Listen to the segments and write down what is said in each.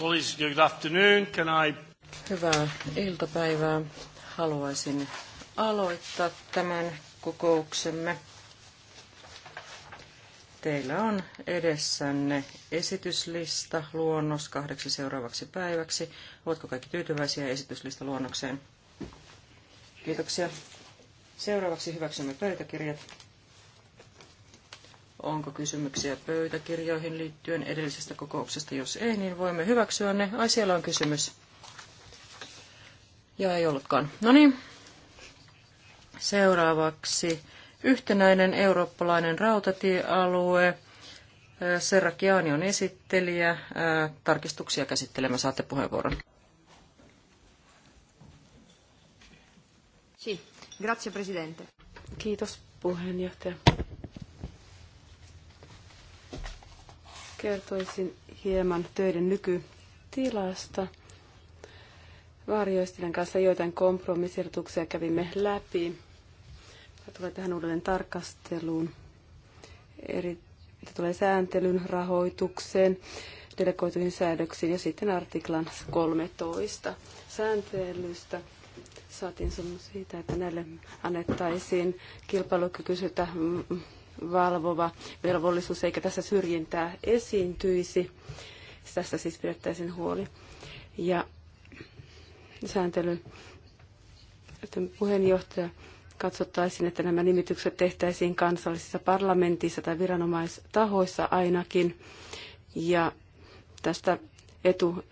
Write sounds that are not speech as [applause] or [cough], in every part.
Colleagues, good afternoon. Can I... Hyvää iltapäivää. Haluaisin aloittaa tämän kokouksemme. Teillä on edessänne esityslista luonnos kahdeksi seuraavaksi päiväksi. Oletko kaikki tyytyväisiä esityslista luonnokseen? Kiitoksia. Seuraavaksi hyväksymme pöytäkirjat. Onko kysymyksiä pöytäkirjoihin liittyen edellisestä kokouksesta? Jos ei, niin voimme hyväksyä ne. Ai, siellä on kysymys. Ja ei ollutkaan. No niin. Seuraavaksi yhtenäinen eurooppalainen rautatiealue. Äh, Serra Kiani on esittelijä. Äh, tarkistuksia käsittelemään saatte puheenvuoron. grazie Presidente. Kiitos puheenjohtaja. kertoisin hieman töiden nykytilasta. Varjoistelen kanssa joitain kompromissirtuksia kävimme läpi. Tämä tulee tähän uudelleen tarkasteluun. Eri, tämä tulee sääntelyn rahoitukseen, delegoituihin säädöksiin ja sitten artiklan 13 sääntelystä saatiin sopimus siitä, että näille annettaisiin kilpailukykyisyyttä valvova velvollisuus, eikä tässä syrjintää esiintyisi. tässä siis pidettäisiin huoli. Ja sääntelyn puheenjohtaja katsottaisiin, että nämä nimitykset tehtäisiin kansallisissa parlamentissa tai viranomaistahoissa ainakin. Ja tästä etu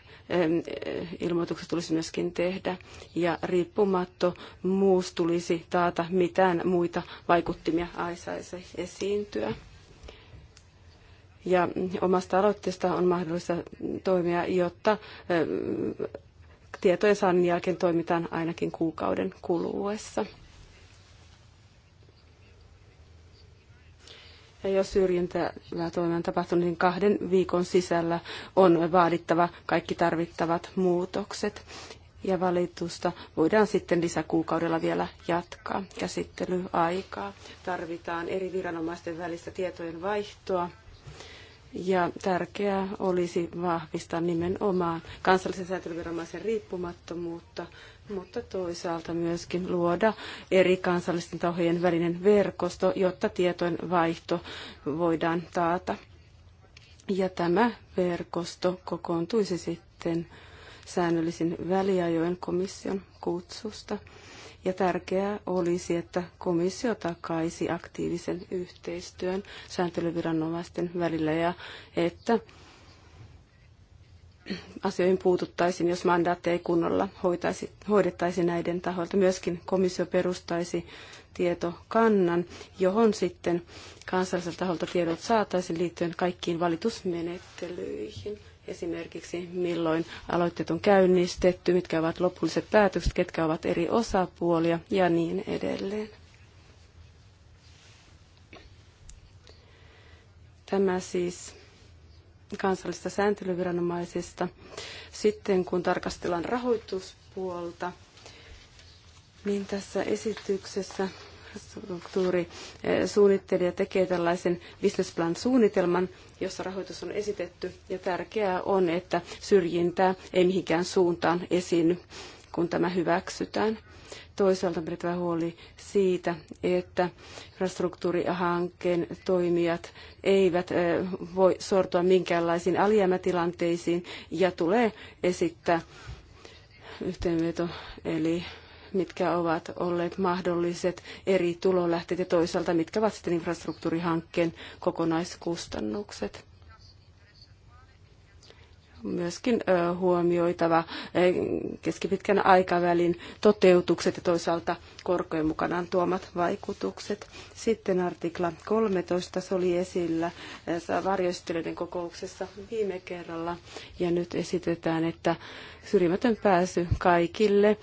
ilmoitukset tulisi myöskin tehdä ja riippumatto muus tulisi taata mitään muita vaikuttimia aisaisi esiintyä. Ja omasta aloitteesta on mahdollista toimia, jotta tietojen saannin jälkeen toimitaan ainakin kuukauden kuluessa. Ja jos syrjintävää toimia on tapahtunut, niin kahden viikon sisällä on vaadittava kaikki tarvittavat muutokset. Ja valitusta voidaan sitten lisäkuukaudella vielä jatkaa. Käsittelyaikaa tarvitaan eri viranomaisten välistä tietojen vaihtoa. Ja tärkeää olisi vahvistaa nimenomaan kansallisen säätelyviranomaisen riippumattomuutta, mutta toisaalta myöskin luoda eri kansallisten tahojen välinen verkosto, jotta tietojen vaihto voidaan taata. Ja tämä verkosto kokoontuisi sitten säännöllisin väliajoin komission kutsusta. Ja tärkeää olisi, että komissio takaisi aktiivisen yhteistyön sääntelyviranomaisten välillä ja että asioihin puututtaisiin, jos mandaatteja ei kunnolla hoitaisi, hoidettaisi näiden taholta. Myöskin komissio perustaisi tietokannan, johon sitten kansalliselta taholta tiedot saataisiin liittyen kaikkiin valitusmenettelyihin. Esimerkiksi milloin aloitteet on käynnistetty, mitkä ovat lopulliset päätökset, ketkä ovat eri osapuolia ja niin edelleen. Tämä siis kansallista sääntelyviranomaisista. Sitten kun tarkastellaan rahoituspuolta, niin tässä esityksessä struktuurisuunnittelija eh, tekee tällaisen business plan suunnitelman, jossa rahoitus on esitetty. Ja tärkeää on, että syrjintää ei mihinkään suuntaan esiinny, kun tämä hyväksytään toisaalta pidetään huoli siitä, että infrastruktuurihankkeen toimijat eivät voi sortua minkäänlaisiin alijäämätilanteisiin ja tulee esittää yhteenveto, eli mitkä ovat olleet mahdolliset eri tulolähteet ja toisaalta mitkä ovat sitten infrastruktuurihankkeen kokonaiskustannukset myöskin huomioitava keskipitkän aikavälin toteutukset ja toisaalta korkojen mukanaan tuomat vaikutukset. Sitten artikla 13, se oli esillä varjoistelijoiden kokouksessa viime kerralla ja nyt esitetään, että syrjimätön pääsy kaikille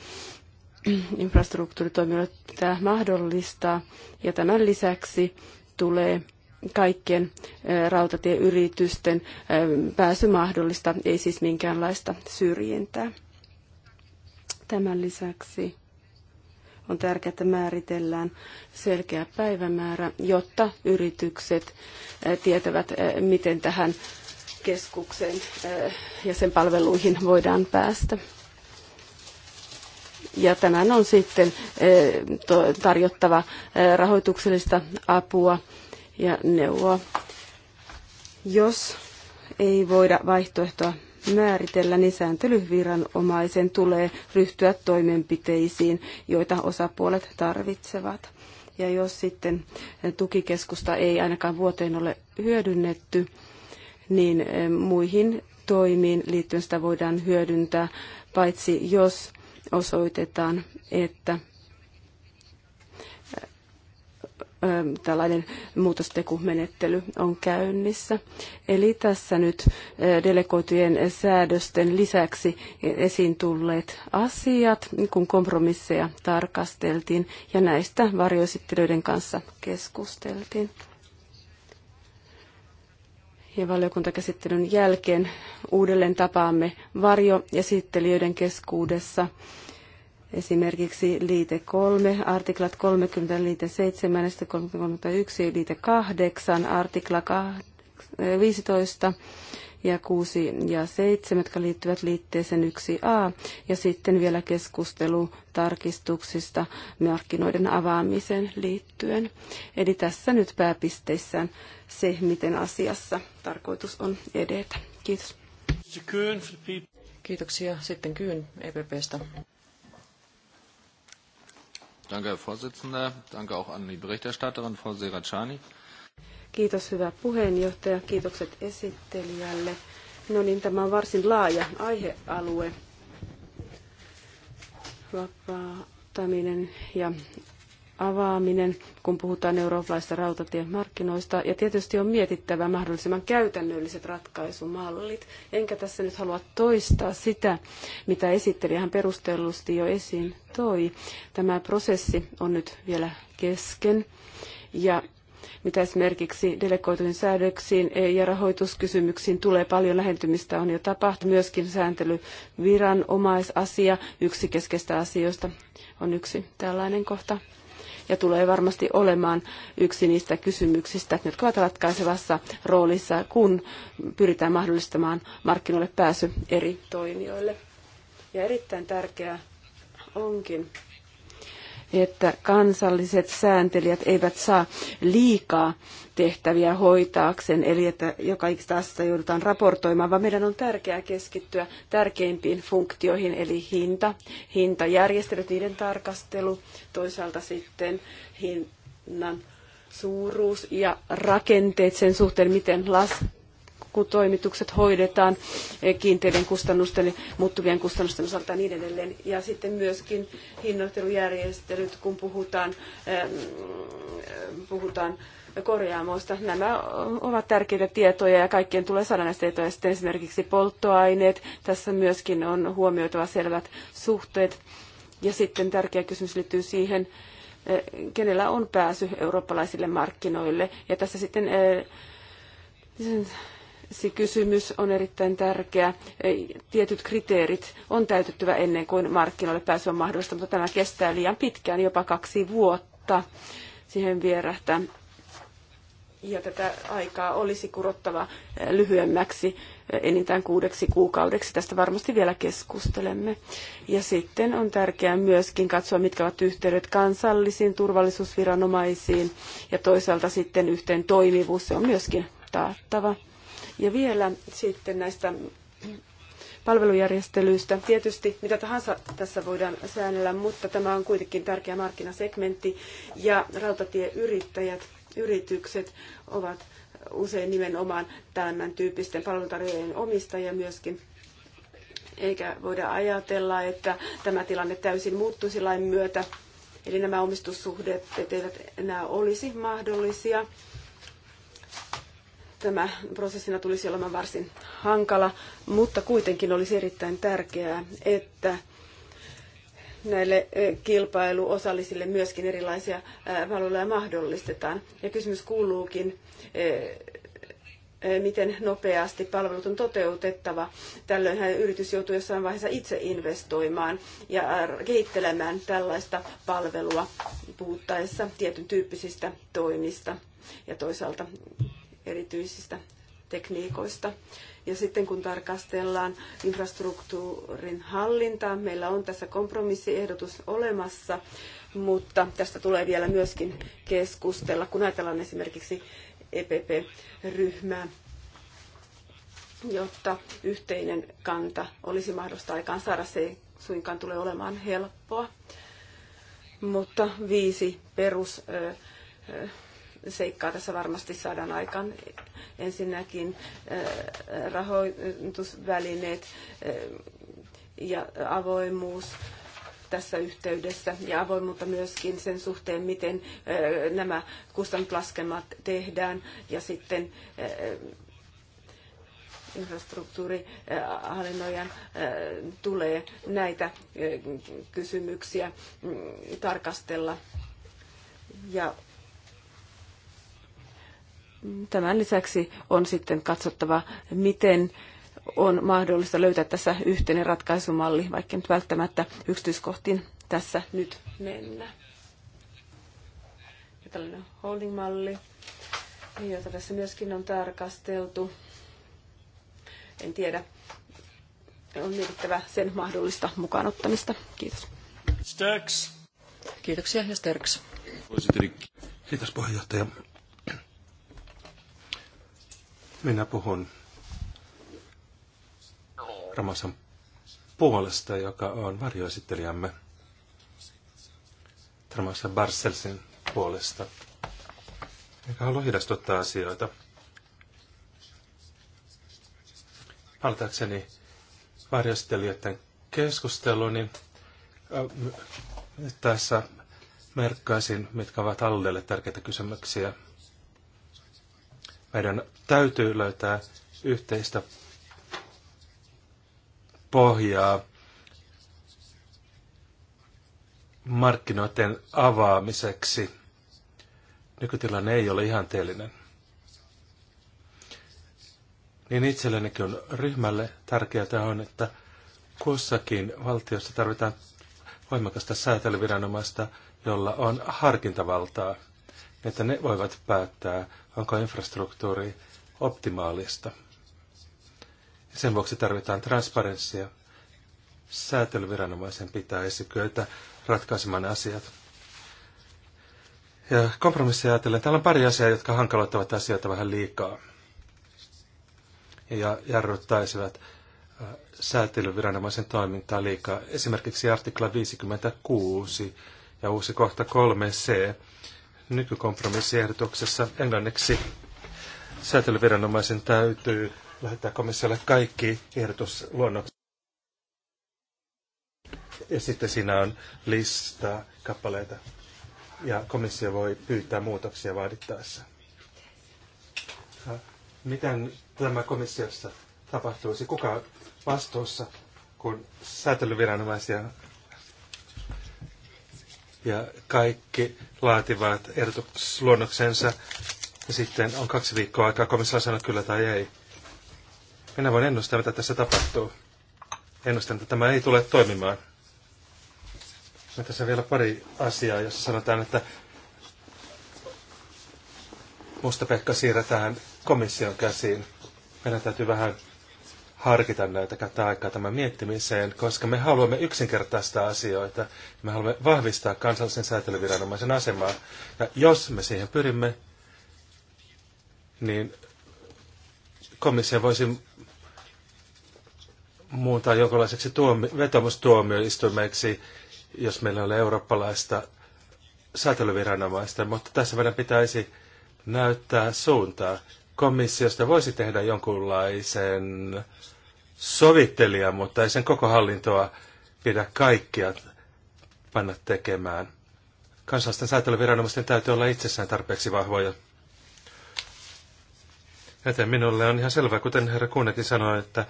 infrastruktuuritoimijoille pitää mahdollistaa ja tämän lisäksi tulee kaikkien rautatieyritysten pääsy mahdollista, ei siis minkäänlaista syrjintää. Tämän lisäksi on tärkeää, että määritellään selkeä päivämäärä, jotta yritykset tietävät, miten tähän keskukseen ja sen palveluihin voidaan päästä. Ja tämän on sitten tarjottava rahoituksellista apua ja neuvoa. Jos ei voida vaihtoehtoa määritellä, niin sääntelyviranomaisen tulee ryhtyä toimenpiteisiin, joita osapuolet tarvitsevat. Ja jos sitten tukikeskusta ei ainakaan vuoteen ole hyödynnetty, niin eh, muihin toimiin liittyen sitä voidaan hyödyntää, paitsi jos osoitetaan, että tällainen muutostekumenettely on käynnissä. Eli tässä nyt delegoitujen säädösten lisäksi esiin tulleet asiat, kun kompromisseja tarkasteltiin ja näistä varjoesittelyiden kanssa keskusteltiin. Ja valiokuntakäsittelyn jälkeen uudelleen tapaamme varjoesittelijöiden keskuudessa Esimerkiksi liite 3, artiklat 30, liite 7, 31, liite 8, artikla 15 ja 6 ja 7, jotka liittyvät liitteeseen 1a, ja sitten vielä keskustelu tarkistuksista markkinoiden avaamiseen liittyen. Eli tässä nyt pääpisteissään se, miten asiassa tarkoitus on edetä. Kiitos. Kiitoksia. Sitten Kyyn EPPstä. Danke, Herr Vorsitzender. Danke auch an die Berichterstatterin, Frau Seracani. Kiitos, hyvä puheenjohtaja. Kiitokset esittelijälle. No niin, tämä on varsin laaja aihealue. Vapauttaminen ja avaaminen, kun puhutaan eurooppalaisista rautatiemarkkinoista. Ja tietysti on mietittävä mahdollisimman käytännölliset ratkaisumallit. Enkä tässä nyt halua toistaa sitä, mitä esittelijähän perustellusti jo esiin toi. Tämä prosessi on nyt vielä kesken. Ja mitä esimerkiksi delegoituihin säädöksiin ja rahoituskysymyksiin tulee. Paljon lähentymistä on jo tapahtunut. Myöskin sääntelyviranomaisasia, yksi keskeistä asioista, on yksi tällainen kohta ja tulee varmasti olemaan yksi niistä kysymyksistä, jotka ovat ratkaisevassa roolissa, kun pyritään mahdollistamaan markkinoille pääsy eri toimijoille. Ja erittäin tärkeää onkin että kansalliset sääntelijät eivät saa liikaa tehtäviä hoitaakseen, eli että joka asiasta joudutaan raportoimaan, vaan meidän on tärkeää keskittyä tärkeimpiin funktioihin, eli hinta, hintajärjestelyt, niiden tarkastelu, toisaalta sitten hinnan suuruus ja rakenteet sen suhteen, miten las, akkutoimitukset hoidetaan eh, kiinteiden kustannusten, muuttuvien kustannusten osalta ja niin edelleen. Ja sitten myöskin hinnoittelujärjestelyt, kun puhutaan, eh, puhutaan korjaamoista. Nämä ovat tärkeitä tietoja ja kaikkien tulee saada näistä tietoja. Sitten esimerkiksi polttoaineet. Tässä myöskin on huomioitava selvät suhteet. Ja sitten tärkeä kysymys liittyy siihen, eh, kenellä on pääsy eurooppalaisille markkinoille. Ja tässä sitten Siksi kysymys on erittäin tärkeä. Tietyt kriteerit on täytettävä ennen kuin markkinoille pääsy on mahdollista, mutta tämä kestää liian pitkään, jopa kaksi vuotta siihen vierähtää. Ja tätä aikaa olisi kurottava eh, lyhyemmäksi, eh, enintään kuudeksi kuukaudeksi. Tästä varmasti vielä keskustelemme. Ja sitten on tärkeää myöskin katsoa, mitkä ovat yhteydet kansallisiin turvallisuusviranomaisiin ja toisaalta sitten yhteen toimivuus. Se on myöskin taattava. Ja vielä sitten näistä palvelujärjestelyistä. Tietysti mitä tahansa tässä voidaan säännellä, mutta tämä on kuitenkin tärkeä markkinasegmentti ja rautatieyrittäjät, yritykset ovat usein nimenomaan tämän tyyppisten palveluntarjoajien omistajia myöskin. Eikä voida ajatella, että tämä tilanne täysin muuttuisi lain myötä. Eli nämä omistussuhteet eivät enää olisi mahdollisia tämä prosessina tulisi olemaan varsin hankala, mutta kuitenkin olisi erittäin tärkeää, että näille eh, kilpailuosallisille myöskin erilaisia palveluja eh, mahdollistetaan. Ja kysymys kuuluukin, eh, miten nopeasti palvelut on toteutettava. Tällöinhän yritys joutuu jossain vaiheessa itse investoimaan ja kehittelemään tällaista palvelua puhuttaessa tietyn tyyppisistä toimista ja toisaalta erityisistä tekniikoista. Ja sitten kun tarkastellaan infrastruktuurin hallintaa, meillä on tässä kompromissiehdotus olemassa, mutta tästä tulee vielä myöskin keskustella, kun ajatellaan esimerkiksi EPP-ryhmää, jotta yhteinen kanta olisi mahdollista aikaan saada. Se ei suinkaan tule olemaan helppoa, mutta viisi perus seikkaa tässä varmasti saadaan aikaan. Ensinnäkin äh, rahoitusvälineet äh, ja avoimuus tässä yhteydessä ja avoimuutta myöskin sen suhteen, miten äh, nämä kustannuslaskelmat tehdään ja sitten infrastruktuurihallinnojan tulee näitä kysymyksiä mm, tarkastella ja tämän lisäksi on sitten katsottava, miten on mahdollista löytää tässä yhteinen ratkaisumalli, vaikka nyt välttämättä yksityiskohtiin tässä nyt mennä. Ja tällainen holding-malli, jota tässä myöskin on tarkasteltu. En tiedä, on mietittävä sen mahdollista mukaanottamista. Kiitos. Sterks. Kiitoksia ja Sterks. Kiitos puheenjohtaja. Minä puhun Ramosan puolesta, joka on varjoesittelijämme. Ramosan Barcelsin puolesta, Eikä halua hidastuttaa asioita. Paltaakseni varjoesittelijöiden keskustelu, niin tässä merkkaisin, mitkä ovat alueelle tärkeitä kysymyksiä. Meidän täytyy löytää yhteistä pohjaa markkinoiden avaamiseksi. Nykytilanne ei ole ihan teellinen. Niin itsellenikin on ryhmälle tärkeää on, että kussakin valtiossa tarvitaan voimakasta säätelyviranomaista, jolla on harkintavaltaa – että ne voivat päättää, onko infrastruktuuri optimaalista. Sen vuoksi tarvitaan transparenssia. Säätelyviranomaisen pitäisi kyetä ratkaisemaan asiat. Ja kompromissia ajatellen, täällä on pari asiaa, jotka hankaloittavat asioita vähän liikaa ja jarruttaisivat äh, säätelyviranomaisen toimintaa liikaa. Esimerkiksi artikla 56 ja uusi kohta 3c, nykykompromissiehdotuksessa englanniksi säätelyviranomaisen täytyy lähettää komissiolle kaikki ehdotusluonnokset. Ja sitten siinä on lista kappaleita ja komissio voi pyytää muutoksia vaadittaessa. Miten tämä komissiossa tapahtuisi? Kuka vastuussa, kun säätelyviranomaisia ja kaikki laativat ehdotusluonnoksensa ja sitten on kaksi viikkoa aikaa komissaan sanoa kyllä tai ei. Minä voin ennustaa, mitä tässä tapahtuu. Ennustan, että tämä ei tule toimimaan. No, tässä on vielä pari asiaa, jos sanotaan, että Musta Pekka siirretään komission käsiin. Meidän täytyy vähän harkita näitä, käyttää aikaa tämän miettimiseen, koska me haluamme yksinkertaistaa asioita. Me haluamme vahvistaa kansallisen säätelyviranomaisen asemaa. Ja jos me siihen pyrimme, niin komissio voisi muuntaa jonkinlaiseksi tuomi- vetomustuomioistuimeksi, jos meillä on eurooppalaista säätelyviranomaista, mutta tässä meidän pitäisi näyttää suuntaa. Komissiosta voisi tehdä jonkunlaisen sovittelija, mutta ei sen koko hallintoa pidä kaikkia panna tekemään. Kansallisten säätelyviranomaisten täytyy olla itsessään tarpeeksi vahvoja. Joten minulle on ihan selvää, kuten herra Kuunekin sanoi, että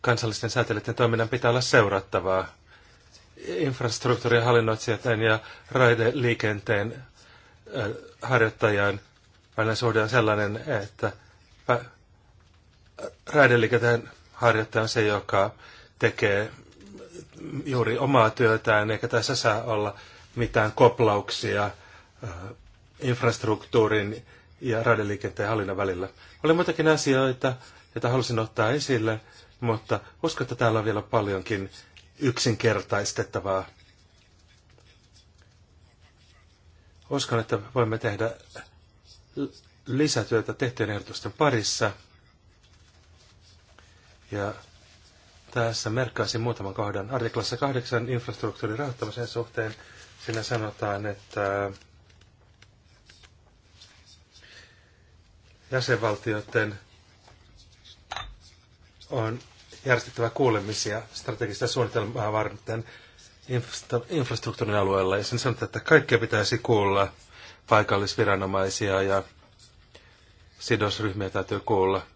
kansallisten säätelyiden toiminnan pitää olla seurattavaa. Infrastruktuurin hallinnoitsijoiden ja raideliikenteen harjoittajan välinen suhde on sellainen, että raideliikenteen harjoittaja on se, joka tekee juuri omaa työtään, eikä tässä saa olla mitään koplauksia äh, infrastruktuurin ja raideliikenteen hallinnan välillä. Oli muitakin asioita, joita halusin ottaa esille, mutta uskon, että täällä on vielä paljonkin yksinkertaistettavaa. Uskon, että voimme tehdä lisätyötä tehtyjen ehdotusten parissa – ja tässä merkkaisin muutaman kohdan. Artiklassa 8 infrastruktuurin rahoittamisen suhteen siinä sanotaan, että jäsenvaltioiden on järjestettävä kuulemisia strategista suunnitelmaa varten infrastruktuurin alueella. Ja sen sanotaan, että kaikkea pitäisi kuulla, paikallisviranomaisia ja sidosryhmiä täytyy kuulla –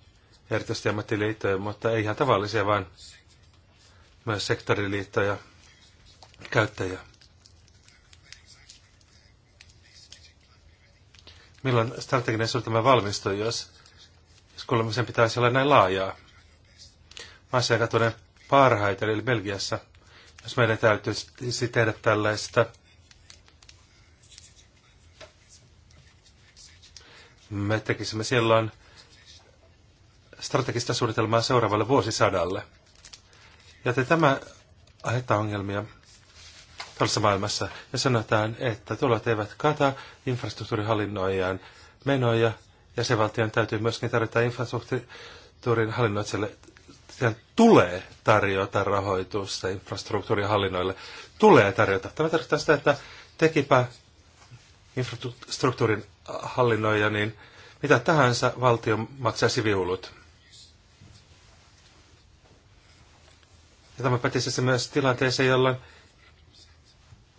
erityisesti ammattiliittoja, mutta ei ihan tavallisia, vaan myös sektoriliittoja, käyttäjiä. Milloin strateginen suunnitelma valmistui, jos, jos kuulemisen pitäisi olla näin laajaa? Maassa katoinen parhaiten, eli Belgiassa, jos meidän täytyisi tehdä tällaista me tekisimme silloin strategista suunnitelmaa seuraavalle vuosisadalle. Joten tämä aiheuttaa ongelmia tällaisessa maailmassa. Ja sanotaan, että tulot eivät kata infrastruktuurihallinnoijan menoja. ja se valtion täytyy myöskin tarjota infrastruktuurin hallinnoitselle Sehän tulee tarjota rahoitusta infrastruktuurihallinnoille. Tulee tarjota. Tämä tarkoittaa sitä, että tekipä infrastruktuurin hallinnoija, niin mitä tahansa valtio maksaisi viulut. Ja tämä pätisi myös tilanteeseen, jolloin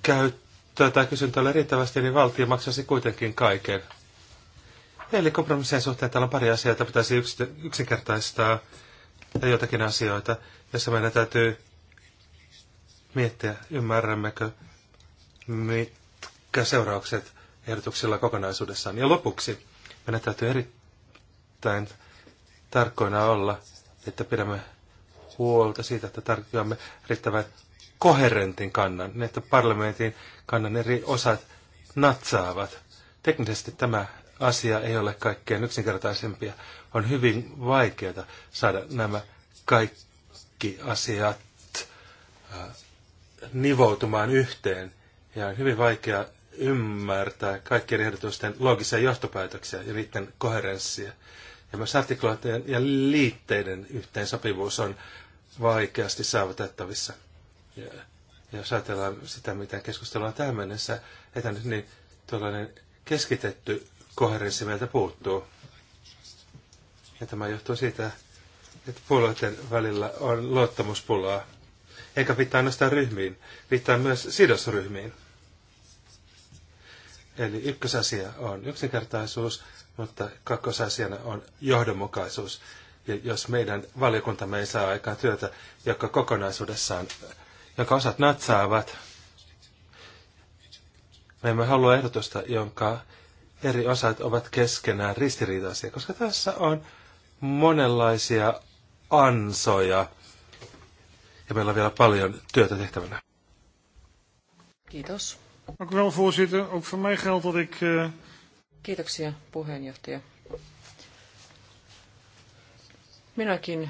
käyttöä tai kysyntä oli riittävästi, niin valtio maksaisi kuitenkin kaiken. Eli kompromissien suhteen täällä on pari asiaa, joita pitäisi yksinkertaistaa ja jotakin asioita, joissa meidän täytyy miettiä, ymmärrämmekö, mitkä seuraukset ehdotuksilla kokonaisuudessaan. Ja lopuksi meidän täytyy erittäin tarkkoina olla, että pidämme huolta siitä, että tarjoamme riittävän koherentin kannan, niin että parlamentin kannan eri osat natsaavat. Teknisesti tämä asia ei ole kaikkein yksinkertaisempia. On hyvin vaikeaa saada nämä kaikki asiat äh, nivoutumaan yhteen. Ja on hyvin vaikea ymmärtää kaikkien ehdotusten loogisia johtopäätöksiä ja niiden koherenssia. Ja myös artikloiden ja liitteiden yhteensopivuus on vaikeasti saavutettavissa. Ja, jos ajatellaan sitä, mitä keskustelua on tähän mennessä etänyt, niin tuollainen keskitetty koherenssi meiltä puuttuu. Ja tämä johtuu siitä, että puolueiden välillä on luottamuspulaa. Eikä pitää ainoastaan ryhmiin, pitää myös sidosryhmiin. Eli ykkösasia on yksinkertaisuus, mutta kakkosasiana on johdonmukaisuus. Ja jos meidän valiokuntamme ei saa aikaan työtä, joka kokonaisuudessaan, joka osat natsaavat, me emme halua ehdotusta, jonka eri osat ovat keskenään ristiriitaisia, koska tässä on monenlaisia ansoja ja meillä on vielä paljon työtä tehtävänä. Kiitos. Dank u wel, voorzitter. Ook van mij geldt dat ik... Uh... Kiitoksia, puheenjohtaja. Minäkin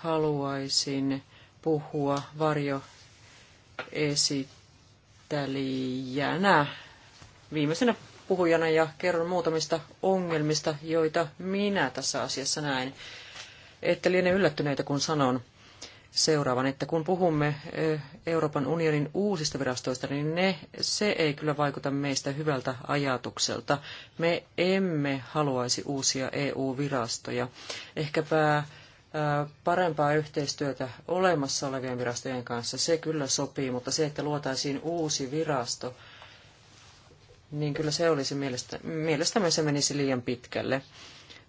haluaisin puhua varjoesittelijänä viimeisenä puhujana ja kerron muutamista ongelmista, joita minä tässä asiassa näen. Ette liene yllättyneitä, kun sanon seuraavan, että kun puhumme Euroopan unionin uusista virastoista, niin ne, se ei kyllä vaikuta meistä hyvältä ajatukselta. Me emme haluaisi uusia EU-virastoja. Ehkäpä parempaa yhteistyötä olemassa olevien virastojen kanssa, se kyllä sopii, mutta se, että luotaisiin uusi virasto, niin kyllä se olisi mielestä, mielestämme se menisi liian pitkälle.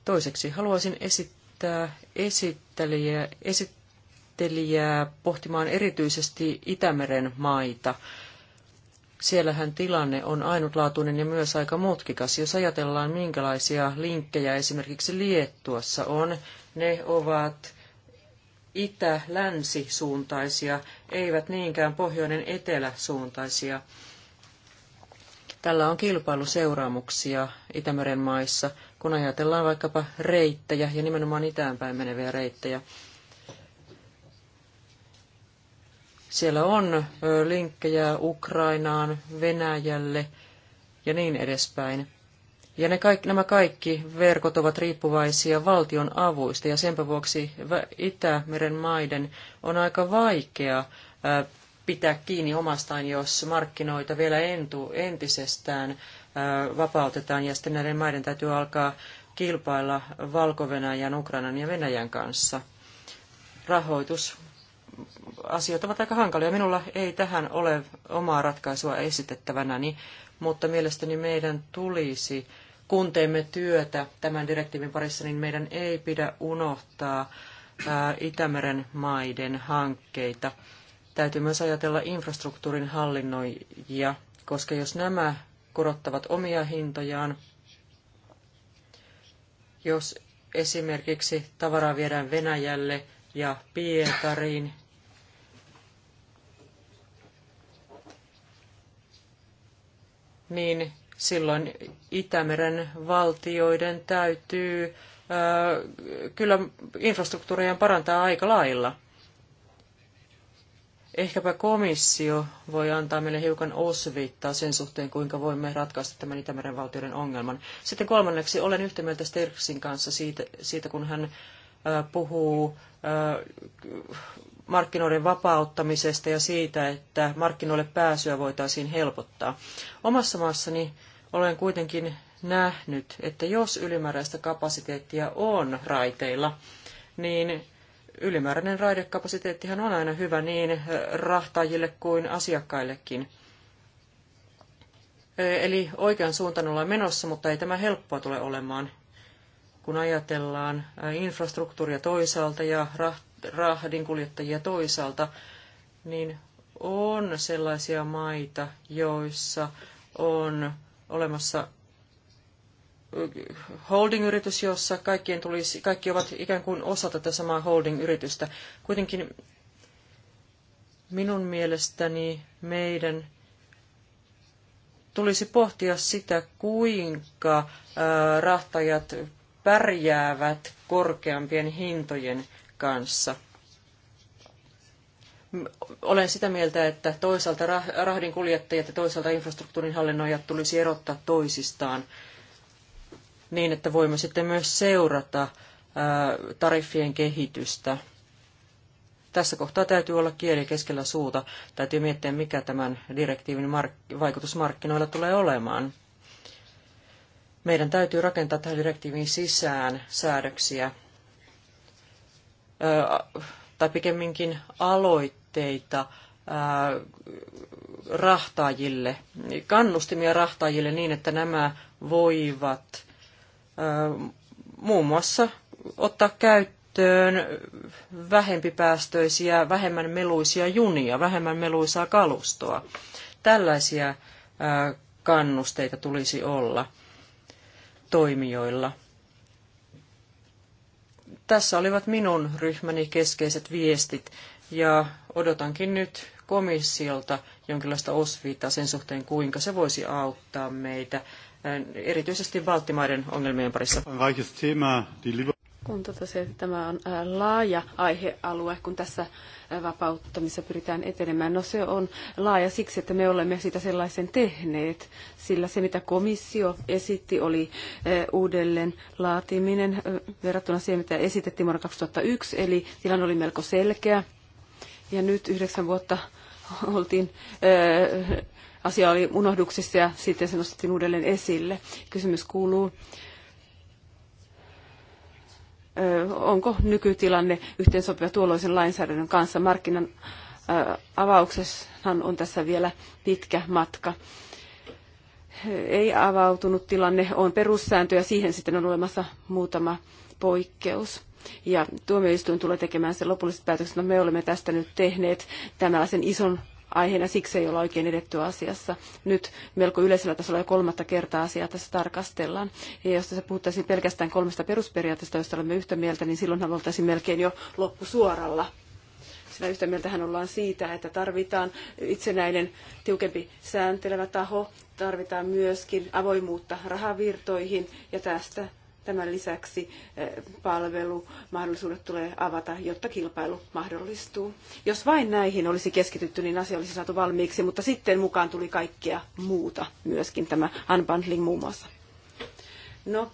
Toiseksi haluaisin esittää esittelijä, esittelijää pohtimaan erityisesti Itämeren maita. Siellähän tilanne on ainutlaatuinen ja myös aika mutkikas. Jos ajatellaan, minkälaisia linkkejä esimerkiksi Liettuassa on, ne ovat itä-länsi-suuntaisia, eivät niinkään pohjoinen-etelä-suuntaisia. Tällä on kilpailuseuraamuksia Itämeren maissa, kun ajatellaan vaikkapa reittejä ja nimenomaan itäänpäin meneviä reittejä. Siellä on linkkejä Ukrainaan, Venäjälle ja niin edespäin. Ja ne kaikki, nämä kaikki verkot ovat riippuvaisia valtion avuista, ja senpä vuoksi Itämeren maiden on aika vaikea pitää kiinni omastaan, jos markkinoita vielä entu, entisestään vapautetaan, ja sitten näiden maiden täytyy alkaa kilpailla Valko-Venäjän, Ukrainan ja Venäjän kanssa. Rahoitusasiat ovat aika hankalia. Minulla ei tähän ole omaa ratkaisua esitettävänäni, mutta mielestäni meidän tulisi kun teemme työtä tämän direktiivin parissa, niin meidän ei pidä unohtaa Itämeren maiden hankkeita. Täytyy myös ajatella infrastruktuurin hallinnoijia, koska jos nämä korottavat omia hintojaan, jos esimerkiksi tavaraa viedään Venäjälle ja Pietariin, niin silloin Itämeren valtioiden täytyy kyllä infrastruktuuria parantaa aika lailla. Ehkäpä komissio voi antaa meille hiukan osviittaa sen suhteen, kuinka voimme ratkaista tämän Itämeren valtioiden ongelman. Sitten kolmanneksi olen yhtä mieltä Sterksin kanssa siitä, siitä kun hän puhuu markkinoiden vapauttamisesta ja siitä, että markkinoille pääsyä voitaisiin helpottaa. Omassa maassani olen kuitenkin nähnyt, että jos ylimääräistä kapasiteettia on raiteilla, niin ylimääräinen raidekapasiteettihan on aina hyvä niin eh, rahtaajille kuin asiakkaillekin. Eh, eli oikean suuntaan ollaan menossa, mutta ei tämä helppoa tule olemaan, kun ajatellaan eh, infrastruktuuria toisaalta ja raht- kuljettajia toisaalta, niin on sellaisia maita, joissa on olemassa holding-yritys, jossa kaikkien tulisi, kaikki ovat ikään kuin osa tätä samaa holding-yritystä. Kuitenkin minun mielestäni meidän tulisi pohtia sitä, kuinka rahtajat pärjäävät korkeampien hintojen kanssa. Olen sitä mieltä, että toisaalta rahdin kuljettajat ja toisaalta infrastruktuurin hallinnoijat tulisi erottaa toisistaan niin, että voimme sitten myös seurata tariffien kehitystä. Tässä kohtaa täytyy olla kieli keskellä suuta. Täytyy miettiä, mikä tämän direktiivin vaikutus markkinoilla tulee olemaan. Meidän täytyy rakentaa tähän direktiivin sisään säädöksiä, tai pikemminkin aloitteita rahtaajille, kannustimia rahtaajille niin, että nämä voivat muun muassa ottaa käyttöön vähempipäästöisiä, vähemmän meluisia junia, vähemmän meluisaa kalustoa. Tällaisia kannusteita tulisi olla toimijoilla – tässä olivat minun ryhmäni keskeiset viestit ja odotankin nyt komissiolta jonkinlaista osviittaa sen suhteen, kuinka se voisi auttaa meitä eh, erityisesti Baltimaiden ongelmien parissa kun totesi, että tämä on laaja aihealue, kun tässä vapauttamissa pyritään etenemään. No se on laaja siksi, että me olemme sitä sellaisen tehneet, sillä se mitä komissio esitti oli uudelleen laatiminen verrattuna siihen, mitä esitettiin vuonna 2001, eli tilanne oli melko selkeä. Ja nyt yhdeksän vuotta [laughs] oltiin asia oli unohduksissa ja sitten se nostettiin uudelleen esille. Kysymys kuuluu, onko nykytilanne yhteensopiva tuolloisen lainsäädännön kanssa. Markkinan avauksessahan on tässä vielä pitkä matka. Ei avautunut tilanne on perussääntö ja siihen sitten on olemassa muutama poikkeus. Ja tuomioistuin tulee tekemään sen lopulliset päätökset, no me olemme tästä nyt tehneet tällaisen ison aiheena, siksi ei olla oikein edetty asiassa. Nyt melko yleisellä tasolla jo kolmatta kertaa asiaa tässä tarkastellaan. Ja jos tässä puhuttaisiin pelkästään kolmesta perusperiaatteesta, joista olemme yhtä mieltä, niin silloinhan oltaisiin melkein jo loppusuoralla. Sillä yhtä mieltähän ollaan siitä, että tarvitaan itsenäinen, tiukempi sääntelevä taho, tarvitaan myöskin avoimuutta rahavirtoihin ja tästä Tämän lisäksi eh, palvelumahdollisuudet tulee avata, jotta kilpailu mahdollistuu. Jos vain näihin olisi keskitytty, niin asia olisi saatu valmiiksi, mutta sitten mukaan tuli kaikkea muuta myöskin tämä unbundling muun muassa. No,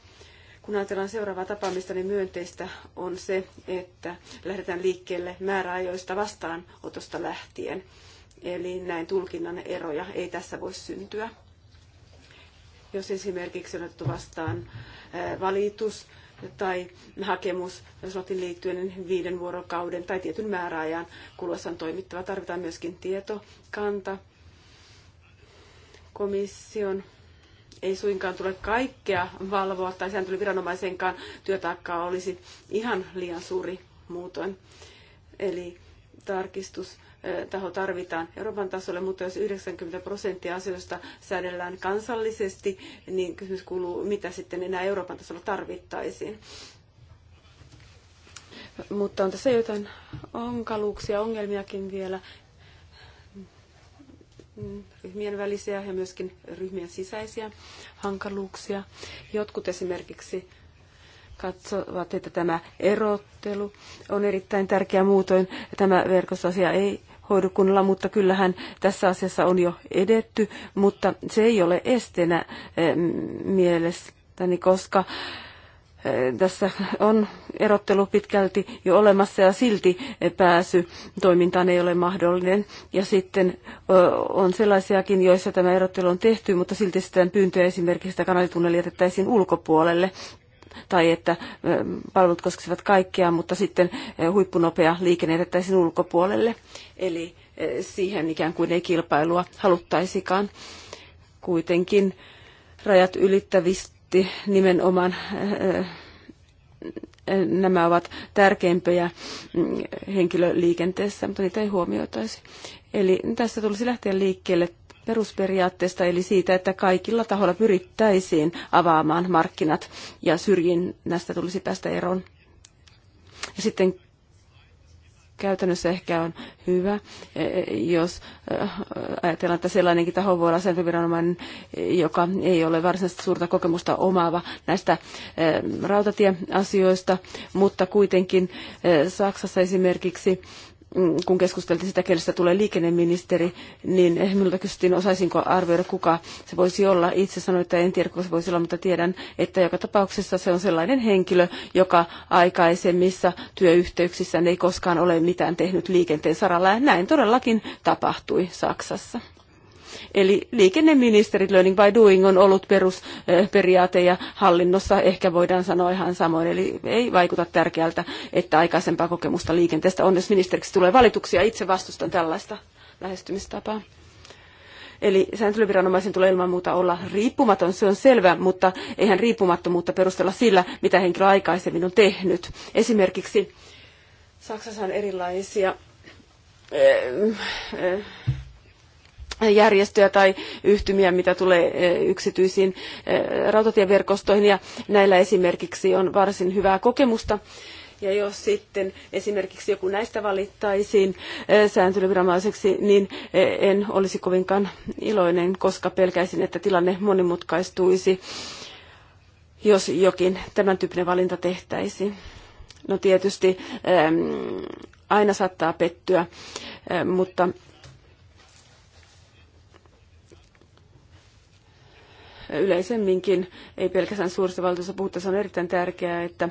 kun ajatellaan seuraavaa tapaamista, niin myönteistä on se, että lähdetään liikkeelle määräajoista vastaanotosta lähtien. Eli näin tulkinnan eroja ei tässä voi syntyä jos esimerkiksi on otettu vastaan valitus tai hakemus slotin liittyen niin viiden vuorokauden tai tietyn määräajan kuluessa on toimittava. Tarvitaan myöskin tietokanta. Komission ei suinkaan tule kaikkea valvoa tai sääntelyviranomaisenkaan työtaakkaa olisi ihan liian suuri muutoin. Eli tarkistus taho tarvitaan Euroopan tasolle, mutta jos 90 prosenttia asioista säädellään kansallisesti, niin kysymys kuuluu, mitä sitten enää Euroopan tasolla tarvittaisiin. Mutta on tässä jotain onkaluuksia, ongelmiakin vielä ryhmien välisiä ja myöskin ryhmien sisäisiä hankaluuksia. Jotkut esimerkiksi katsovat, että tämä erottelu on erittäin tärkeä muutoin. Tämä verkostoasia ei hoidokunnalla, mutta kyllähän tässä asiassa on jo edetty, mutta se ei ole estenä eh, mielestäni, koska eh, tässä on erottelu pitkälti jo olemassa ja silti eh, pääsy toimintaan ei ole mahdollinen. Ja sitten on sellaisiakin, joissa tämä erottelu on tehty, mutta silti sitten pyyntöä esimerkiksi sitä kanalitunnelia jätettäisiin ulkopuolelle tai että palvelut koskisivat kaikkea, mutta sitten huippunopea liikenne jätettäisiin ulkopuolelle. Eli siihen ikään kuin ei kilpailua haluttaisikaan. Kuitenkin rajat ylittävisti nimenomaan nämä ovat tärkeimpiä mm, henkilöliikenteessä, mutta niitä ei huomioitaisi. Eli tässä tulisi lähteä liikkeelle perusperiaatteesta, eli siitä, että kaikilla tahoilla pyrittäisiin avaamaan markkinat ja syrjinnästä tulisi päästä eroon. Ja sitten käytännössä ehkä on hyvä, e, e, jos e, ajatellaan, että sellainenkin taho voi olla viranomainen, joka ei ole varsinaisesti suurta kokemusta omaava näistä rautatieasioista, mutta kuitenkin Saksassa esimerkiksi Mm, kun keskusteltiin sitä, kenestä tulee liikenneministeri, niin minulta kysyttiin, osaisinko arvioida, kuka se voisi olla. Itse sanoin, että en tiedä, kuka se voisi olla, mutta tiedän, että joka tapauksessa se on sellainen henkilö, joka aikaisemmissa työyhteyksissä ei koskaan ole mitään tehnyt liikenteen saralla. Ja näin todellakin tapahtui Saksassa. Eli liikenneministerit learning by doing on ollut perusperiaate eh, ja hallinnossa ehkä voidaan sanoa ihan samoin. Eli ei vaikuta tärkeältä, että aikaisempaa kokemusta liikenteestä on, jos ministeriksi tulee valituksia. Itse vastustan tällaista lähestymistapaa. Eli sääntelyviranomaisen tulee ilman muuta olla riippumaton, se on selvä, mutta eihän riippumattomuutta perustella sillä, mitä henkilö aikaisemmin on tehnyt. Esimerkiksi Saksassa on erilaisia eh, eh, järjestöjä tai yhtymiä, mitä tulee e, yksityisiin e, rautatieverkostoihin, ja näillä esimerkiksi on varsin hyvää kokemusta. Ja jos sitten esimerkiksi joku näistä valittaisiin e, sääntelyviranomaiseksi, niin en olisi kovinkaan iloinen, koska pelkäisin, että tilanne monimutkaistuisi, jos jokin tämän tyyppinen valinta tehtäisiin. No tietysti aina saattaa pettyä, mutta yleisemminkin, ei pelkästään suurissa valtioissa puhuttaessa, on erittäin tärkeää, että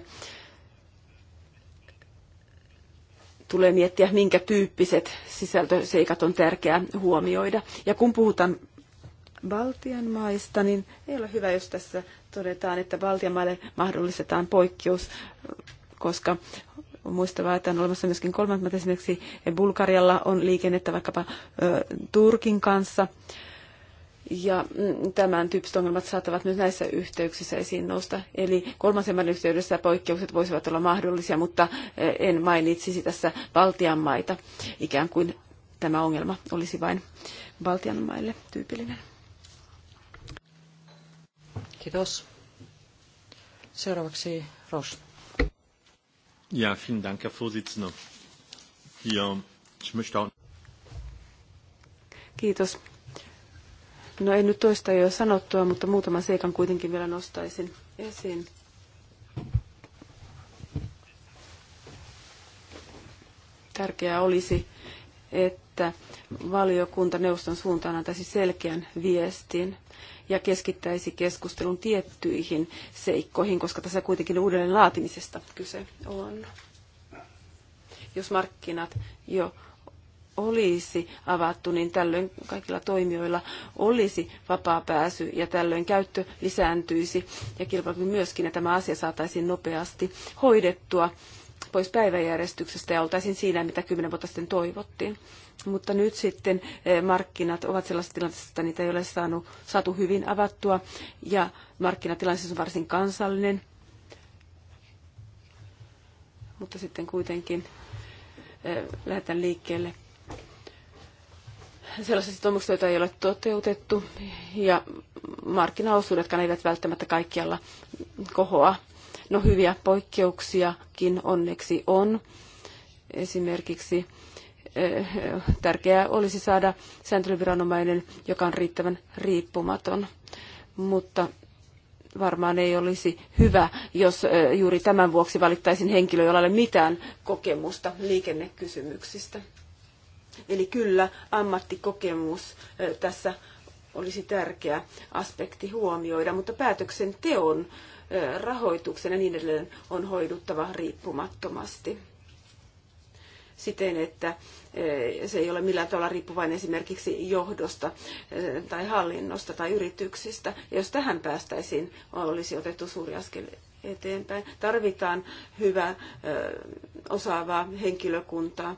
tulee miettiä, minkä tyyppiset sisältöseikat on tärkeää huomioida. Ja kun puhutaan Baltian maista, niin ei ole hyvä, jos tässä todetaan, että Baltian maille mahdollistetaan poikkeus, koska on muistavaa, että on olemassa myöskin kolmannet, esimerkiksi Bulgarialla on liikennettä vaikkapa ö, Turkin kanssa. Ö, ja mm, tämän tyyppiset ongelmat saattavat myös näissä yhteyksissä esiin nousta. Eli kolmasemman yhteydessä poikkeukset voisivat olla mahdollisia, mutta e, en mainitsisi tässä Baltian maita. Ikään kuin tämä ongelma olisi vain Baltian maille tyypillinen. Kiitos. Seuraavaksi Ros. Ja, vielen Dank, Herr Vorsitzender. Ja ich möchte auch... Kiitos No en nyt toista jo sanottua, mutta muutama seikan kuitenkin vielä nostaisin esiin. Tärkeää olisi, että valiokunta neuvoston suuntaan antaisi selkeän viestin ja keskittäisi keskustelun tiettyihin seikkoihin, koska tässä kuitenkin uudelleen laatimisesta kyse on. Jos markkinat jo olisi avattu, niin tällöin kaikilla toimijoilla olisi vapaa pääsy ja tällöin käyttö lisääntyisi ja kilpailu myöskin, ja tämä asia saataisiin nopeasti hoidettua pois päiväjärjestyksestä ja oltaisiin siinä, mitä kymmenen vuotta sitten toivottiin. Mutta nyt sitten eh, markkinat ovat sellaisessa tilanteessa, että niitä ei ole saanut, saatu hyvin avattua ja markkinatilanteessa on varsin kansallinen. Mutta sitten kuitenkin eh, lähdetään liikkeelle sellaisia sitoumuksia, joita ei ole toteutettu, ja markkinaosuudetkaan eivät välttämättä kaikkialla kohoa. No hyviä poikkeuksiakin onneksi on. Esimerkiksi eh, tärkeää olisi saada sääntelyviranomainen, joka on riittävän riippumaton. Mutta varmaan ei olisi hyvä, jos eh, juuri tämän vuoksi valittaisin henkilö, jolla ei ole mitään kokemusta liikennekysymyksistä. Eli kyllä ammattikokemus tässä olisi tärkeä aspekti huomioida, mutta päätöksenteon rahoituksen ja niin edelleen on hoiduttava riippumattomasti siten, että se ei ole millään tavalla riippuvainen esimerkiksi johdosta tai hallinnosta tai yrityksistä. Ja jos tähän päästäisiin, olisi otettu suuri askel eteenpäin. Tarvitaan hyvää osaavaa henkilökuntaa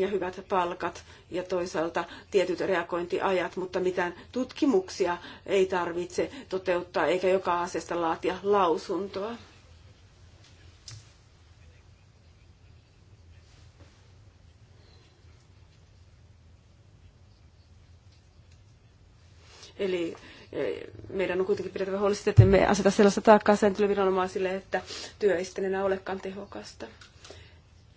ja hyvät palkat ja toisaalta tietyt reagointiajat, mutta mitään tutkimuksia ei tarvitse toteuttaa eikä joka asiasta laatia lausuntoa. Eli eh, meidän on kuitenkin pidettävä huoli siitä, että me aseta sellaista taakkaa sääntelyviranomaisille, että työ ei sitten enää olekaan tehokasta.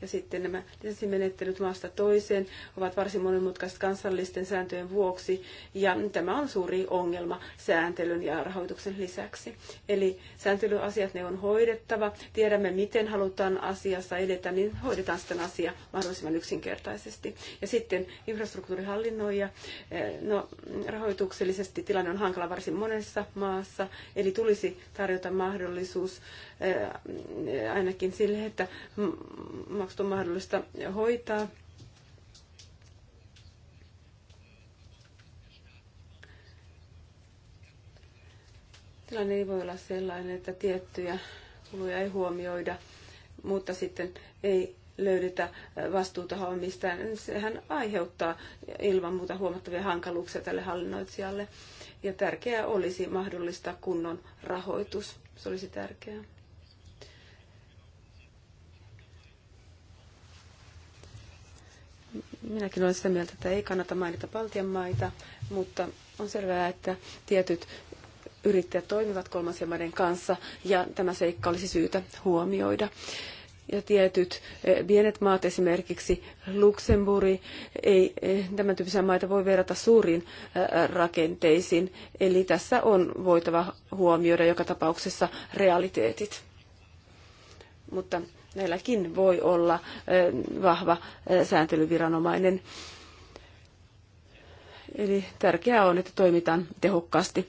Ja sitten nämä lisenssimenettelyt maasta toiseen ovat varsin monimutkaiset kansallisten sääntöjen vuoksi. Ja tämä on suuri ongelma sääntelyn ja rahoituksen lisäksi. Eli sääntelyasiat ne on hoidettava. Tiedämme, miten halutaan asiassa edetä, niin hoidetaan sitten asia mahdollisimman yksinkertaisesti. Ja sitten infrastruktuurihallinnoija. Eh, no, rahoituksellisesti tilanne on hankala varsin monessa maassa, eli tulisi tarjota mahdollisuus ainakin sille, että maksut on mahdollista hoitaa. Tilanne ei voi olla sellainen, että tiettyjä kuluja ei huomioida, mutta sitten ei löydetä vastuutahoa mistään, sehän aiheuttaa ilman muuta huomattavia hankaluuksia tälle hallinnoitsijalle. Ja tärkeää olisi mahdollistaa kunnon rahoitus. Se olisi tärkeää. Minäkin olen sitä mieltä, että ei kannata mainita Baltian maita, mutta on selvää, että tietyt yrittäjät toimivat kolmansien maiden kanssa ja tämä seikka olisi syytä huomioida. Ja tietyt eh, pienet maat, esimerkiksi Luxemburg, ei eh, tämän tyyppisiä maita voi verrata suuriin eh, rakenteisiin. Eli tässä on voitava huomioida joka tapauksessa realiteetit. Mutta näilläkin voi olla vahva sääntelyviranomainen. Eli tärkeää on, että toimitaan tehokkaasti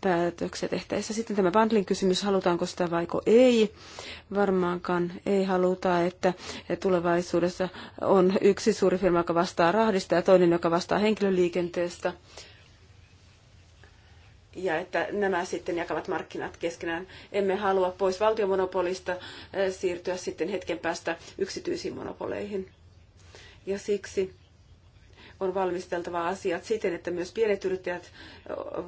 päätöksiä tehtäessä. Sitten tämä bundling kysymys, halutaanko sitä vaiko ei. Varmaankaan ei haluta, että tulevaisuudessa on yksi suuri firma, joka vastaa rahdista ja toinen, joka vastaa henkilöliikenteestä ja että nämä sitten jakavat markkinat keskenään. Emme halua pois valtiomonopolista eh, siirtyä sitten hetken päästä yksityisiin monopoleihin. Ja siksi on valmisteltava asiat siten, että myös pienet yrittäjät eh,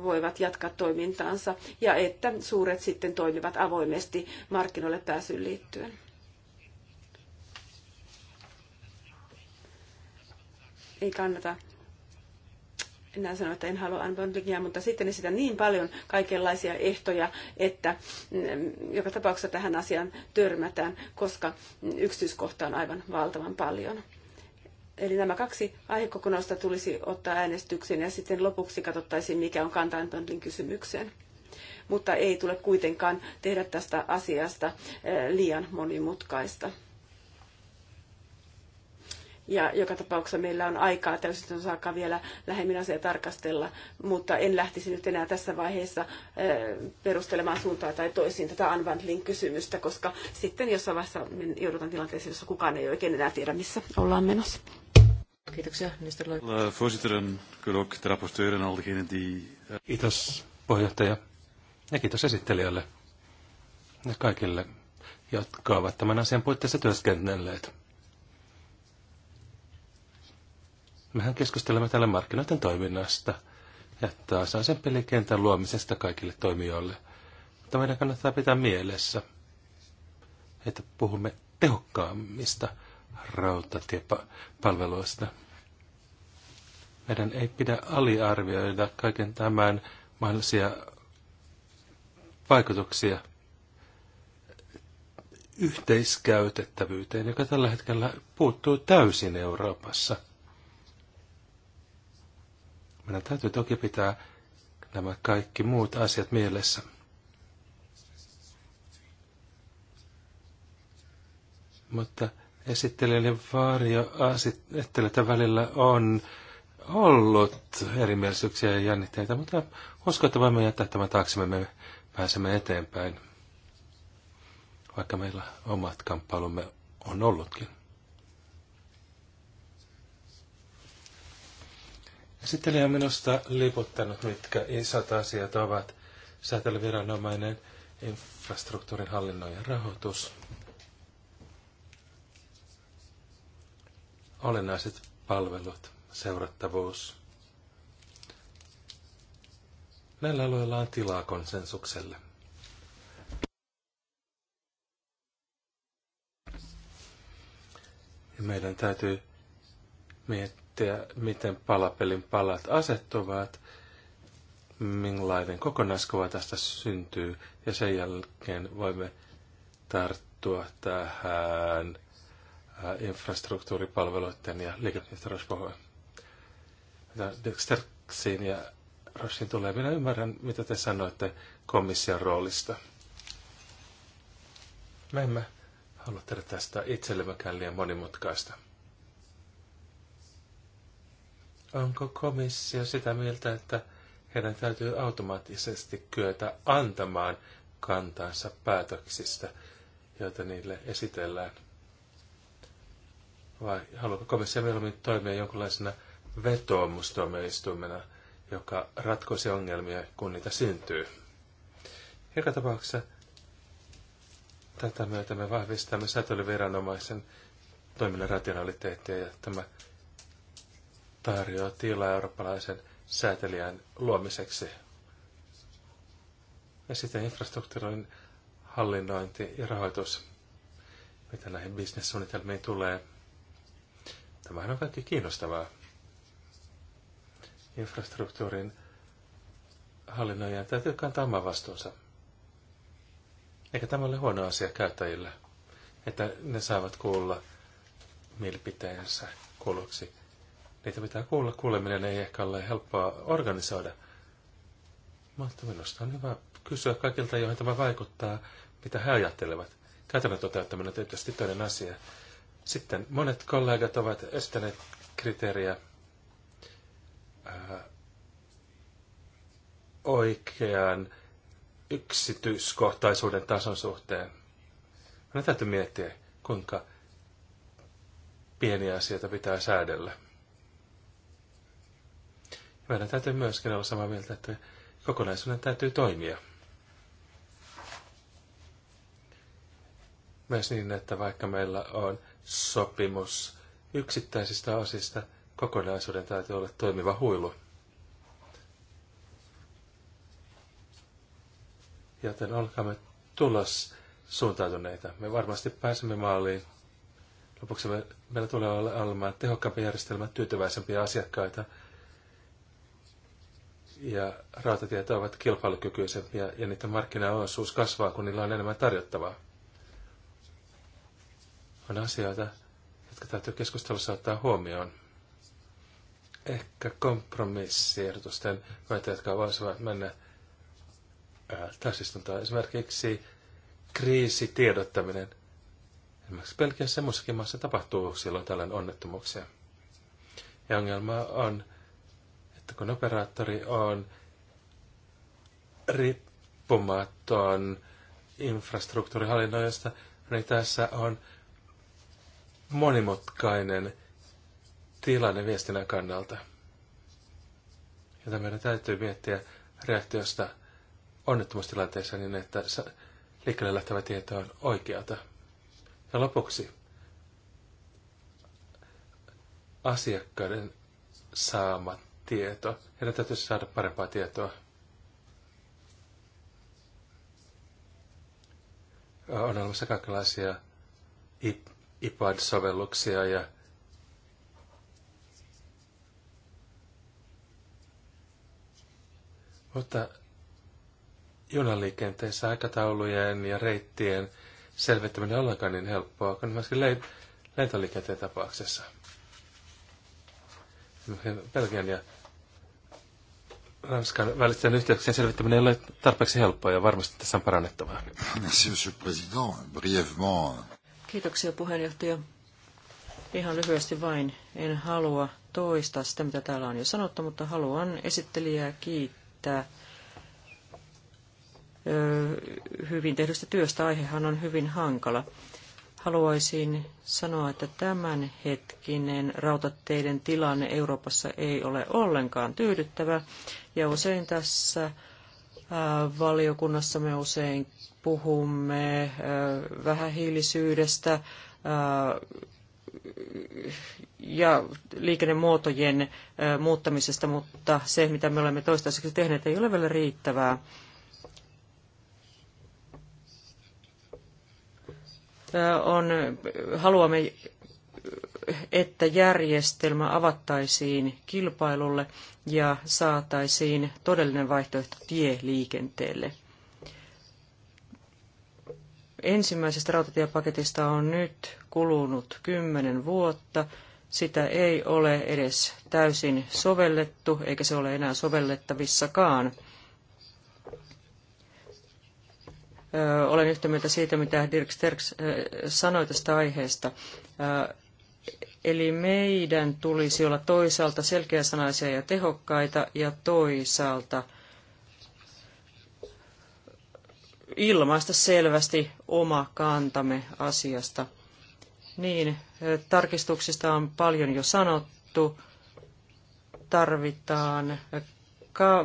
voivat jatkaa toimintaansa ja että suuret sitten toimivat avoimesti markkinoille pääsyyn liittyen. Ei kannata enää sano, että en halua unbundlingia, mutta sitten esitä niin paljon kaikenlaisia ehtoja, että mm, joka tapauksessa tähän asiaan törmätään, koska yksityiskohta on aivan valtavan paljon. Eli nämä kaksi aihekokonaista tulisi ottaa äänestykseen ja sitten lopuksi katsottaisiin, mikä on kanta unbundling kysymykseen. Mutta ei tule kuitenkaan tehdä tästä asiasta eh, liian monimutkaista. Ja joka tapauksessa meillä on aikaa täysin saakka vielä lähemmin asiaa tarkastella, mutta en lähtisi nyt enää tässä vaiheessa eh, perustelemaan suuntaa tai toisiin tätä unbundling kysymystä, koska sitten jossain vaiheessa joudutaan tilanteeseen, jossa kukaan ei oikein enää tiedä, missä ollaan menossa. Kiitoksia, ministeri Loik. Äh, voorzitter, en kyllä ook de rapporteur en al degenen die... Eh, kiitos puheenjohtaja ja kiitos esittelijälle ja kaikille, jotka ovat tämän asian puitteissa työskennelleet. Mehän keskustelemme täällä markkinoiden toiminnasta ja tasaisen pelikentän luomisesta kaikille toimijoille. Mutta meidän kannattaa pitää mielessä, että puhumme tehokkaammista rautatiepalveluista. Meidän ei pidä aliarvioida kaiken tämän mahdollisia vaikutuksia yhteiskäytettävyyteen, joka tällä hetkellä puuttuu täysin Euroopassa – meidän täytyy toki pitää nämä kaikki muut asiat mielessä. Mutta esittelijän varjo esittelijöitä välillä on ollut erimielisyyksiä ja jännitteitä, mutta uskon, että voimme jättää tämän taakse, me pääsemme eteenpäin, vaikka meillä omat kamppailumme on ollutkin. Sitten on minusta liputtanut, mitkä isot asiat ovat säätelyviranomainen, infrastruktuurin hallinnon ja rahoitus. Olennaiset palvelut, seurattavuus. Näillä alueilla on tilaa konsensukselle. Ja meidän täytyy miettiä, miettiä, miten palapelin palat asettuvat, millainen kokonaiskuva tästä syntyy, ja sen jälkeen voimme tarttua tähän äh, infrastruktuuripalveluiden ja liikennetalouspohjaan. dexterksiin ja Rossin tulee. Minä ymmärrän, mitä te sanoitte komission roolista. Me emme halua tehdä tästä itsellemmekään liian monimutkaista. Onko komissio sitä mieltä, että heidän täytyy automaattisesti kyetä antamaan kantansa päätöksistä, joita niille esitellään? Vai haluaako komissio mieluummin toimia jonkinlaisena vetoomustuomioistuimena, joka ratkoisi ongelmia, kun niitä syntyy? Joka tapauksessa tätä myötä me vahvistamme säteilyviranomaisen toiminnan rationaliteettia ja tämä tarjoaa tilaa eurooppalaisen säätelijän luomiseksi. Ja sitten infrastruktuurin hallinnointi ja rahoitus, mitä näihin bisnessuunnitelmiin tulee. Tämähän on kaikki kiinnostavaa. Infrastruktuurin hallinnoijan täytyy kantaa oma vastuunsa. Eikä tämä ole huono asia käyttäjille, että ne saavat kuulla mielipiteensä kuulluksi Niitä pitää kuulla. Kuuleminen ei ehkä ole helppoa organisoida. Mutta minusta on hyvä kysyä kaikilta, joihin tämä vaikuttaa, mitä he ajattelevat. Käytännön toteuttaminen on tietysti toinen asia. Sitten monet kollegat ovat estäneet kriteeriä ää, oikean yksityiskohtaisuuden tason suhteen. Meidän täytyy miettiä, kuinka pieniä asioita pitää säädellä meidän täytyy myöskin olla samaa mieltä, että kokonaisuuden täytyy toimia. Myös niin, että vaikka meillä on sopimus yksittäisistä osista, kokonaisuuden täytyy olla toimiva huilu. Joten olkaamme tulos suuntautuneita. Me varmasti pääsemme maaliin. Lopuksi me, meillä tulee olemaan tehokkaampi järjestelmä, tyytyväisempiä asiakkaita – ja rautatiet ovat kilpailukykyisempiä ja niiden markkinaosuus kasvaa, kun niillä on enemmän tarjottavaa. On asioita, jotka täytyy keskustelussa ottaa huomioon. Ehkä kompromissiehdotusten myötä, jotka voisivat mennä täysistuntoon. Esimerkiksi kriisitiedottaminen. Esimerkiksi Pelkästään semmoisessakin maassa tapahtuu silloin tällainen onnettomuuksia. Ja ongelma on että kun operaattori on riippumaton infrastruktuurihallinnoista, niin tässä on monimutkainen tilanne viestinnän kannalta. Jota meidän täytyy miettiä reaktiosta onnettomuustilanteessa niin, että liikkeelle lähtevä tieto on oikeata. Ja lopuksi asiakkaiden saamat tieto. Heidän täytyisi saada parempaa tietoa. On olemassa kaikenlaisia iPad-sovelluksia ja Mutta junaliikenteessä aikataulujen ja reittien selvittäminen ollenkaan niin helppoa kuin myöskin le- lentoliikenteen tapauksessa. Belgian ja Ranskan välisten yhteyksien selvittäminen ei ole tarpeeksi helppoa ja varmasti tässä on parannettavaa. Merci, monsieur président. Brièvement. Kiitoksia puheenjohtaja. Ihan lyhyesti vain. En halua toistaa sitä, mitä täällä on jo sanottu, mutta haluan esittelijää kiittää hyvin tehdystä työstä. Aihehan on hyvin hankala. Haluaisin sanoa, että tämänhetkinen rautateiden tilanne Euroopassa ei ole ollenkaan tyydyttävä. Ja usein tässä äh, valiokunnassa me usein puhumme äh, vähähiilisyydestä äh, ja liikennemuotojen muuttamisesta, mutta se, mitä me olemme toistaiseksi tehneet, ei ole vielä riittävää. on, haluamme, että järjestelmä avattaisiin kilpailulle ja saataisiin todellinen vaihtoehto tieliikenteelle. Ensimmäisestä rautatiepaketista on nyt kulunut kymmenen vuotta. Sitä ei ole edes täysin sovellettu, eikä se ole enää sovellettavissakaan Olen yhtä mieltä siitä, mitä Dirk Sterks sanoi tästä aiheesta. Eli meidän tulisi olla toisaalta selkeäsanaisia ja tehokkaita ja toisaalta ilmaista selvästi oma kantamme asiasta. Niin, tarkistuksista on paljon jo sanottu. Tarvitaan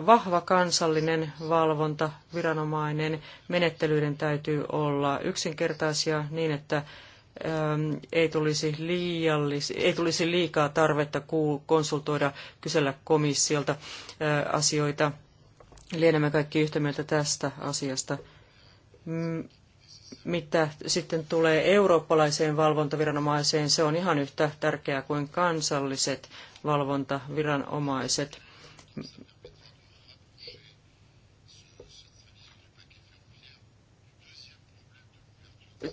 vahva kansallinen valvontaviranomainen. Menettelyiden täytyy olla yksinkertaisia niin, että ähm, ei tulisi, liiallis, ei tulisi liikaa tarvetta konsultoida, kysellä komissiolta äh, asioita. Lienemme kaikki yhtä mieltä tästä asiasta. Mitä sitten tulee eurooppalaiseen valvontaviranomaiseen, se on ihan yhtä tärkeää kuin kansalliset valvontaviranomaiset.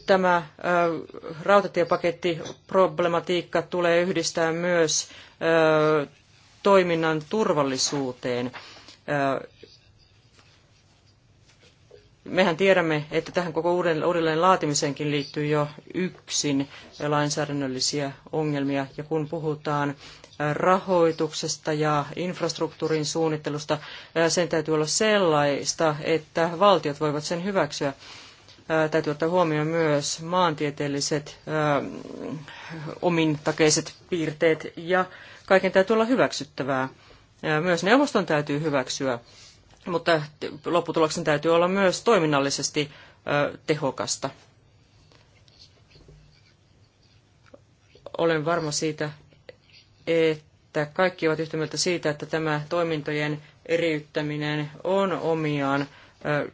tämä rautatiepakettiproblematiikka problematiikka tulee yhdistää myös toiminnan turvallisuuteen. Mehän tiedämme, että tähän koko uudelleen laatimiseenkin liittyy jo yksin lainsäädännöllisiä ongelmia. Ja kun puhutaan rahoituksesta ja infrastruktuurin suunnittelusta, sen täytyy olla sellaista, että valtiot voivat sen hyväksyä täytyy ottaa huomioon myös maantieteelliset omintakeiset piirteet ja kaiken täytyy olla hyväksyttävää. Myös neuvoston täytyy hyväksyä, mutta lopputuloksen täytyy olla myös toiminnallisesti tehokasta. Olen varma siitä, että kaikki ovat yhtä mieltä siitä, että tämä toimintojen eriyttäminen on omiaan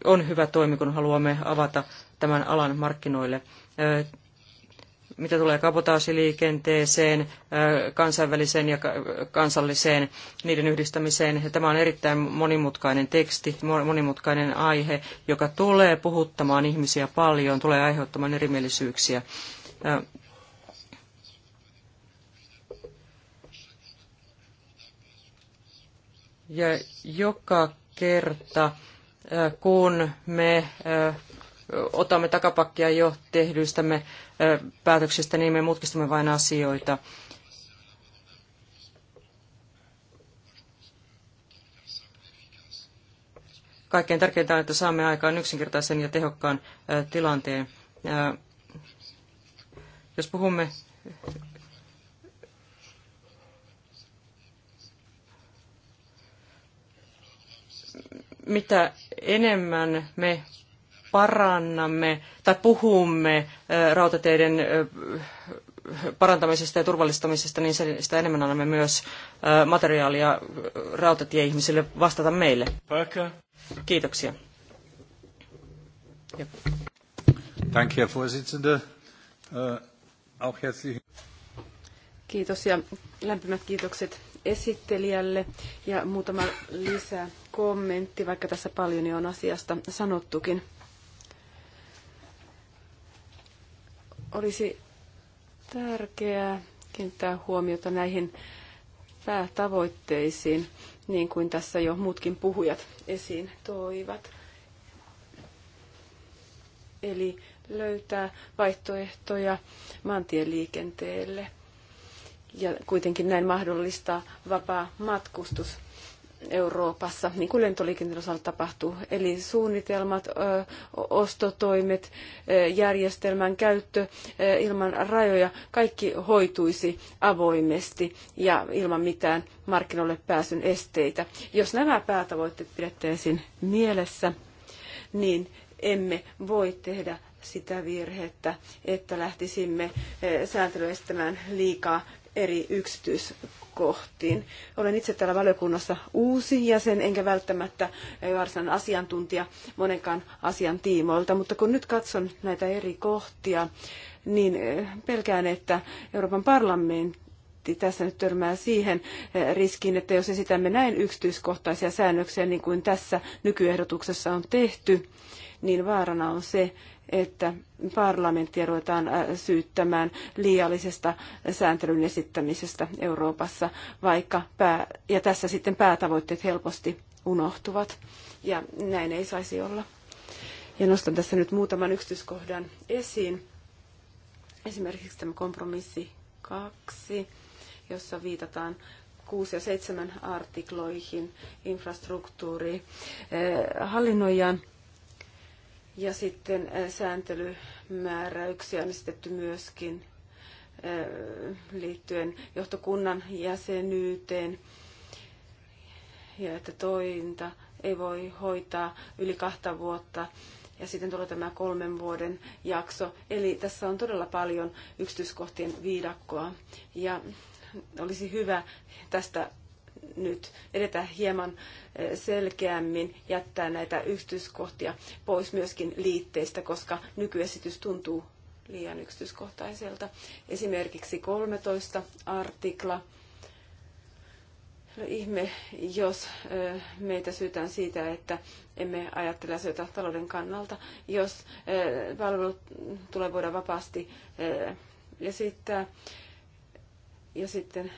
on hyvä toimi, kun haluamme avata tämän alan markkinoille. Mitä tulee kabotaasiliikenteeseen, kansainväliseen ja kansalliseen, niiden yhdistämiseen, tämä on erittäin monimutkainen teksti, monimutkainen aihe, joka tulee puhuttamaan ihmisiä paljon, tulee aiheuttamaan erimielisyyksiä. Ja joka kerta kun me otamme takapakkia jo tehdyistämme päätöksistä, niin me mutkistamme vain asioita. Kaikkein tärkeintä on, että saamme aikaan yksinkertaisen ja tehokkaan tilanteen. Jos puhumme mitä enemmän me parannamme tai puhumme rautateiden parantamisesta ja turvallistamisesta, niin sitä enemmän annamme myös materiaalia rautatieihmisille vastata meille. Kiitoksia. Äh, auch herzlichen Kiitos ja lämpimät kiitokset esittelijälle ja muutama lisää kommentti, vaikka tässä paljon jo on asiasta sanottukin. Olisi tärkeää kiinnittää huomiota näihin päätavoitteisiin, niin kuin tässä jo muutkin puhujat esiin toivat. Eli löytää vaihtoehtoja maantieliikenteelle – ja kuitenkin näin mahdollistaa vapaa matkustus Euroopassa, niin kuin lentoliikenteen osalta tapahtuu. Eli suunnitelmat, ostotoimet, järjestelmän käyttö ilman rajoja, kaikki hoituisi avoimesti ja ilman mitään markkinoille pääsyn esteitä. Jos nämä päätavoitteet pidettäisiin mielessä, niin emme voi tehdä sitä virhettä, että lähtisimme sääntelyä estämään liikaa eri yksityiskohtiin. Olen itse täällä valiokunnassa uusi jäsen, enkä välttämättä varsinainen asiantuntija monenkaan asian tiimoilta, mutta kun nyt katson näitä eri kohtia, niin eh, pelkään, että Euroopan parlamentti tässä nyt törmää siihen eh, riskiin, että jos esitämme näin yksityiskohtaisia säännöksiä niin kuin tässä nykyehdotuksessa on tehty, niin vaarana on se, että parlamenttia ruvetaan äh, syyttämään liiallisesta sääntelyn esittämisestä Euroopassa, vaikka pää, ja tässä sitten päätavoitteet helposti unohtuvat. Ja näin ei saisi olla. Ja nostan tässä nyt muutaman yksityiskohdan esiin. Esimerkiksi tämä kompromissi kaksi, jossa viitataan 6 ja 7 artikloihin infrastruktuuri eh, hallinnoijan ja sitten äh, sääntelymääräyksiä on esitetty myöskin äh, liittyen johtokunnan jäsenyyteen ja että tointa ei voi hoitaa yli kahta vuotta ja sitten tulee tämä kolmen vuoden jakso. Eli tässä on todella paljon yksityiskohtien viidakkoa ja olisi hyvä tästä nyt edetä hieman eh, selkeämmin, jättää näitä yksityiskohtia pois myöskin liitteistä, koska nykyesitys tuntuu liian yksityiskohtaiselta. Esimerkiksi 13 artikla. No ihme, jos eh, meitä syytään siitä, että emme ajattele asioita talouden kannalta, jos eh, palvelut tulee voida vapaasti esittää ja sitten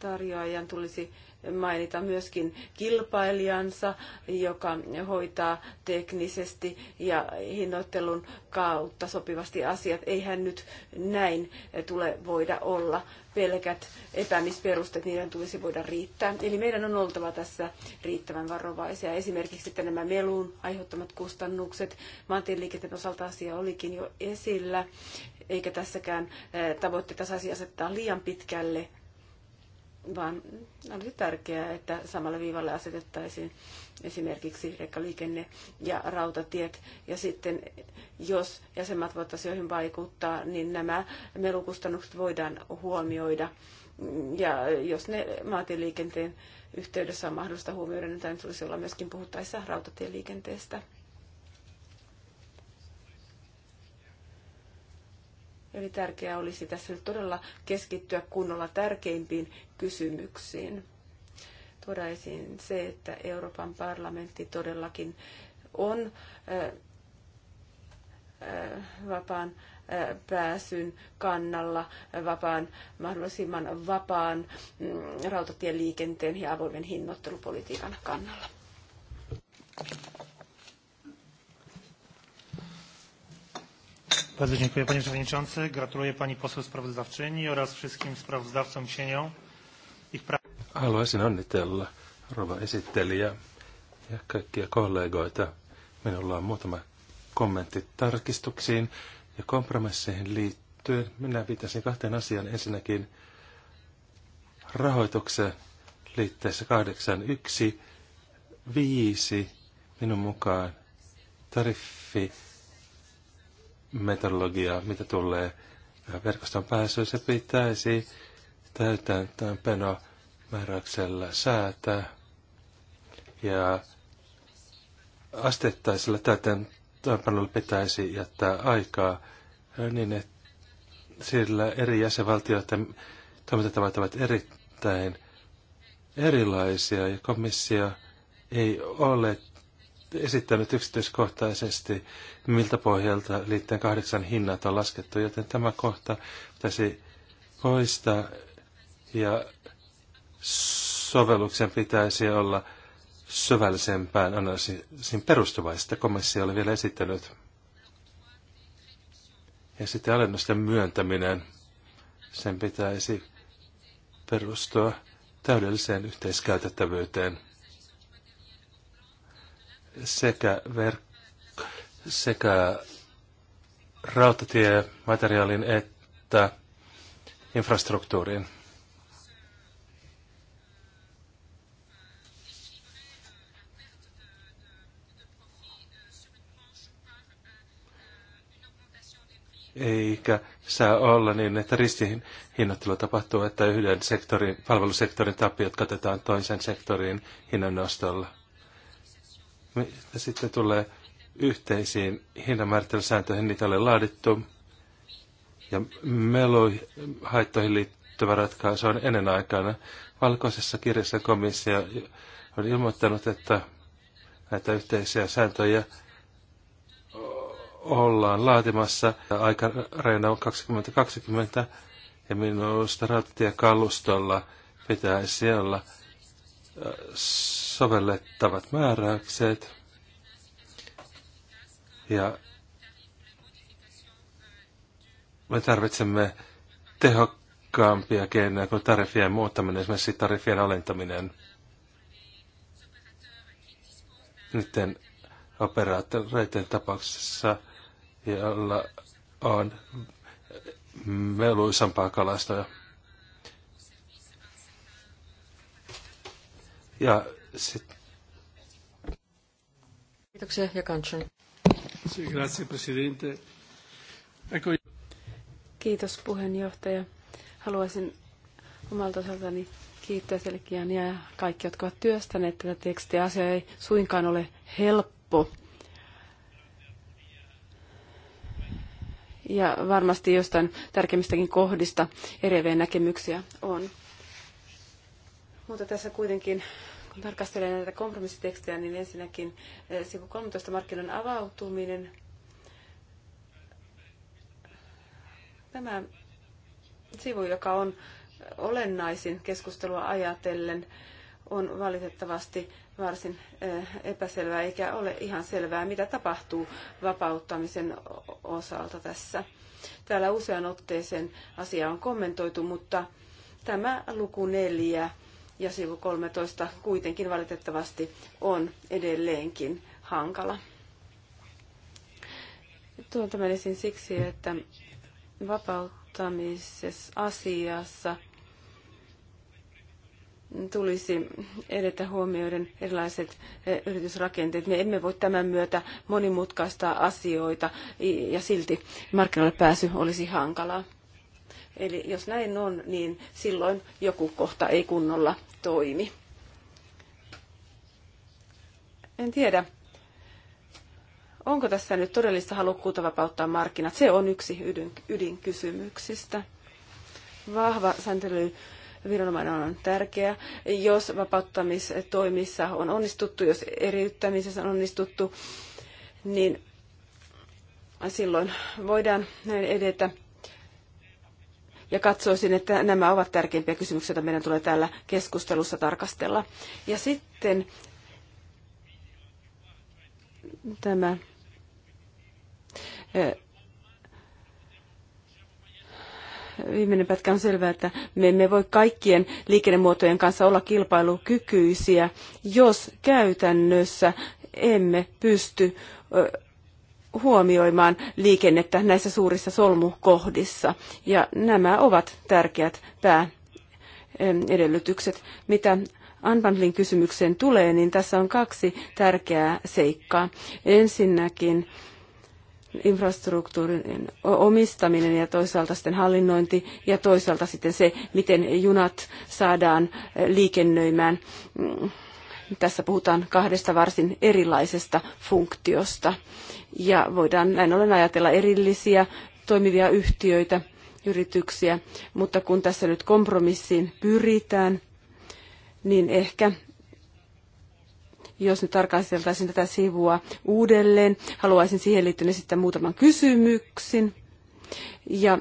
tarjoajan tulisi mainita myöskin kilpailijansa, joka hoitaa teknisesti ja hinnoittelun kautta sopivasti asiat. Eihän nyt näin tule voida olla. Pelkät epämisperusteet, niiden tulisi voida riittää. Eli meidän on oltava tässä riittävän varovaisia. Esimerkiksi että nämä melun aiheuttamat kustannukset. Maantieliikenteen osalta asia olikin jo esillä, eikä tässäkään tavoitteita saisi asettaa liian pitkälle vaan olisi tärkeää, että samalla viivalle asetettaisiin esimerkiksi rekkaliikenne ja rautatiet. Ja sitten jos jäsenmaat voivat asioihin vaikuttaa, niin nämä melukustannukset voidaan huomioida. Ja jos ne maatieliikenteen yhteydessä on mahdollista huomioida, niin tulisi olla myöskin puhuttaessa rautatieliikenteestä. Eli tärkeää olisi tässä nyt todella keskittyä kunnolla tärkeimpiin kysymyksiin. Tuoda esiin se, että Euroopan parlamentti todellakin on vapaan pääsyn kannalla, vapaan, mahdollisimman vapaan mm, rautatieliikenteen ja avoimen hinnoittelupolitiikan kannalla. Bardzo dziękuję panie przewodniczący. Gratuluję pani poseł sprawozdawczyni oraz wszystkim sprawozdawcom cieniom. Ich pra- Haluaisin onnitella rova esittelijä ja kaikkia kollegoita. Minulla on muutama kommentti tarkistuksiin ja kompromisseihin liittyen. Minä viitasin kahteen asiaan. Ensinnäkin rahoituksen liitteessä 8.1.5 minun mukaan tariffi metodologiaa, mitä tulee äh, verkoston päässä, Se pitäisi tämän penomääräyksellä säätää ja asteittaisella täytäntöönpanolla pitäisi jättää aikaa äh, niin, että sillä eri jäsenvaltioiden toimintatavat ovat erittäin erilaisia ja komissio ei ole esittänyt yksityiskohtaisesti, miltä pohjalta liitteen kahdeksan hinnat on laskettu, joten tämä kohta pitäisi poistaa ja sovelluksen pitäisi olla syvällisempään analyysin perustuvaista komissio oli vielä esittänyt. Ja sitten alennusten myöntäminen, sen pitäisi perustua täydelliseen yhteiskäytettävyyteen sekä, verk- sekä rautatiemateriaalin että infrastruktuuriin. eikä saa olla niin, että hinnoittelu tapahtuu, että yhden sektorin, palvelusektorin tappiot katetaan toisen sektorin hinnannostolla. Mitä sitten tulee yhteisiin hinnanmäärittelysääntöihin, niitä oli laadittu. Ja meluhaittoihin liittyvä ratkaisu on ennen aikana. Valkoisessa kirjassa komissio on ilmoittanut, että näitä yhteisiä sääntöjä ollaan laatimassa. Aikaraina on 2020 ja minusta rautatiekalustolla pitäisi olla sovellettavat määräykset ja me tarvitsemme tehokkaampia keinoja kuin tarifien muuttaminen, esimerkiksi tarifien alentaminen. Niiden operaattoreiden tapauksessa, joilla on meluisampaa kalastoja. Ja sit... Kiitoksia, ja Kanchan. Grazie, presidente. Ecco... Kiitos puheenjohtaja. Haluaisin omalta osaltani kiittää Selkiän ja kaikki, jotka ovat työstäneet tätä tekstiä. Asia ei suinkaan ole helppo. Ja varmasti jostain tärkeimmistäkin kohdista eriäviä näkemyksiä on. Mutta tässä kuitenkin, kun tarkastelen näitä kompromissitekstejä, niin ensinnäkin sivu 13 markkinan avautuminen. Tämä sivu, joka on olennaisin keskustelua ajatellen, on valitettavasti varsin eh, epäselvää, eikä ole ihan selvää, mitä tapahtuu vapauttamisen osalta tässä. Täällä usean otteeseen asia on kommentoitu, mutta tämä luku neljä ja sivu 13 kuitenkin valitettavasti on edelleenkin hankala. Tuolta menisin siksi, että vapauttamisessa asiassa tulisi edetä huomioiden erilaiset eh, yritysrakenteet. Me emme voi tämän myötä monimutkaistaa asioita ja silti markkinoille pääsy olisi hankalaa. Eli jos näin on, niin silloin joku kohta ei kunnolla toimi. En tiedä, onko tässä nyt todellista halukkuutta vapauttaa markkinat. Se on yksi ydin, ydinkysymyksistä. Vahva sääntely viranomainen on tärkeä. Jos vapauttamistoimissa on onnistuttu, jos eriyttämisessä on onnistuttu, niin silloin voidaan näin edetä. Ja katsoisin, että nämä ovat tärkeimpiä kysymyksiä, joita meidän tulee täällä keskustelussa tarkastella. Ja sitten tämä viimeinen pätkä on selvää, että me emme voi kaikkien liikennemuotojen kanssa olla kilpailukykyisiä, jos käytännössä emme pysty huomioimaan liikennettä näissä suurissa solmukohdissa. Ja nämä ovat tärkeät pääedellytykset. Mitä Unbundling kysymykseen tulee, niin tässä on kaksi tärkeää seikkaa. Ensinnäkin infrastruktuurin omistaminen ja toisaalta sitten hallinnointi ja toisaalta sitten se, miten junat saadaan liikennöimään mm. Tässä puhutaan kahdesta varsin erilaisesta funktiosta ja voidaan näin ollen ajatella erillisiä toimivia yhtiöitä, yrityksiä, mutta kun tässä nyt kompromissiin pyritään, niin ehkä jos nyt tarkasteltaisiin tätä sivua uudelleen, haluaisin siihen liittyen esittää muutaman kysymyksen ja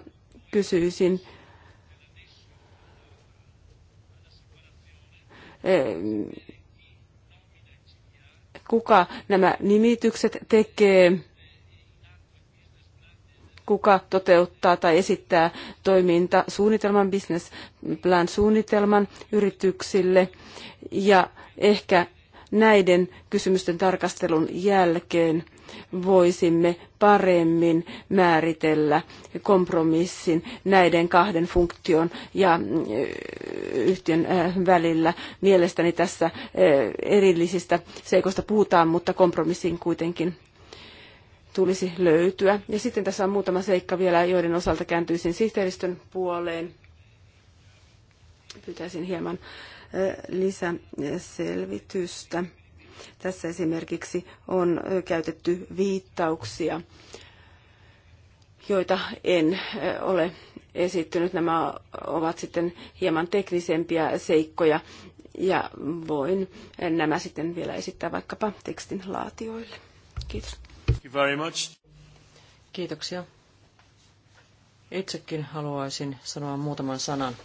kysyisin, kuka nämä nimitykset tekee, kuka toteuttaa tai esittää toimintasuunnitelman, business plan suunnitelman yrityksille ja ehkä näiden kysymysten tarkastelun jälkeen voisimme paremmin määritellä kompromissin näiden kahden funktion ja mm, yhtiön äh, välillä. Mielestäni tässä äh, erillisistä seikoista puhutaan, mutta kompromissin kuitenkin tulisi löytyä. Ja sitten tässä on muutama seikka vielä, joiden osalta kääntyisin sihteeristön puoleen. Pyytäisin hieman äh, lisäselvitystä. Tässä esimerkiksi on käytetty viittauksia, joita en ole esittynyt. Nämä ovat sitten hieman teknisempiä seikkoja ja voin nämä sitten vielä esittää vaikkapa tekstin laatioille. Kiitos. Thank you very much. Kiitoksia. Itsekin haluaisin sanoa muutaman sanan.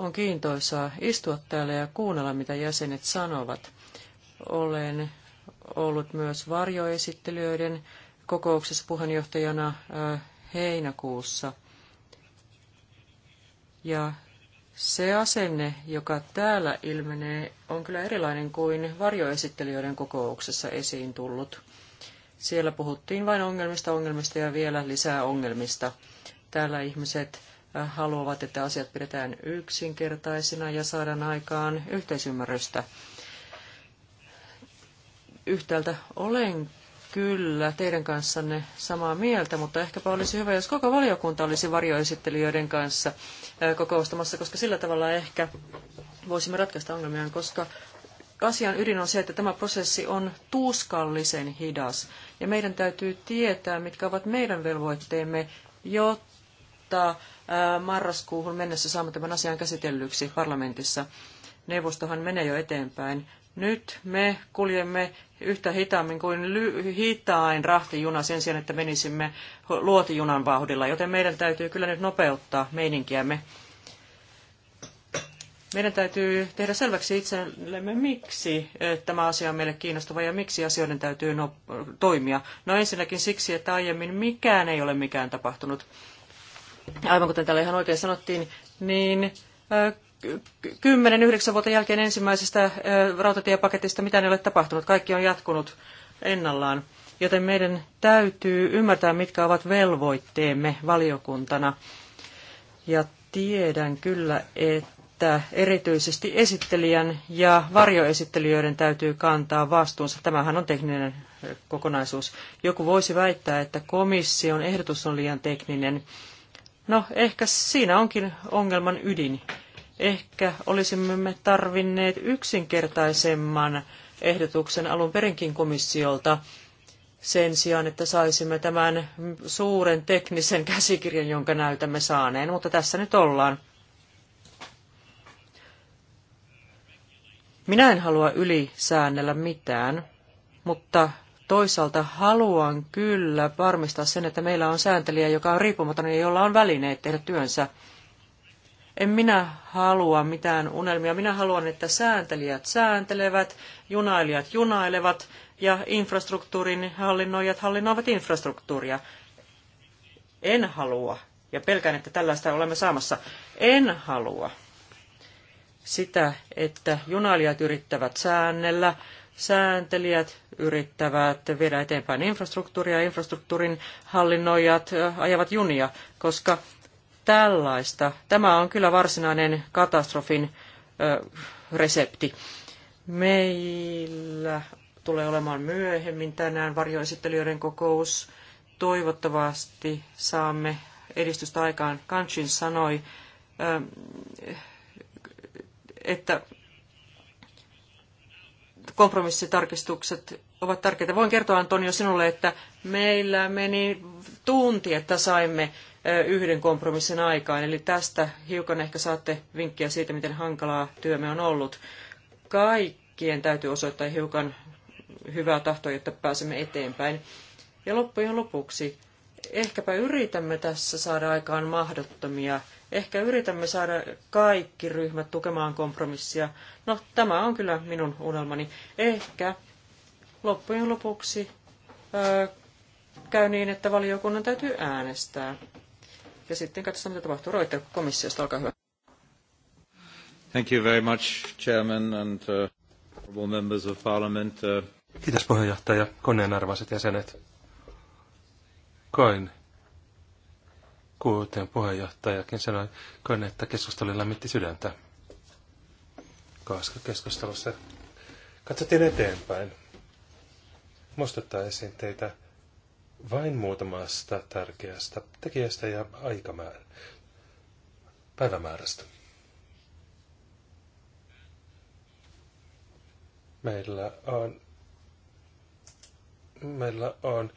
On kiintoisaa istua täällä ja kuunnella, mitä jäsenet sanovat. Olen ollut myös varjoesittelijöiden kokouksessa puheenjohtajana äh, heinäkuussa. Ja se asenne, joka täällä ilmenee, on kyllä erilainen kuin varjoesittelijöiden kokouksessa esiin tullut. Siellä puhuttiin vain ongelmista, ongelmista ja vielä lisää ongelmista. Täällä ihmiset haluavat, että asiat pidetään yksinkertaisina ja saadaan aikaan yhteisymmärrystä. Yhtäältä olen kyllä teidän kanssanne samaa mieltä, mutta ehkäpä olisi hyvä, jos koko valiokunta olisi varjoesittelijöiden kanssa kokoustamassa, koska sillä tavalla ehkä voisimme ratkaista ongelmia, koska asian ydin on se, että tämä prosessi on tuskallisen hidas. Ja meidän täytyy tietää, mitkä ovat meidän velvoitteemme, jotta marraskuuhun mennessä saamme tämän asian käsitellyksi parlamentissa. Neuvostohan menee jo eteenpäin. Nyt me kuljemme yhtä hitaammin kuin hitain rahtijuna sen sijaan, että menisimme luotijunan vauhdilla, joten meidän täytyy kyllä nyt nopeuttaa meininkiämme. Meidän täytyy tehdä selväksi itsellemme, miksi tämä asia on meille kiinnostava ja miksi asioiden täytyy no, toimia. No ensinnäkin siksi, että aiemmin mikään ei ole mikään tapahtunut aivan kuten täällä ihan oikein sanottiin, niin 10-9 vuoden jälkeen ensimmäisestä rautatiepaketista mitään ei ole tapahtunut. Kaikki on jatkunut ennallaan. Joten meidän täytyy ymmärtää, mitkä ovat velvoitteemme valiokuntana. Ja tiedän kyllä, että erityisesti esittelijän ja varjoesittelijöiden täytyy kantaa vastuunsa. Tämähän on tekninen kokonaisuus. Joku voisi väittää, että komission ehdotus on liian tekninen No ehkä siinä onkin ongelman ydin. Ehkä olisimme me tarvinneet yksinkertaisemman ehdotuksen alun perinkin komissiolta sen sijaan, että saisimme tämän suuren teknisen [laughs] käsikirjan, jonka näytämme saaneen, mutta tässä nyt ollaan. Minä en halua ylisäännellä mitään, mutta Toisaalta haluan kyllä varmistaa sen, että meillä on sääntelijä, joka on riippumaton ja jolla on välineet tehdä työnsä. En minä halua mitään unelmia. Minä haluan, että sääntelijät sääntelevät, junailijat junailevat ja infrastruktuurin hallinnoijat hallinnoivat infrastruktuuria. En halua, ja pelkään, että tällaista olemme saamassa, en halua sitä, että junailijat yrittävät säännellä, Sääntelijät yrittävät viedä eteenpäin infrastruktuuria, infrastruktuurin hallinnoijat ajavat junia, koska tällaista, tämä on kyllä varsinainen katastrofin ö, resepti. Meillä tulee olemaan myöhemmin tänään varjoesittelijöiden kokous. Toivottavasti saamme edistystä aikaan. Kanchin sanoi, että kompromissitarkistukset ovat tärkeitä. Voin kertoa Antonio sinulle, että meillä meni tunti, että saimme yhden kompromissin aikaan. Eli tästä hiukan ehkä saatte vinkkiä siitä, miten hankalaa työmme on ollut. Kaikkien täytyy osoittaa hiukan hyvää tahtoa, jotta pääsemme eteenpäin. Ja loppujen lopuksi ehkäpä yritämme tässä saada aikaan mahdottomia. Ehkä yritämme saada kaikki ryhmät tukemaan kompromissia. No, tämä on kyllä minun unelmani. Ehkä loppujen lopuksi ö, käy niin, että valiokunnan täytyy äänestää. Ja sitten katsotaan, mitä tapahtuu. Roitte komissiosta, olkaa hyvä. Thank you very much, Chairman and uh, members of Parliament. Uh... Kiitos puheenjohtaja, jäsenet koin, kuten puheenjohtajakin sanoi, koin, että keskustelu lämmitti sydäntä, koska keskustelussa katsottiin eteenpäin. Muistuttaisin teitä vain muutamasta tärkeästä tekijästä ja aikamäärä, päivämäärästä. Meillä on, meillä on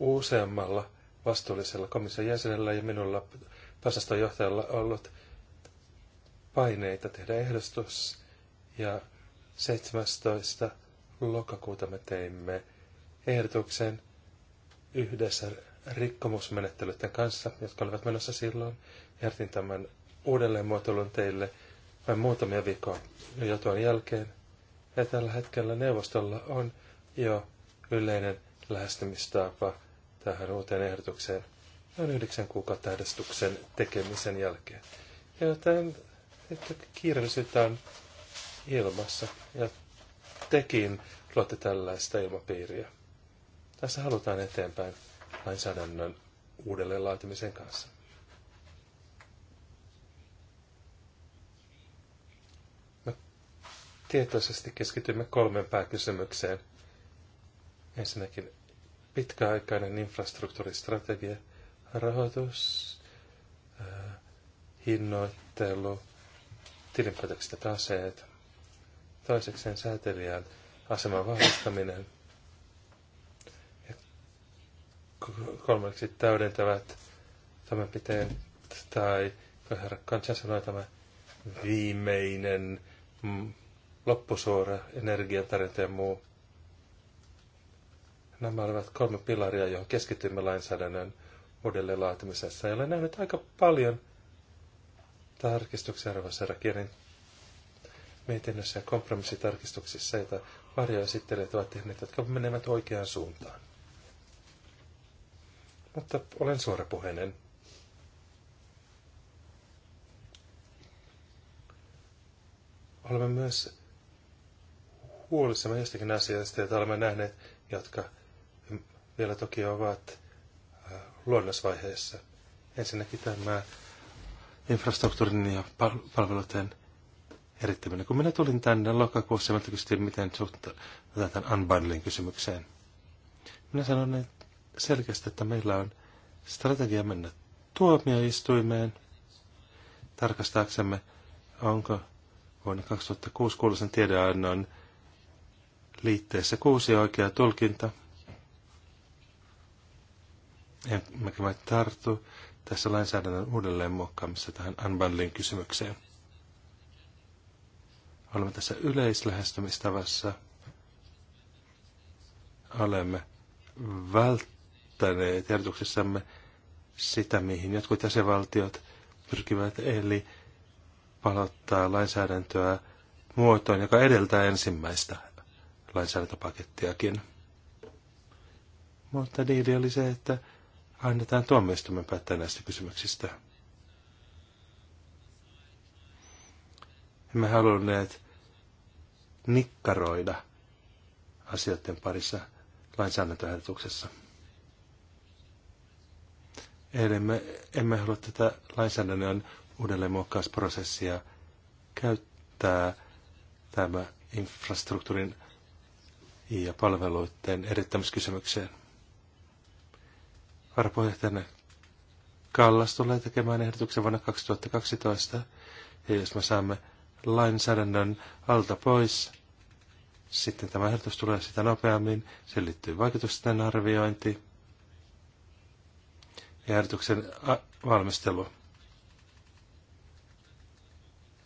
useammalla vastuullisella komission jäsenellä ja minulla pääsaston johtajalla ollut paineita tehdä ehdotus. Ja 17. lokakuuta me teimme ehdotuksen yhdessä rikkomusmenettelyiden kanssa, jotka olivat menossa silloin. Järtin tämän uudelleenmuotoilun teille vain muutamia viikkoa jo tuon jälkeen. Ja tällä hetkellä neuvostolla on jo yleinen lähestymistapa tähän uuteen ehdotukseen noin yhdeksän kuukautta ehdostuksen tekemisen jälkeen. Ja tämän, että kiireellisyyttä on ilmassa ja tekin luotte tällaista ilmapiiriä. Tässä halutaan eteenpäin lainsäädännön uudelleen laatimisen kanssa. Me tietoisesti keskitymme kolmeen pääkysymykseen. Ensinnäkin pitkäaikainen infrastruktuuristrategia, rahoitus, hinnoittelu, tilinpäätökset taseet, toisekseen säätelijän aseman vahvistaminen ja kolmanneksi täydentävät toimenpiteet tai kun herra Kansa sanoi tämä viimeinen mm, loppusuora, energiantarjonta ja muu Nämä olivat kolme pilaria, johon keskitymme lainsäädännön uudelleen laatimisessa. Ja olen nähnyt aika paljon tarkistuksia arvoisarakierin mietinnössä ja kompromissitarkistuksissa, joita varjoesittelijät ovat tehneet, jotka menevät oikeaan suuntaan. Mutta olen suorapuheinen. Olemme myös huolissamme jostakin asiasta, jota olemme nähneet, jotka vielä toki ovat äh, luonnosvaiheessa. Ensinnäkin tämä infrastruktuurin ja palveluiden erittäminen. Kun minä tulin tänne lokakuussa, mä kysyin, miten suhtaan tämän unbundling kysymykseen. Minä sanon selkeästi, että meillä on strategia mennä tuomioistuimeen tarkastaaksemme, onko vuonna 2006 kuuluisen tiedeannon liitteessä kuusi oikea tulkinta – Emmekä me tartu tässä lainsäädännön uudelleen muokkaamassa tähän unbundling kysymykseen. Olemme tässä yleislähestymistavassa. Olemme välttäneet järjestyksessämme sitä, mihin jotkut jäsenvaltiot pyrkivät, eli palauttaa lainsäädäntöä muotoon, joka edeltää ensimmäistä lainsäädäntöpakettiakin. Mutta diili oli se, että annetaan tuomioistuimen päättää näistä kysymyksistä. Emme halunneet nikkaroida asioiden parissa lainsäädäntöehdotuksessa. Eli emme halua tätä lainsäädännön uudelleenmuokkausprosessia käyttää tämä infrastruktuurin ja palveluiden erittämiskysymykseen varapuheenjohtajana Kallas tulee tekemään ehdotuksen vuonna 2012. Ja jos me saamme lainsäädännön alta pois, sitten tämä ehdotus tulee sitä nopeammin. Se liittyy vaikutusten arviointi ja ehdotuksen valmistelu.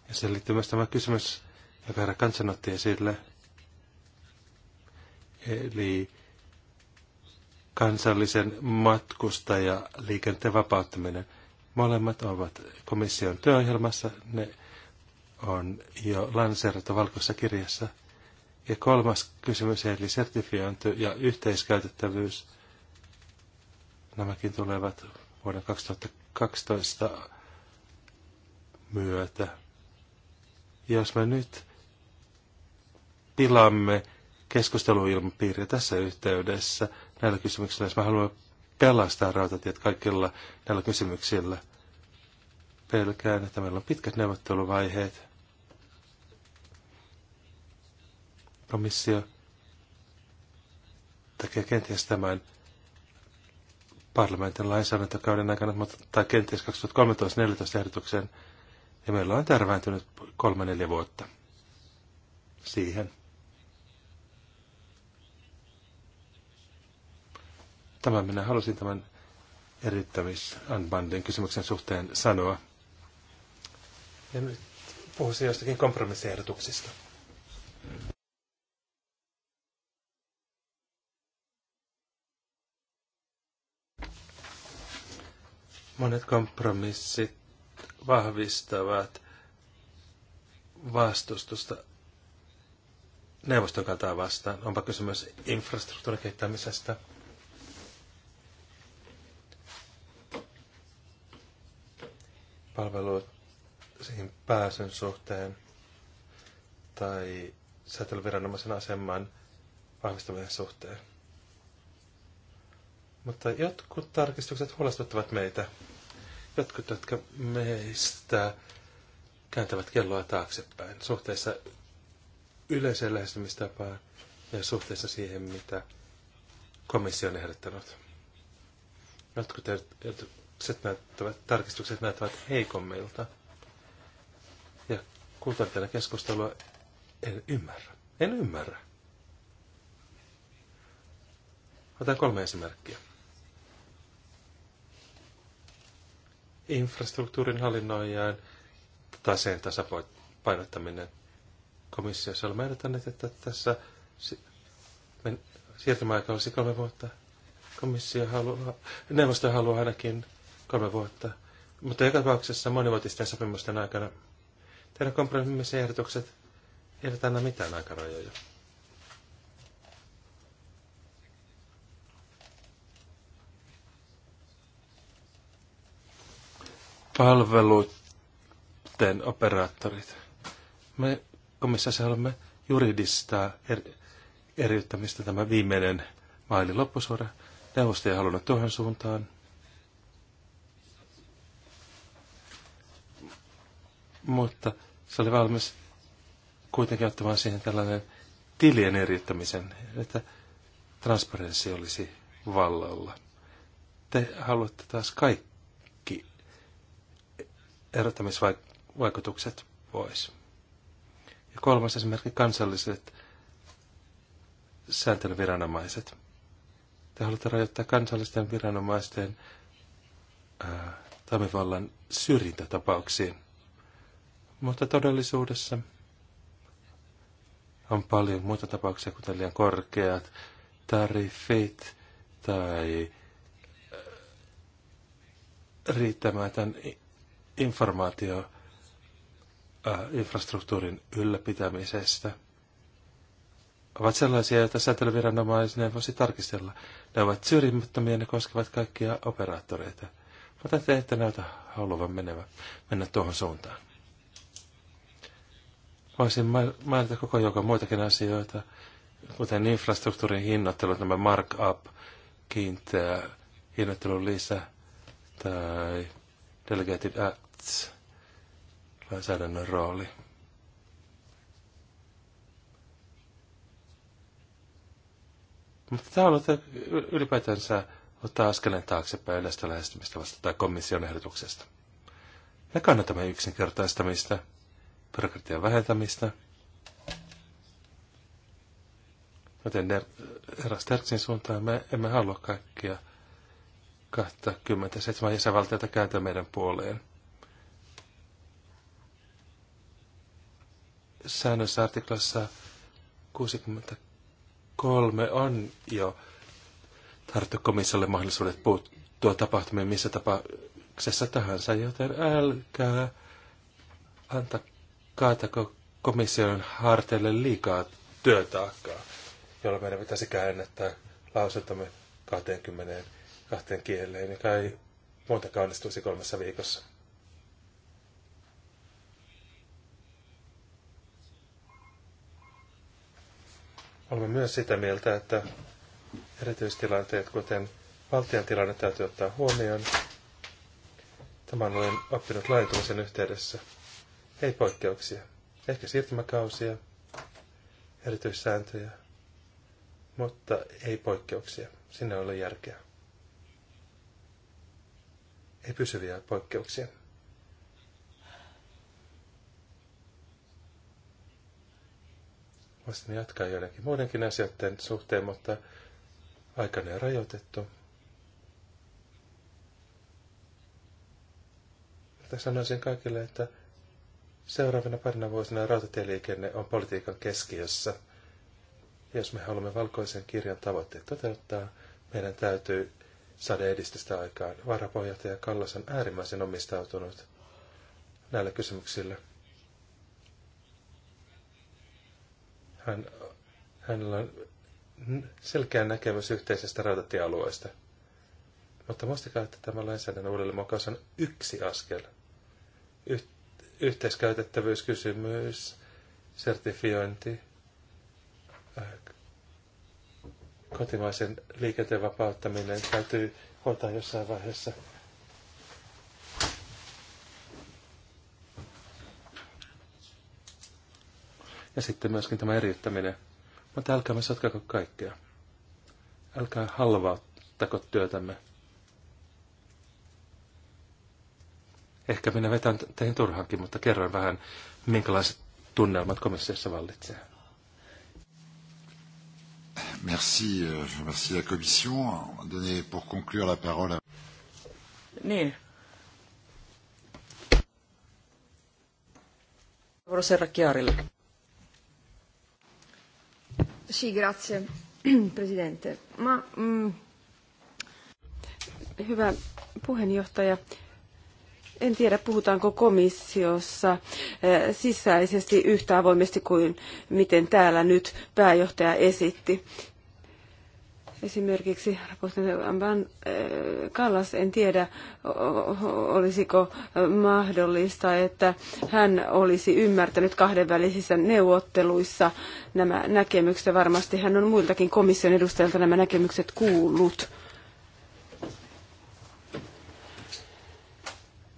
Ja se liittyy myös tämä kysymys, joka herra Kansan otti esille. Eli kansallisen matkustajaliikenteen vapauttaminen. Molemmat ovat komission työohjelmassa, ne on jo lanseerattu valkoisessa kirjassa. Ja kolmas kysymys, eli sertifiointi ja yhteiskäytettävyys. Nämäkin tulevat vuoden 2012 myötä. Jos me nyt pilamme keskusteluilmapiiriä tässä yhteydessä, näillä kysymyksillä, jos mä haluan pelastaa rautatiet kaikilla näillä kysymyksillä. Pelkään, että meillä on pitkät neuvotteluvaiheet. Komissio tekee kenties tämän parlamentin lainsäädäntökauden aikana, mutta, tai kenties 2013-2014 ehdotuksen, ja meillä on tärvääntynyt kolme neljä vuotta siihen. Tämän minä halusin tämän erittävyysbandin kysymyksen suhteen sanoa. Ja nyt puhuisin jostakin kompromissiehdotuksista. Monet kompromissit vahvistavat vastustusta neuvoston kantaa vastaan. Onpa kysymys infrastruktuurin kehittämisestä – palveluihin pääsyn suhteen tai säätelyviranomaisen aseman vahvistamisen suhteen. Mutta jotkut tarkistukset huolestuttavat meitä. Jotkut, jotka meistä kääntävät kelloa taaksepäin suhteessa yleiseen lähestymistapaan ja suhteessa siihen, mitä komissio on ehdottanut. Jotkut näyttävät, tarkistukset näyttävät heikommilta. Ja kun tätä keskustelua en ymmärrä. En ymmärrä. Otan kolme esimerkkiä. Infrastruktuurin hallinnoijan taseen tasapainottaminen komissiossa olemme ehdottaneet, että tässä siirtymäaika olisi kolme vuotta. Komissio haluaa, neuvosto haluaa ainakin kolme vuotta. Mutta joka tapauksessa monivuotisten sopimusten aikana tehdä kompromissiehdotukset eivät anna mitään aikarajoja. Palveluiden operaattorit. Me komissaassa haluamme juridistaa er, eriyttämistä tämä viimeinen maili loppusuora. Neuvosto ei halunnut tuohon suuntaan. mutta se oli valmis kuitenkin ottamaan siihen tällainen tilien eriyttämisen, että transparenssi olisi vallalla. Te haluatte taas kaikki erottamisvaikutukset pois. Ja kolmas esimerkki kansalliset sääntelyviranomaiset. Te haluatte rajoittaa kansallisten viranomaisten ää, toimivallan syrjintätapauksiin – mutta todellisuudessa on paljon muita tapauksia, kuten liian korkeat tariffit tai äh, riittämätön informaatio äh, infrastruktuurin ylläpitämisestä ovat sellaisia, joita säätelyviranomainen voisi tarkistella. Ne ovat syrjimättömiä ja ne koskevat kaikkia operaattoreita. Mutta te ette näytä haluavan menevä, mennä tuohon suuntaan. Voisin mainita koko joukon muitakin asioita, kuten infrastruktuurin hinnoittelut, nämä markup, kiinteä hinnoittelun lisä tai delegated acts, lainsäädännön rooli. Mutta tämä on ollut ylipäätänsä ottaa askeleen taaksepäin yleistä lähestymistä vasta tai komission ehdotuksesta. Me kannatamme yksinkertaistamista byrokratian vähentämistä. Joten eräs Terksin suuntaan me emme halua kaikkia 27 jäsenvaltiota kääntyä meidän puoleen. Säännössä artiklassa 63 on jo tarjottu komissiolle mahdollisuudet puuttua tapahtumiin missä tapauksessa tahansa, joten älkää anta kaatako komission harteille liikaa työtaakkaa, jolla meidän pitäisi käännettää lausuntamme 22 kieleen, joka ei monta kaunistuisi kolmessa viikossa. Olemme myös sitä mieltä, että erityistilanteet, kuten valtion tilanne, täytyy ottaa huomioon. Tämän olen oppinut laajentumisen yhteydessä ei poikkeuksia. Ehkä siirtymäkausia, erityissääntöjä, mutta ei poikkeuksia. Sinne ei ole järkeä. Ei pysyviä poikkeuksia. Voisin jatkaa joidenkin muidenkin asioiden suhteen, mutta aikana on rajoitettu. Mutta sanoisin kaikille, että Seuraavina parina vuosina rautatieliikenne on politiikan keskiössä. Jos me haluamme valkoisen kirjan tavoitteet toteuttaa, meidän täytyy saada edistystä aikaan. Varapohjohtaja Kallas on äärimmäisen omistautunut näillä kysymyksillä. Hän, hänellä on selkeä näkemys yhteisestä rautatiealueesta. Mutta muistakaa, että tämä lainsäädännön uudelleenmokaus on yksi askel yht- yhteiskäytettävyyskysymys, sertifiointi, kotimaisen liikenteen vapauttaminen täytyy hoitaa jossain vaiheessa. Ja sitten myöskin tämä eriyttäminen. Mutta älkää me sotkako kaikkea. Älkää halvauttako työtämme. Ehkä minä vetän teihin turhaankin, mutta kerroin vähän, minkälaiset tunnelmat komissiossa vallitsee. Merci, euh, je remercie la Commission. Donner pour conclure la parole Niin. Rosera Chiarilla. Sì, grazie, [clears throat] Presidente. Ma, mm... Hyvä puheenjohtaja, en tiedä, puhutaanko komissiossa eh, sisäisesti yhtä avoimesti kuin miten täällä nyt pääjohtaja esitti. Esimerkiksi eh, Kallas, en tiedä, olisiko mahdollista, että hän olisi ymmärtänyt kahdenvälisissä neuvotteluissa nämä näkemykset. Varmasti hän on muiltakin komission edustajilta nämä näkemykset kuullut.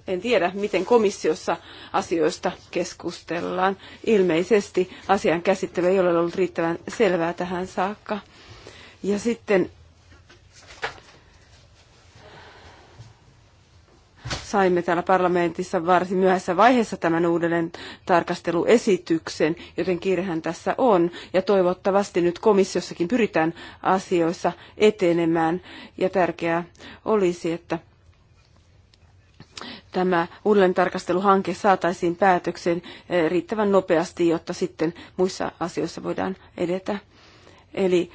en tiedä, miten komissiossa asioista keskustellaan. Ilmeisesti asian käsittely ei ole ollut riittävän selvää tähän saakka. Ja sitten saimme täällä parlamentissa varsin myöhässä vaiheessa tämän uudelleen tarkasteluesityksen, joten kiirehän tässä on. Ja toivottavasti nyt komissiossakin pyritään asioissa etenemään. Ja tärkeää olisi, että tämä uudelleentarkasteluhanke saataisiin päätöksen eh, riittävän nopeasti, jotta sitten muissa asioissa voidaan edetä. Eli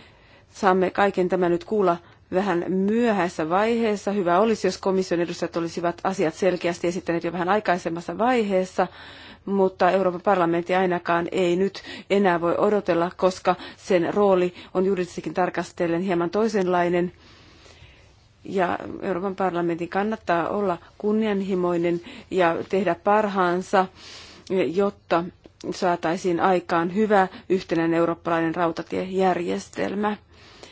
saamme kaiken tämän nyt kuulla vähän myöhäisessä vaiheessa. Hyvä olisi, jos komission edustajat olisivat asiat selkeästi esittäneet jo vähän aikaisemmassa vaiheessa, mutta Euroopan parlamentti ainakaan ei nyt enää voi odotella, koska sen rooli on juridisestikin tarkastellen hieman toisenlainen – ja Euroopan parlamentin kannattaa olla kunnianhimoinen ja tehdä parhaansa, jotta saataisiin aikaan hyvä yhtenäinen eurooppalainen rautatiejärjestelmä.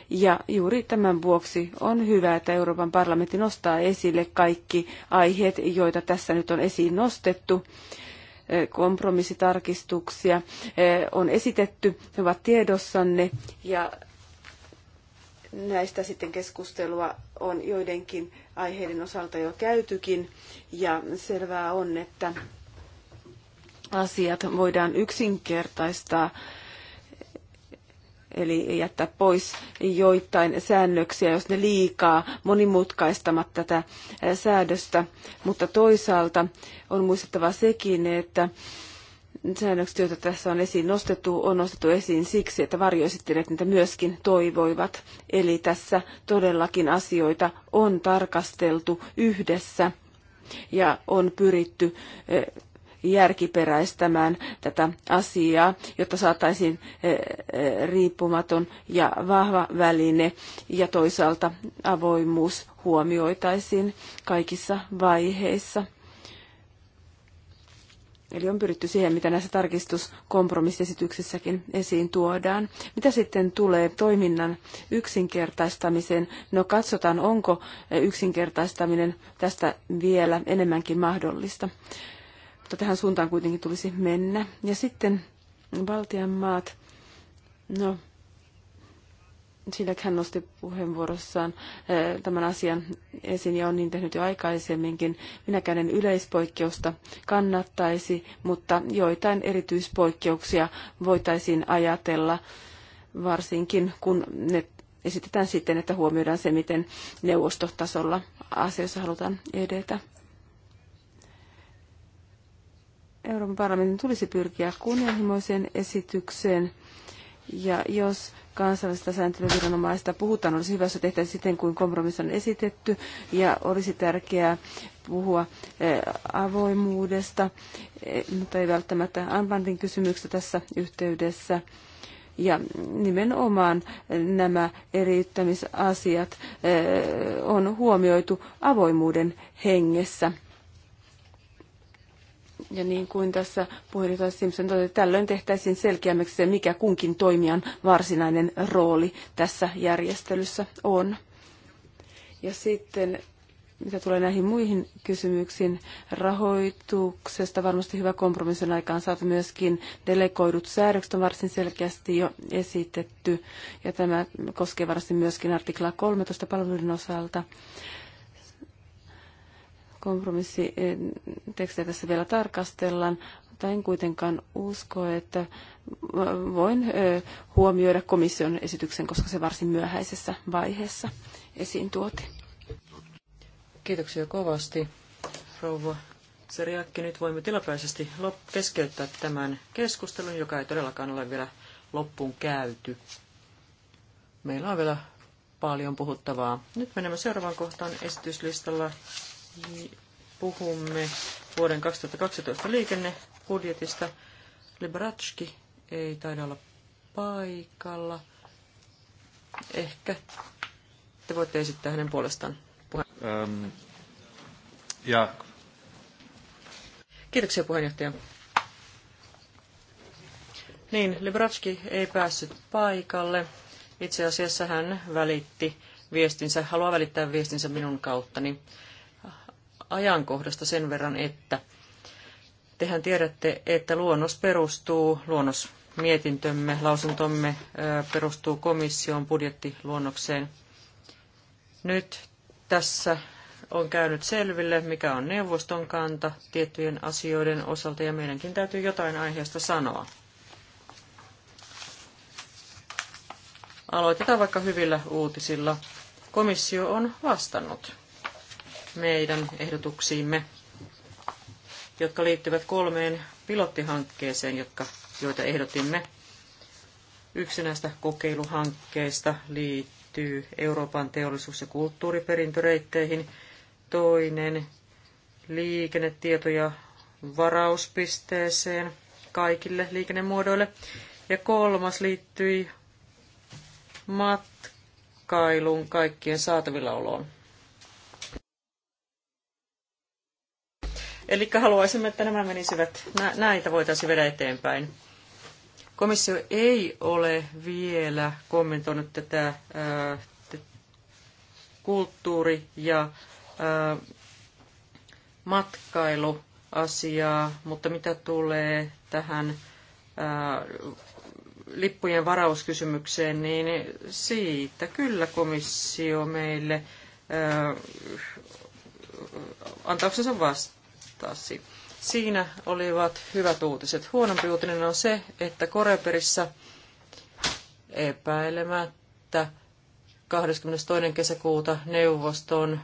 Ja juuri tämän vuoksi on hyvä, että Euroopan parlamentti nostaa esille kaikki aiheet, joita tässä nyt on esiin nostettu. Kompromissitarkistuksia eh, on esitetty, ne ovat tiedossanne ja Näistä sitten keskustelua on joidenkin aiheiden osalta jo käytykin ja selvää on, että asiat voidaan yksinkertaistaa eli jättää pois joitain säännöksiä, jos ne liikaa monimutkaistamat tätä säädöstä. Mutta toisaalta on muistettava sekin, että säännökset, joita tässä on esiin nostettu, on nostettu esiin siksi, että varjoesittelijät niitä myöskin toivoivat. Eli tässä todellakin asioita on tarkasteltu yhdessä ja on pyritty eh, järkiperäistämään tätä asiaa, jotta saataisiin eh, eh, riippumaton ja vahva väline ja toisaalta avoimuus huomioitaisiin kaikissa vaiheissa Eli on pyritty siihen, mitä näissä tarkistuskompromissesityksissäkin esiin tuodaan. Mitä sitten tulee toiminnan yksinkertaistamiseen? No katsotaan, onko yksinkertaistaminen tästä vielä enemmänkin mahdollista. Mutta tähän suuntaan kuitenkin tulisi mennä. Ja sitten Baltian maat. No, sillä hän nosti puheenvuorossaan eh, tämän asian esiin ja on niin tehnyt jo aikaisemminkin. Minäkään en yleispoikkeusta kannattaisi, mutta joitain erityispoikkeuksia voitaisiin ajatella, varsinkin kun ne esitetään sitten, että huomioidaan se, miten neuvostotasolla asioissa halutaan edetä. Euroopan parlamentin tulisi pyrkiä kunnianhimoiseen esitykseen, ja jos Kansallista sääntelyviranomaista puhutaan, olisi hyvä, jos tehtäisiin siten kuin kompromissi on esitetty, ja olisi tärkeää puhua eh, avoimuudesta, eh, mutta ei välttämättä Anvantin kysymyksestä tässä yhteydessä. Ja nimenomaan eh, nämä eriyttämisasiat on huomioitu avoimuuden hengessä ja niin kuin tässä puheenjohtaja Simpson totesi, tällöin tehtäisiin selkeämmäksi se, mikä kunkin toimijan varsinainen rooli tässä järjestelyssä on. Ja sitten mitä tulee näihin muihin kysymyksiin rahoituksesta, varmasti hyvä kompromissin aikaan saatu myöskin delegoidut säädökset on varsin selkeästi jo esitetty, ja tämä koskee varsin myöskin artiklaa 13 palveluiden osalta kompromissitekstejä eh, tässä vielä tarkastellaan, mutta en kuitenkaan usko, että voin eh, huomioida komission esityksen, koska se varsin myöhäisessä vaiheessa esiin tuotiin. Kiitoksia kovasti, rouva Seriakki. Nyt voimme tilapäisesti keskeyttää tämän keskustelun, joka ei todellakaan ole vielä loppuun käyty. Meillä on vielä paljon puhuttavaa. Nyt menemme seuraavaan kohtaan esityslistalla, puhumme vuoden 2012 liikennebudjetista. Liberatski ei taida olla paikalla. Ehkä te voitte esittää hänen puolestaan puheen. Ähm, ja. Kiitoksia puheenjohtaja. Niin, Libratski ei päässyt paikalle. Itse asiassa hän välitti viestinsä, haluaa välittää viestinsä minun kauttani. Niin ajankohdasta sen verran, että tehän tiedätte, että luonnos perustuu, luonnos mietintömme, lausuntomme perustuu komission budjettiluonnokseen. Nyt tässä on käynyt selville, mikä on neuvoston kanta tiettyjen asioiden osalta, ja meidänkin täytyy jotain aiheesta sanoa. Aloitetaan vaikka hyvillä uutisilla. Komissio on vastannut meidän ehdotuksiimme, jotka liittyvät kolmeen pilottihankkeeseen, jotka, joita ehdotimme. Yksi näistä kokeiluhankkeista liittyy Euroopan teollisuus- ja kulttuuriperintöreitteihin, toinen liikennetieto- ja varauspisteeseen kaikille liikennemuodoille, ja kolmas liittyi matkailun kaikkien saatavilla oloon. Eli haluaisimme, että nämä menisivät, näitä voitaisiin viedä eteenpäin. Komissio ei ole vielä kommentoinut tätä ää, äh, kulttuuri- ja ää, äh, matkailuasiaa, mutta mitä tulee tähän ää, äh, lippujen varauskysymykseen, niin siitä kyllä komissio meille ää, antauksensa vastaa Stassi. Siinä olivat hyvät uutiset. Huonompi uutinen on se, että Koreperissä epäilemättä 22. kesäkuuta neuvoston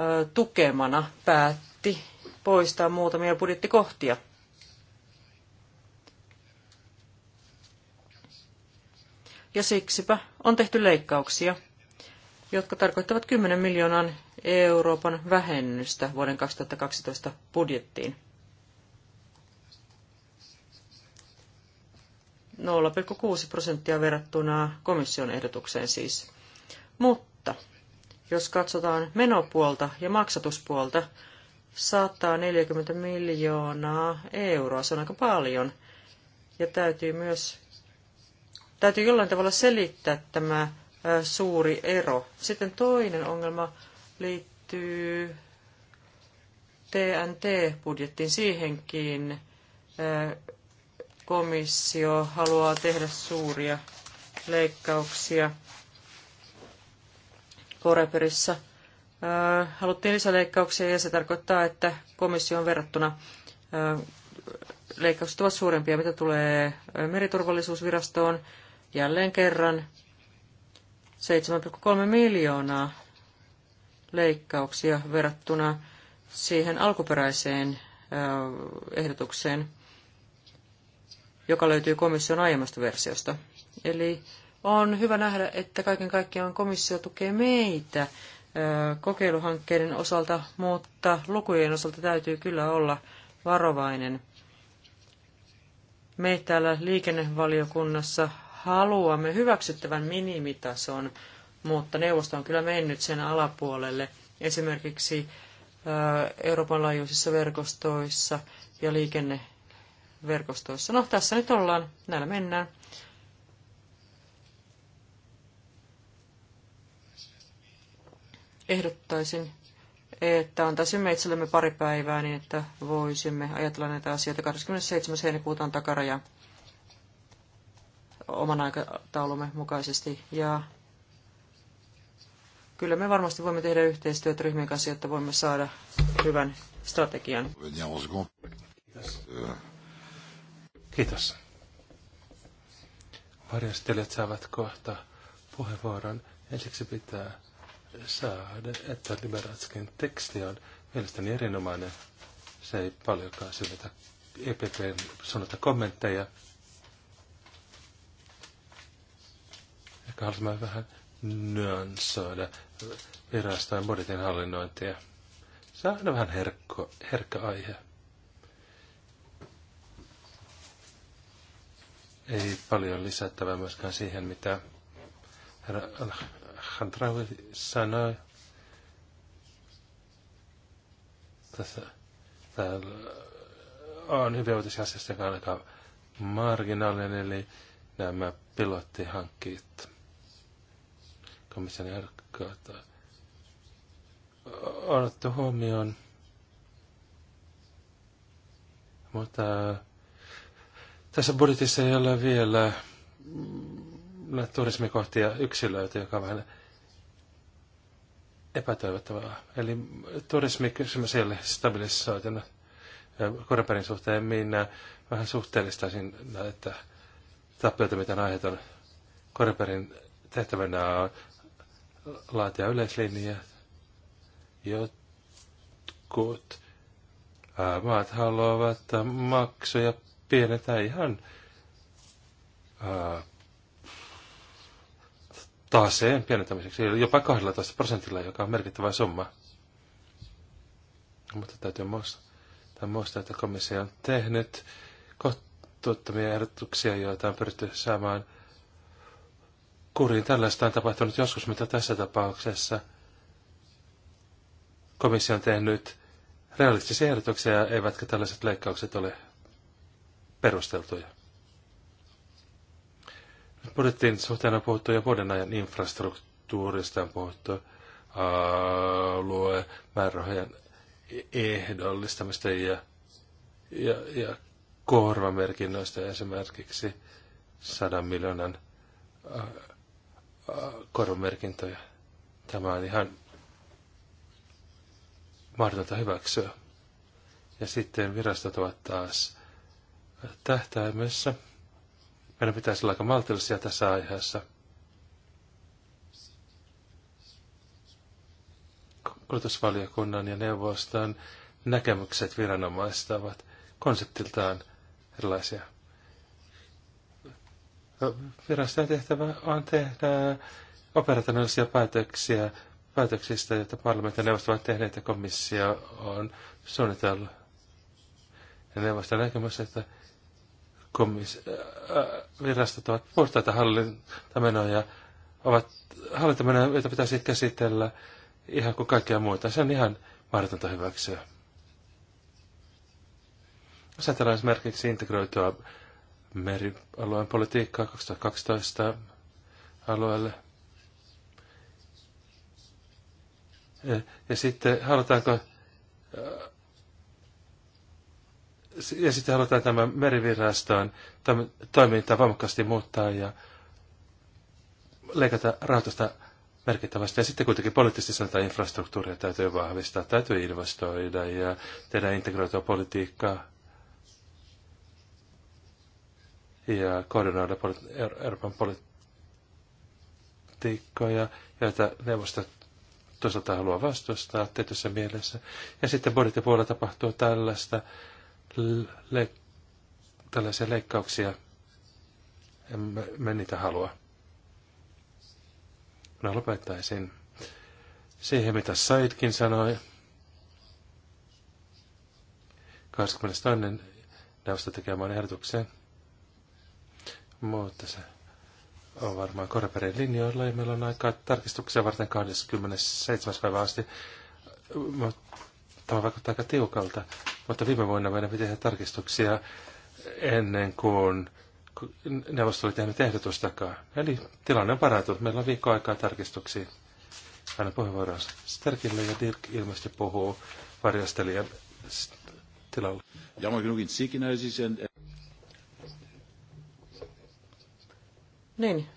ö, tukemana päätti poistaa muutamia budjettikohtia. Ja siksipä on tehty leikkauksia jotka tarkoittavat 10 miljoonan Euroopan vähennystä vuoden 2012 budjettiin. 0,6 prosenttia verrattuna komission ehdotukseen siis. Mutta jos katsotaan menopuolta ja maksatuspuolta, 140 miljoonaa euroa, se on aika paljon. Ja täytyy myös, täytyy jollain tavalla selittää tämä suuri ero. Sitten toinen ongelma liittyy TNT-budjettiin. Siihenkin komissio haluaa tehdä suuria leikkauksia Koreperissä. Haluttiin lisäleikkauksia ja se tarkoittaa, että komission verrattuna leikkaukset ovat suurempia, mitä tulee meriturvallisuusvirastoon. Jälleen kerran 7,3 miljoonaa leikkauksia verrattuna siihen alkuperäiseen ehdotukseen, joka löytyy komission aiemmasta versiosta. Eli on hyvä nähdä, että kaiken kaikkiaan komissio tukee meitä kokeiluhankkeiden osalta, mutta lukujen osalta täytyy kyllä olla varovainen. Me täällä liikennevaliokunnassa haluamme hyväksyttävän minimitason, mutta neuvosto on kyllä mennyt sen alapuolelle. Esimerkiksi Euroopan laajuisissa verkostoissa ja liikenneverkostoissa. No, tässä nyt ollaan, näillä mennään. Ehdottaisin, että antaisimme itsellemme pari päivää niin, että voisimme ajatella näitä asioita. 27. heinäkuuta on takaraja oman aikataulumme mukaisesti. Ja kyllä me varmasti voimme tehdä yhteistyötä ryhmien kanssa, jotta voimme saada hyvän strategian. Kiitos. Kiitos. Varjastelijat saavat kohta puheenvuoron. Ensiksi pitää saada, että Liberatskin teksti on mielestäni erinomainen. Se ei paljonkaan syvetä EPP sanota kommentteja. koska mä vähän nyansoida virastojen budjetin hallinnointia. Se on aina vähän herkko, herkkä aihe. Ei paljon lisättävää myöskään siihen, mitä herra Hantraui sanoi. Tässä täällä on hyviä uutisia asiasta, joka on aika marginaalinen, eli nämä pilottihankkeet komission erkkaa on otettu huomioon, mutta äh, tässä budjetissa ei ole vielä turismikohtia yksilöitä, joka on vähän epätoivottavaa. Eli turismikysymys ei ole stabilisoitunut koreperin suhteen. Minä vähän suhteellistaisin näitä tappioita, mitä aiheet on. Koreperin tehtävänä on laatia yleislinja. Jotkut maat haluavat maksuja pienetä ihan taseen pienentämiseksi, jopa 12 prosentilla, joka on merkittävä summa. Mutta täytyy muistaa, muistaa että komissio on tehnyt kohtuuttomia ehdotuksia, joita on pyritty saamaan – kuriin. Tällaista on tapahtunut joskus, mitä tässä tapauksessa komissio on tehnyt realistisia ehdotuksia, eivätkä tällaiset leikkaukset ole perusteltuja. Nyt budjettiin suhteen on puhuttu jo vuoden ajan infrastruktuurista, on puhuttu aluemäärärahojen ehdollistamista ja, ja, ja korvamerkinnoista esimerkiksi sadan miljoonan koronmerkintöjä. Tämä on ihan mahdotonta hyväksyä. Ja sitten virastot ovat taas tähtäimessä. Meidän pitäisi olla aika maltillisia tässä aiheessa. Kulutusvaliokunnan ja neuvoston näkemykset viranomaista ovat konseptiltaan erilaisia. Virastojen tehtävä on tehdä operationaalisia päätöksiä päätöksistä, joita parlamentin neuvosto ovat tehneet ja komissio on suunnitellut. Ja neuvoston näkemys, että komis- äh, virastot ovat puhtaita hallintamenoja, ovat hallintamenoja, joita pitäisi käsitellä ihan kuin kaikkea muuta. Se on ihan mahdotonta hyväksyä. Jos ajatellaan esimerkiksi integroitua merialueen politiikkaa 2012 alueelle. Ja, ja sitten halutaanko ja sitten halutaan tämä merivirastoon toimintaa voimakkaasti muuttaa ja leikata rahoitusta merkittävästi. Ja sitten kuitenkin poliittisesti sanotaan, infrastruktuuria täytyy vahvistaa, täytyy investoida ja tehdä integroitua politiikkaa. ja koordinoida poli- Euroopan politiikkoja, joita neuvostot toisaalta haluaa vastustaa tietyssä mielessä. Ja sitten budjettipuolella tapahtuu tällaista, le- tällaisia leikkauksia. mä, mä niitä halua. Mä no, lopettaisin siihen, mitä Saidkin sanoi. 22. neuvosto tekemään ehdotukseen. Mutta se on varmaan Korperin linjoilla ja meillä on aikaa tarkistuksia varten 27. päivä asti. Tämä vaikuttaa aika tiukalta, mutta viime vuonna meidän piti tehdä tarkistuksia ennen kuin neuvosto oli tehnyt ehdotustakaan. Eli tilanne on parantunut. Meillä on viikko aikaa tarkistuksiin. Aina puheenvuoron Sterkille ja Dirk ilmeisesti puhuu varjastelijan tilalla. Ja genoeg in het ziekenhuis Niin.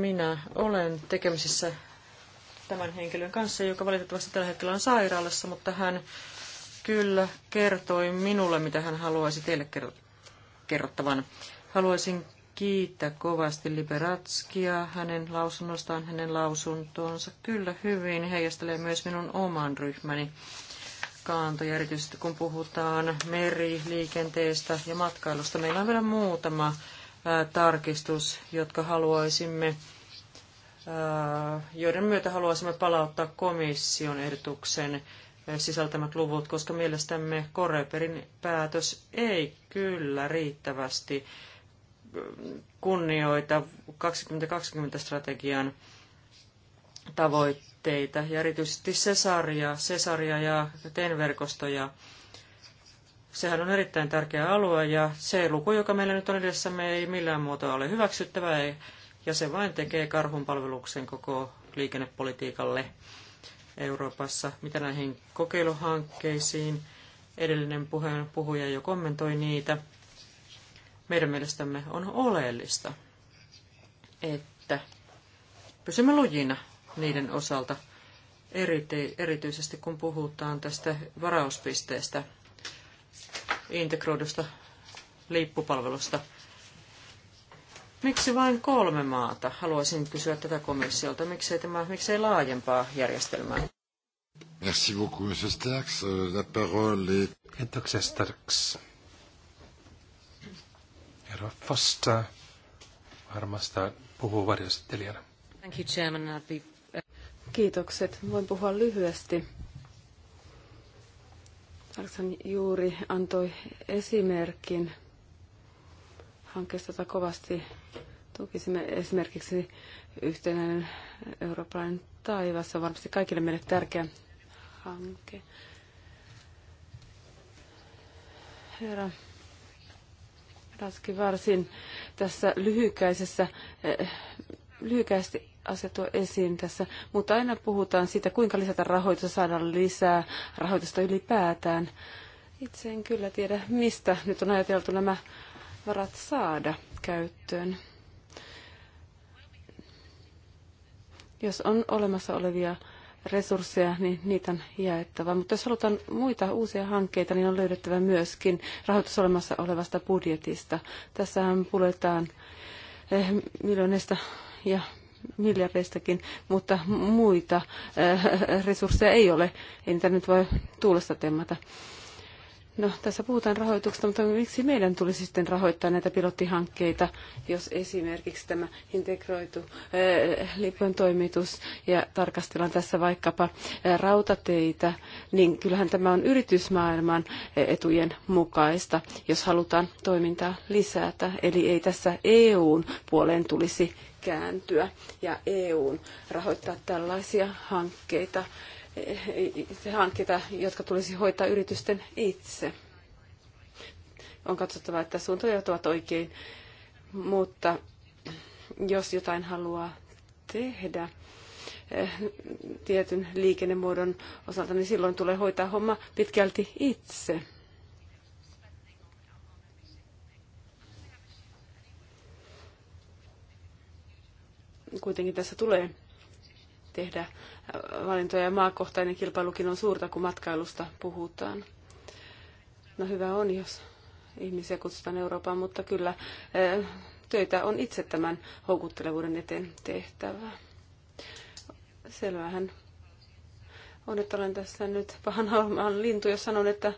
Minä olen tekemisissä tämän henkilön kanssa, joka valitettavasti tällä hetkellä on sairaalassa, mutta hän kyllä kertoi minulle, mitä hän haluaisi teille kerrottavan. Haluaisin kiittää kovasti Liberatskia hänen lausunnostaan, hänen lausuntoonsa. Kyllä hyvin heijastelee myös minun oman ryhmäni kaantoja, erityisesti kun puhutaan meriliikenteestä ja matkailusta. Meillä on vielä muutama tarkistus, jotka haluaisimme, joiden myötä haluaisimme palauttaa komission ehdotuksen sisältämät luvut, koska mielestämme Koreperin päätös ei kyllä riittävästi kunnioita 2020-strategian tavoitteita aloitteita, ja erityisesti Cesaria, Cesaria ja TEN-verkostoja. Sehän on erittäin tärkeä alue, ja se luku, joka meillä nyt on edessämme, ei millään muotoa ole ei, ja se vain tekee karhun palveluksen koko liikennepolitiikalle Euroopassa. Mitä näihin kokeiluhankkeisiin, edellinen puheen puhuja jo kommentoi niitä. Meidän mielestämme on oleellista, että pysymme lujina niiden osalta, erityisesti kun puhutaan tästä varauspisteestä, integroidusta liippupalvelusta. Miksi vain kolme maata? Haluaisin kysyä tätä komissiolta. Miksei, tämä, miksei laajempaa järjestelmää? Merci beaucoup, Monsieur Starks. La parole est... Kiitoksia, Starks. Herra Foster varmasta puhuu varjostelijana. Thank you, Chairman. I'd be Kiitokset. Voin puhua lyhyesti. Aleksan juuri antoi esimerkin hankkeesta, jota kovasti tukisimme esimerkiksi yhtenäinen eurooppalainen taivas. on varmasti kaikille meille tärkeä hanke. Herra Raski varsin tässä lyhykäisessä, eh, lyhykäisesti asettua esiin tässä, mutta aina puhutaan siitä, kuinka lisätä rahoitusta, saada lisää rahoitusta ylipäätään. Itse en kyllä tiedä, mistä nyt on ajateltu nämä varat saada käyttöön. Jos on olemassa olevia resursseja, niin niitä on jaettava. Mutta jos halutaan muita uusia hankkeita, niin on löydettävä myöskin rahoitus olemassa olevasta budjetista. Tässähän puletaan eh, miljoonista ja miljardeistakin, mutta muita äh, resursseja ei ole. Ei niitä nyt voi tuulesta temmata. No, tässä puhutaan rahoituksesta, mutta miksi meidän tulisi sitten rahoittaa näitä pilottihankkeita, jos esimerkiksi tämä integroitu äh, lipun toimitus ja tarkastellaan tässä vaikkapa äh, rautateitä, niin kyllähän tämä on yritysmaailman etujen mukaista, jos halutaan toimintaa lisätä. Eli ei tässä EUn puoleen tulisi kääntyä ja EUn rahoittaa tällaisia hankkeita, eh, hankkeita, jotka tulisi hoitaa yritysten itse. On katsottava, että suuntajat ovat oikein, mutta jos jotain haluaa tehdä eh, tietyn liikennemuodon osalta, niin silloin tulee hoitaa homma pitkälti itse kuitenkin tässä tulee tehdä valintoja ja maakohtainen kilpailukin on suurta, kun matkailusta puhutaan. No hyvä on, jos ihmisiä kutsutaan Euroopan, mutta kyllä eh, töitä on itse tämän houkuttelevuuden eteen tehtävää. Selvähän on, että olen tässä nyt pahan lintu, jos sanon, että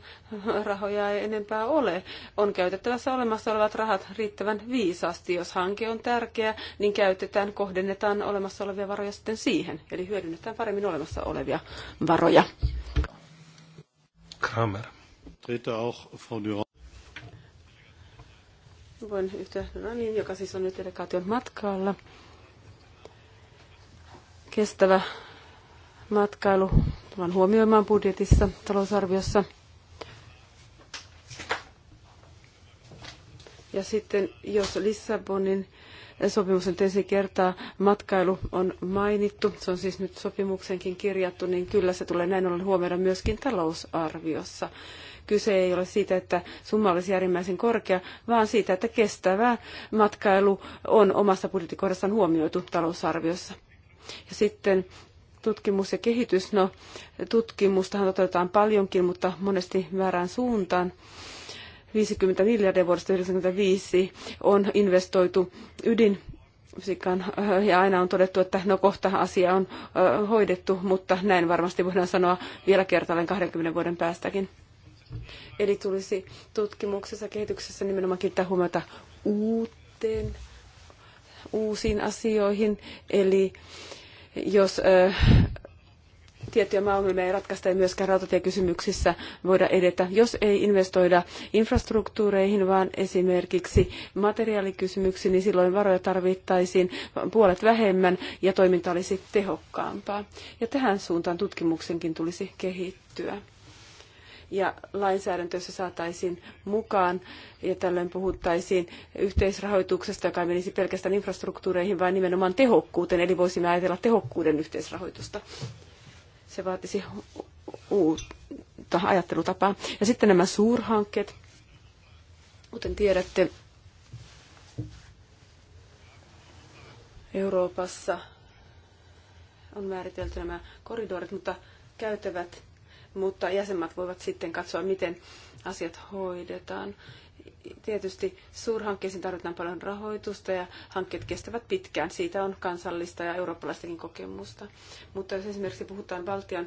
rahoja ei enempää ole. On käytettävässä olemassa olevat rahat riittävän viisaasti. Jos hanke on tärkeä, niin käytetään, kohdennetaan olemassa olevia varoja sitten siihen. Eli hyödynnetään paremmin olemassa olevia varoja. Kramer. Voin yhtyä no niin joka siis on nyt delegaation matkalla. Kestävä matkailu tullaan huomioimaan budjetissa, talousarviossa. Ja sitten jos Lissabonin sopimuksen ensi kertaa matkailu on mainittu, se on siis nyt sopimuksenkin kirjattu, niin kyllä se tulee näin ollen huomioida myöskin talousarviossa. Kyse ei ole siitä, että summa olisi äärimmäisen korkea, vaan siitä, että kestävä matkailu on omassa budjettikohdassaan huomioitu talousarviossa. Ja sitten tutkimus ja kehitys. No, tutkimustahan toteutetaan paljonkin, mutta monesti väärään suuntaan. 50 miljardia vuodesta 1995 on investoitu ydin fysiikkaan äh, ja aina on todettu, että no kohta asia on äh, hoidettu, mutta näin varmasti voidaan sanoa vielä kertaalleen 20 vuoden päästäkin. Eli tulisi tutkimuksessa, kehityksessä nimenomaan kiinnittää huomiota uuteen, uusiin asioihin, eli jos tiettyjä ongelmia ei ratkaista ja myöskään rautatiekysymyksissä voida edetä, jos ei investoida infrastruktuureihin, vaan esimerkiksi materiaalikysymyksiin, niin silloin varoja tarvittaisiin puolet vähemmän ja toiminta olisi tehokkaampaa. Ja tähän suuntaan tutkimuksenkin tulisi kehittyä ja jossa saataisiin mukaan ja tällöin puhuttaisiin yhteisrahoituksesta, joka menisi pelkästään infrastruktuureihin, vaan nimenomaan tehokkuuteen, eli voisimme ajatella tehokkuuden yhteisrahoitusta. Se vaatisi uutta ajattelutapaa. Ja sitten nämä suurhankkeet, kuten tiedätte, Euroopassa on määritelty nämä koridorit, mutta käytävät mutta jäsenmaat voivat sitten katsoa, miten asiat hoidetaan. Tietysti suurhankkeisiin tarvitaan paljon rahoitusta ja hankkeet kestävät pitkään. Siitä on kansallista ja eurooppalaistakin kokemusta. Mutta jos esimerkiksi puhutaan Baltian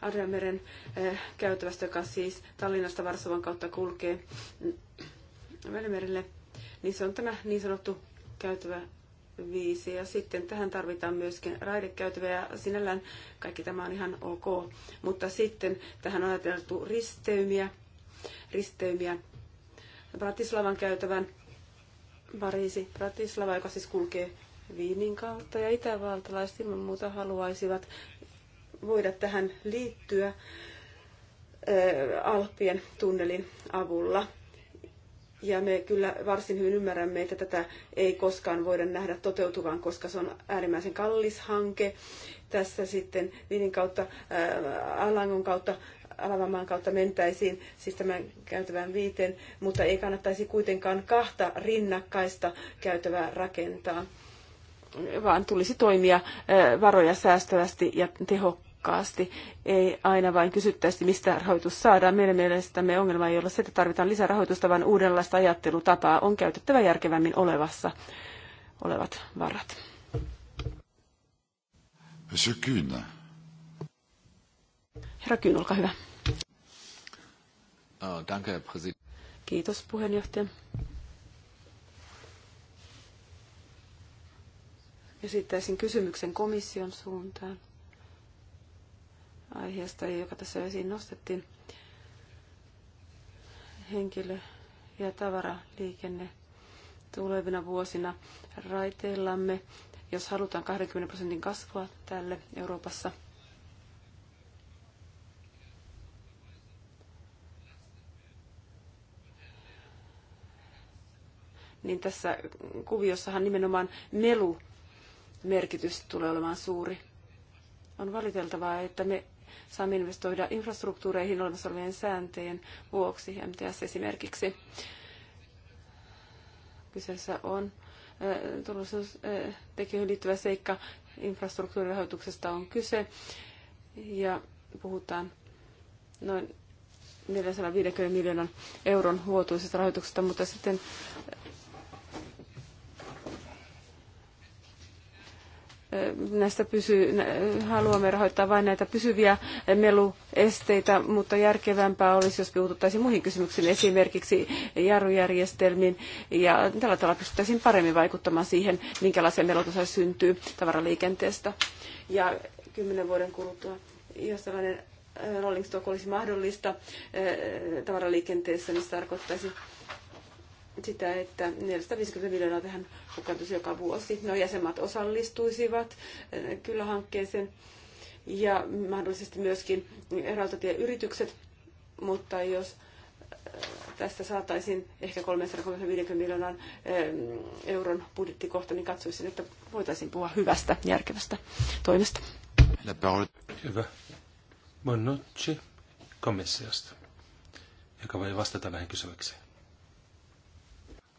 Adriameren eh, käytävästä, joka siis Tallinnasta Varsovan kautta kulkee Välimerelle, niin se on tämä niin sanottu käytävä viisi Ja sitten tähän tarvitaan myöskin raidekäytävä ja sinällään kaikki tämä on ihan ok. Mutta sitten tähän on ajateltu risteymiä, risteymiä Bratislavan käytävän Pariisi, Bratislava, joka siis kulkee Viinin kautta ja itävaltalaiset ilman muuta haluaisivat voida tähän liittyä Alppien tunnelin avulla. Ja me kyllä varsin hyvin ymmärrämme, että tätä ei koskaan voida nähdä toteutuvan, koska se on äärimmäisen kallis hanke. Tässä sitten niiden kautta, ää, Alangon kautta, Alavamaan kautta mentäisiin, siis tämän käytävän viiteen, mutta ei kannattaisi kuitenkaan kahta rinnakkaista käytävää rakentaa, vaan tulisi toimia varoja säästävästi ja tehokkaasti voimakkaasti. Ei aina vain kysyttäisi, mistä rahoitus saadaan. Meidän mielestämme ongelma ei ole se, että tarvitaan lisärahoitusta, vaan uudenlaista ajattelutapaa on käytettävä järkevämmin olevassa, olevat varat. Monsieur Herra Kuhn, olkaa hyvä. Oh, danke, Kiitos puheenjohtaja. Esittäisin kysymyksen komission suuntaan aiheesta, joka tässä esiin nostettiin. Henkilö- ja tavaraliikenne tulevina vuosina raiteillamme, jos halutaan 20 prosentin kasvua tälle Euroopassa. Niin tässä kuviossahan nimenomaan melu merkitys tulee olemaan suuri. On valiteltavaa, että me saamme investoida infrastruktuureihin olemassa olevien sääntöjen vuoksi, MTS esimerkiksi. Kyseessä on turvallisuustekijöihin liittyvä seikka. Infrastruktuurirahoituksesta on kyse ja puhutaan noin 450 miljoonan euron vuotuisesta rahoituksesta, mutta sitten näistä pysy, haluamme rahoittaa vain näitä pysyviä meluesteitä, mutta järkevämpää olisi, jos puututtaisiin muihin kysymyksiin, esimerkiksi jarrujärjestelmiin, ja tällä tavalla pystyttäisiin paremmin vaikuttamaan siihen, minkälaisia melutusoja syntyy tavaraliikenteestä. Ja kymmenen vuoden kuluttua, jos tällainen rolling stock olisi mahdollista tavaraliikenteessä, niin se tarkoittaisi sitä, että 450 miljoonaa tähän hukkaantuisi joka vuosi. No jäsenmaat osallistuisivat eh, kyllä hankkeeseen ja mahdollisesti myöskin rautatieyritykset, mutta jos eh, tästä saataisiin ehkä 350 miljoonan eh, euron budjettikohta, niin katsoisin, että voitaisiin puhua hyvästä, järkevästä toimesta. Hyvä. Bonucci komissiosta, joka voi vastata näihin kysymyksiin.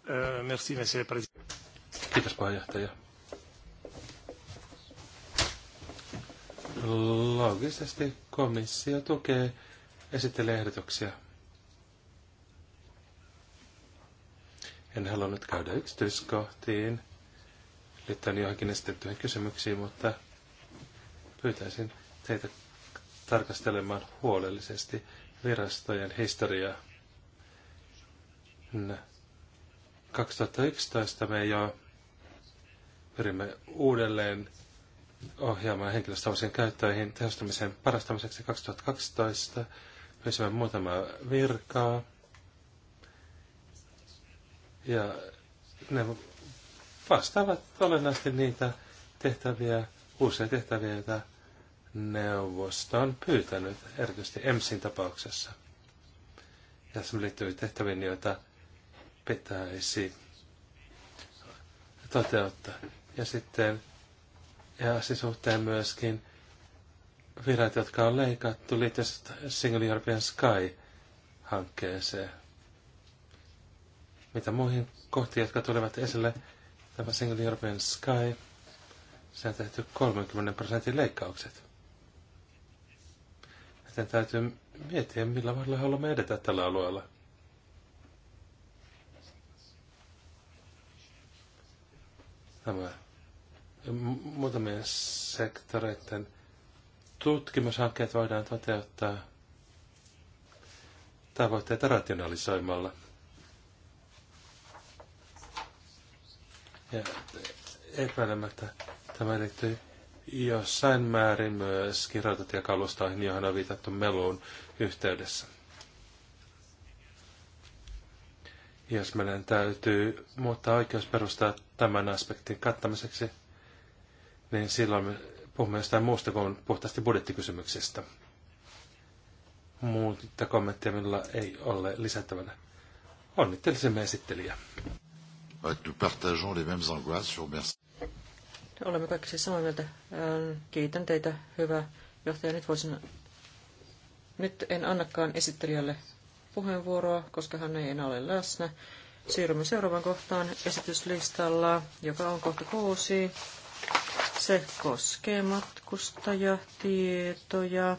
Euh, merci, monsieur Kiitos puheenjohtaja. Loogisesti komissio tukee esittelee ehdotuksia. En halua nyt käydä yksityiskohtiin liittyen johonkin esitettyihin kysymyksiin, mutta pyytäisin teitä tarkastelemaan huolellisesti virastojen historiaa. 2011 me jo pyrimme uudelleen ohjaamaan henkilöstöosien käyttöihin tehostamisen parastamiseksi 2012. Pysymme muutama virkaa. Ja ne vastaavat olennaisesti niitä tehtäviä, uusia tehtäviä, joita neuvosto on pyytänyt, erityisesti EMSin tapauksessa. Ja se liittyy tehtäviin, joita pitäisi toteuttaa. Ja sitten ja sen suhteen myöskin virat, jotka on leikattu liittyessä Single European Sky-hankkeeseen. Mitä muihin kohtiin, jotka tulevat esille, tämä Single European Sky, se on tehty 30 prosentin leikkaukset. Joten täytyy miettiä, millä vahvalla haluamme edetä tällä alueella. nämä muutamien sektoreiden tutkimushankkeet voidaan toteuttaa tavoitteita rationalisoimalla. Ja epäilemättä tämä liittyy jossain määrin myös kalustoihin, johon on viitattu meluun yhteydessä. jos meidän täytyy muuttaa oikeusperustaa tämän aspektin kattamiseksi, niin silloin me puhumme jostain muusta kuin puhtaasti budjettikysymyksistä. Muuta kommenttia minulla ei ole lisättävänä. Onnittelisimme esittelijä. Olemme kaikki siis samaa mieltä. Ähm, kiitän teitä, hyvä johtaja. Nyt, voisin, nyt en annakaan esittelijälle puheenvuoroa, koska hän ei enää ole läsnä. Siirrymme seuraavaan kohtaan esityslistalla, joka on kohta kuusi. Se koskee matkustajatietoja.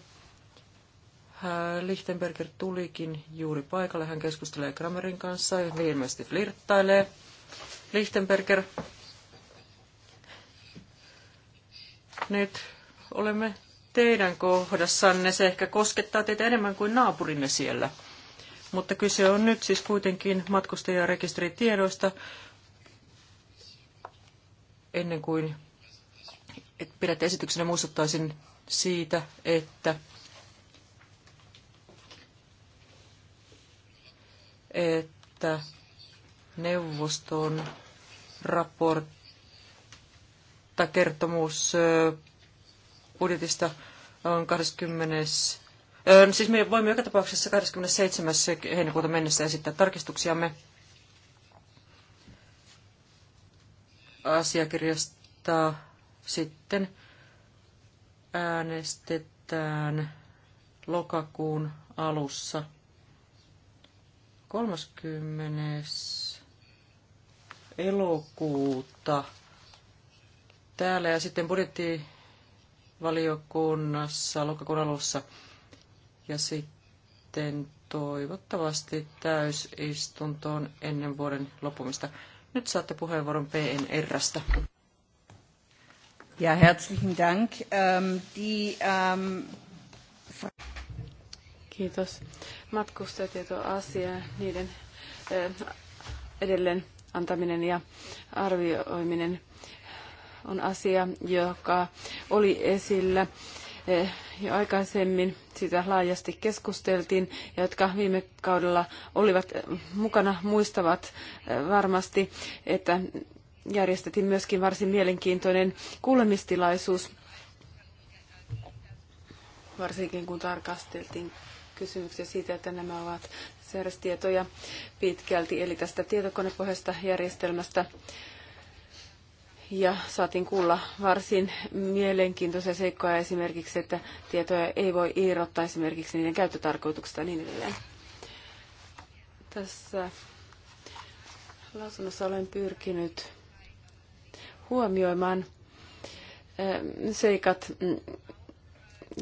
Lichtenberger tulikin juuri paikalle. Hän keskustelee Kramerin kanssa ja ilmeisesti flirttailee. Lichtenberger, nyt olemme teidän kohdassanne. Se ehkä koskettaa teitä enemmän kuin naapurinne siellä mutta kyse on nyt siis kuitenkin matkustajarekisteritiedoista ennen kuin pidätte esityksenä muistuttaisin siitä, että että neuvoston raportta kertomus budjetista on 20. Öö, siis me voimme joka tapauksessa 27. heinäkuuta mennessä esittää tarkistuksiamme asiakirjasta sitten äänestetään lokakuun alussa 30. elokuuta täällä ja sitten budjettivaliokunnassa lokakuun alussa ja sitten toivottavasti täysistuntoon ennen vuoden lopumista. Nyt saatte puheenvuoron PNRstä. Ja herzlichen Dank. Ähm, die, ähm... Kiitos. Matkustajatietoasia, niiden äh, edelleen antaminen ja arvioiminen on asia, joka oli esillä Eh, jo aikaisemmin siitä laajasti keskusteltiin, ja jotka viime kaudella olivat eh, mukana muistavat eh, varmasti, että järjestettiin myöskin varsin mielenkiintoinen kuulemistilaisuus, varsinkin kun tarkasteltiin kysymyksiä siitä, että nämä ovat CRS-tietoja pitkälti, eli tästä tietokonepohjaisesta järjestelmästä ja saatiin kuulla varsin mielenkiintoisia seikkoja esimerkiksi, että tietoja ei voi irrottaa esimerkiksi niiden käyttötarkoituksesta ja niin edelleen. Tässä lausunnossa olen pyrkinyt huomioimaan eh, seikat, mm,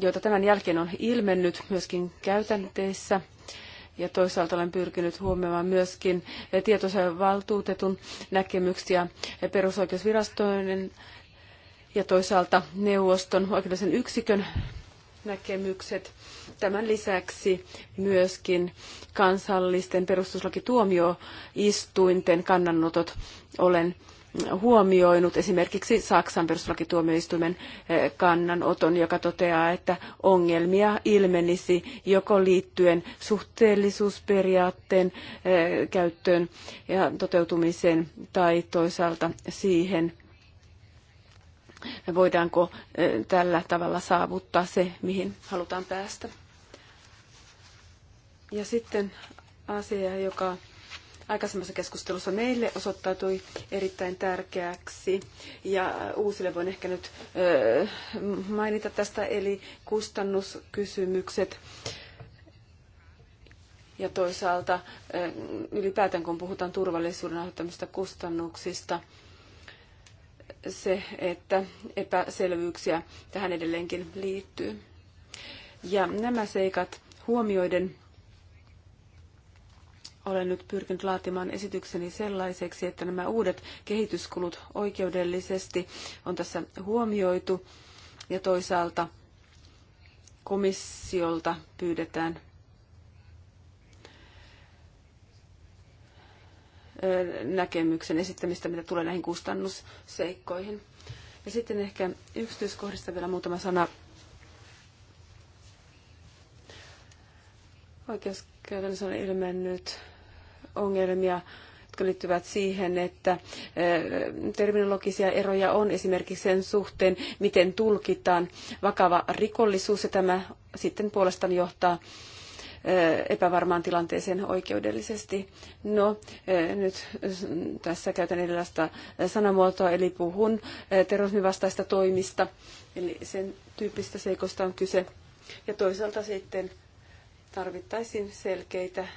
joita tämän jälkeen on ilmennyt myöskin käytänteissä – ja toisaalta olen pyrkinyt huomioimaan myöskin tietoisen valtuutetun näkemyksiä ja perusoikeusvirastojen ja toisaalta neuvoston oikeudellisen yksikön näkemykset. Tämän lisäksi myöskin kansallisten perustuslakituomioistuinten kannanotot olen huomioinut esimerkiksi Saksan perustuslakituomioistuimen eh, kannanoton, joka toteaa, että ongelmia ilmenisi joko liittyen suhteellisuusperiaatteen eh, käyttöön ja toteutumiseen tai toisaalta siihen, voidaanko eh, tällä tavalla saavuttaa se, mihin halutaan päästä. Ja sitten asia, joka aikaisemmassa keskustelussa meille osoittautui erittäin tärkeäksi. Ja uusille voin ehkä nyt mainita tästä, eli kustannuskysymykset. Ja toisaalta ylipäätään, kun puhutaan turvallisuuden aiheuttamista kustannuksista, se, että epäselvyyksiä tähän edelleenkin liittyy. Ja nämä seikat huomioiden olen nyt pyrkinyt laatimaan esitykseni sellaiseksi, että nämä uudet kehityskulut oikeudellisesti on tässä huomioitu ja toisaalta komissiolta pyydetään näkemyksen esittämistä, mitä tulee näihin kustannusseikkoihin. Ja sitten ehkä yksityiskohdista vielä muutama sana. Oikeuskäytännössä on ilmennyt ongelmia jotka liittyvät siihen, että eh, terminologisia eroja on esimerkiksi sen suhteen, miten tulkitaan vakava rikollisuus, ja tämä sitten puolestaan johtaa eh, epävarmaan tilanteeseen oikeudellisesti. No, eh, nyt tässä käytän erilaista sanamuotoa, eli puhun terrorismivastaista toimista, eli sen tyyppistä seikosta on kyse. Ja toisaalta sitten tarvittaisiin selkeitä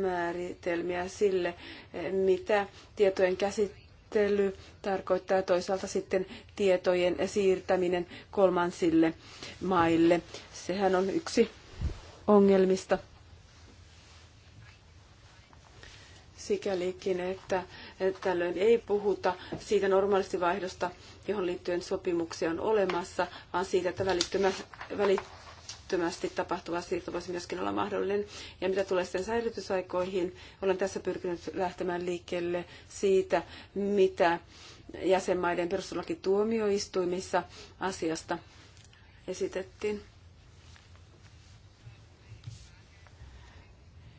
määritelmiä sille, mitä tietojen käsittely tarkoittaa ja toisaalta sitten tietojen siirtäminen kolmansille maille. Sehän on yksi ongelmista sikälikin, että tällöin ei puhuta siitä normaalisti vaihdosta, johon liittyen sopimuksia on olemassa, vaan siitä, että välittömä, välit, välittömästi tapahtuva siirto voisi myöskin olla mahdollinen. Ja mitä tulee sen säilytysaikoihin, olen tässä pyrkinyt lähtemään liikkeelle siitä, mitä jäsenmaiden perustuslakituomioistuimissa asiasta esitettiin.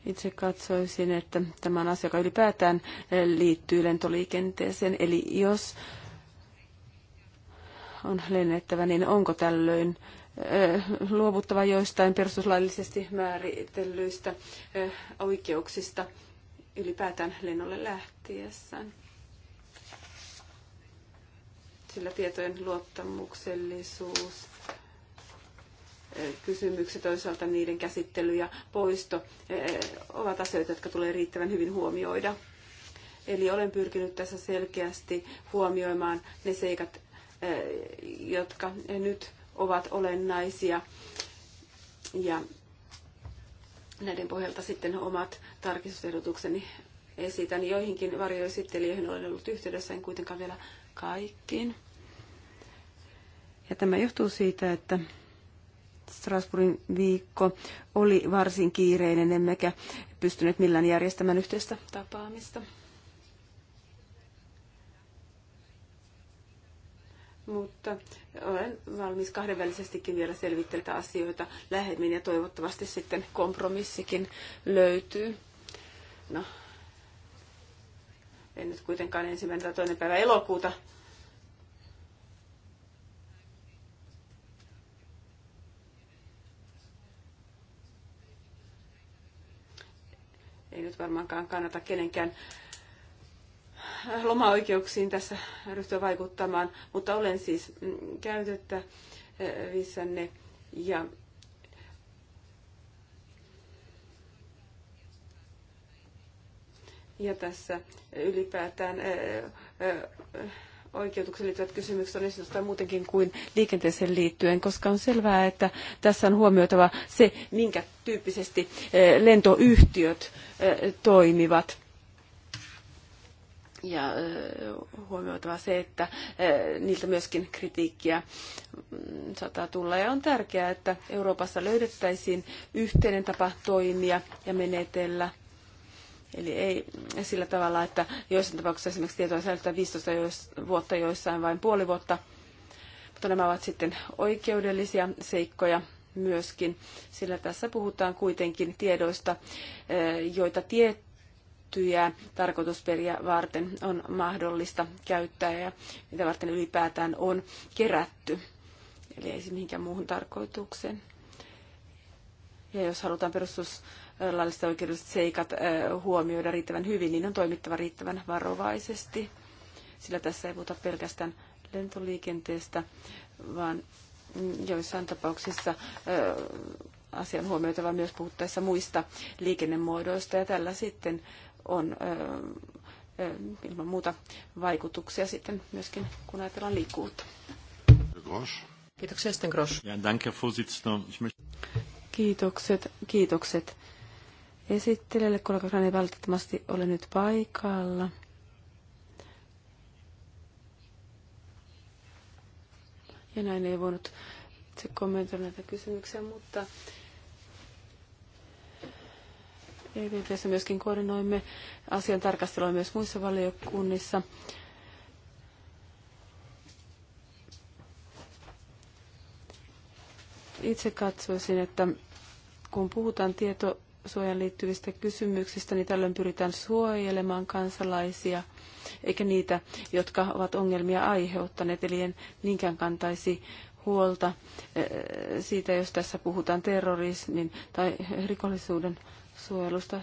Itse katsoisin, että tämä on asia, joka ylipäätään liittyy lentoliikenteeseen. Eli jos on lennettävä, niin onko tällöin Eh, luovuttava joistain perustuslaillisesti määritellyistä eh, oikeuksista ylipäätään lennolle lähtiessään. Sillä tietojen luottamuksellisuus, eh, kysymykset, toisaalta niiden käsittely ja poisto ovat asioita, jotka tulee riittävän hyvin huomioida. Eli olen pyrkinyt tässä selkeästi huomioimaan ne seikat, jotka nyt ovat olennaisia. Ja näiden pohjalta sitten omat tarkistusehdotukseni esitän. Joihinkin varjoesittelijöihin olen ollut yhteydessä, en kuitenkaan vielä kaikkiin. Ja tämä johtuu siitä, että Strasbourgin viikko oli varsin kiireinen, emmekä pystyneet millään järjestämään yhteistä tapaamista. mutta olen valmis kahdenvälisestikin vielä selvittelemään asioita lähemmin ja toivottavasti sitten kompromissikin löytyy. No, en nyt kuitenkaan ensimmäinen tai toinen päivä elokuuta ei nyt varmaankaan kannata kenenkään lomaoikeuksiin tässä ryhtyä vaikuttamaan, mutta olen siis mm, käytettävissänne ja Ja tässä ylipäätään oikeutuksen liittyvät kysymykset on esitystä muutenkin kuin liikenteeseen liittyen, koska on selvää, että tässä on huomioitava se, minkä tyyppisesti lentoyhtiöt toimivat ja huomioitava se, että niiltä myöskin kritiikkiä mm, saattaa tulla. Ja on tärkeää, että Euroopassa löydettäisiin yhteinen tapa toimia ja menetellä. Eli ei sillä tavalla, että joissain tapauksissa esimerkiksi tietoa säilytetään 15 vuotta, joissain vain puoli vuotta. Mutta nämä ovat sitten oikeudellisia seikkoja myöskin, sillä tässä puhutaan kuitenkin tiedoista, joita tietty tiettyjä tarkoitusperiä varten on mahdollista käyttää ja mitä varten ylipäätään on kerätty. Eli ei se mihinkään muuhun tarkoitukseen. Ja jos halutaan perustuslailliset oikeudelliset seikat huomioida riittävän hyvin, niin on toimittava riittävän varovaisesti. Sillä tässä ei puhuta pelkästään lentoliikenteestä, vaan joissain tapauksissa asian huomioitava myös puhuttaessa muista liikennemuodoista. Ja tällä sitten on ilman muuta vaikutuksia sitten myöskin, kun ajatellaan liikkuvuutta. Kiitoksia sitten Kiitokset, kiitokset esittelijälle, kollega Grani välttämättä ole nyt paikalla. Ja näin ei voinut itse kommentoida näitä kysymyksiä, mutta ja etukäteen niin myöskin koordinoimme asian tarkastelua myös muissa valiokunnissa. Itse katsoisin, että kun puhutaan tietosuojan liittyvistä kysymyksistä, niin tällöin pyritään suojelemaan kansalaisia, eikä niitä, jotka ovat ongelmia aiheuttaneet. Eli en niinkään kantaisi huolta eh, siitä, jos tässä puhutaan terrorismin tai rikollisuuden suojelusta.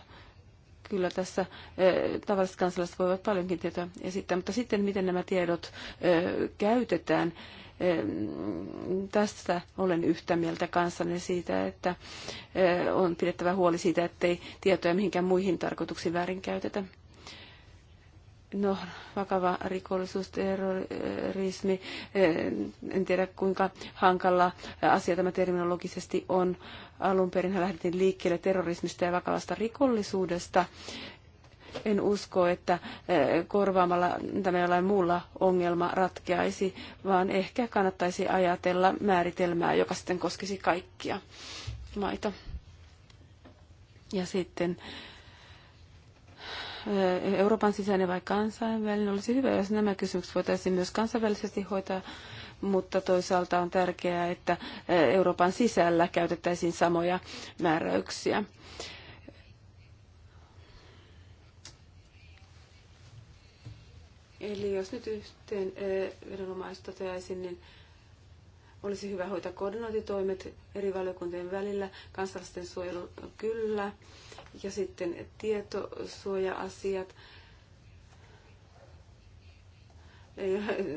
Kyllä tässä eh, tavalliset kansalaiset voivat paljonkin tietoa esittää, mutta sitten miten nämä tiedot eh, käytetään, eh, tästä olen yhtä mieltä kanssanne siitä, että on pidettävä huoli siitä, ettei tietoja mihinkään muihin tarkoituksiin väärinkäytetä. No, vakava rikollisuus, terrorismi, eh, en tiedä kuinka hankala asia tämä terminologisesti on. Alun perin lähdettiin liikkeelle terrorismista ja vakavasta rikollisuudesta. En usko, että eh, korvaamalla tämä jollain muulla ongelma ratkeaisi, vaan ehkä kannattaisi ajatella määritelmää, joka sitten koskisi kaikkia maita. Ja sitten Eh, Euroopan sisäinen vai kansainvälinen. Olisi hyvä, jos nämä kysymykset voitaisiin myös kansainvälisesti hoitaa, mutta toisaalta on tärkeää, että eh, Euroopan sisällä käytettäisiin samoja määräyksiä. Eli jos nyt yhteen eh, viranomaiset toteaisin, niin olisi hyvä hoitaa koordinointitoimet eri valiokuntien välillä. Kansalaisten suojelu kyllä. Ja sitten tietosuoja-asiat. Ei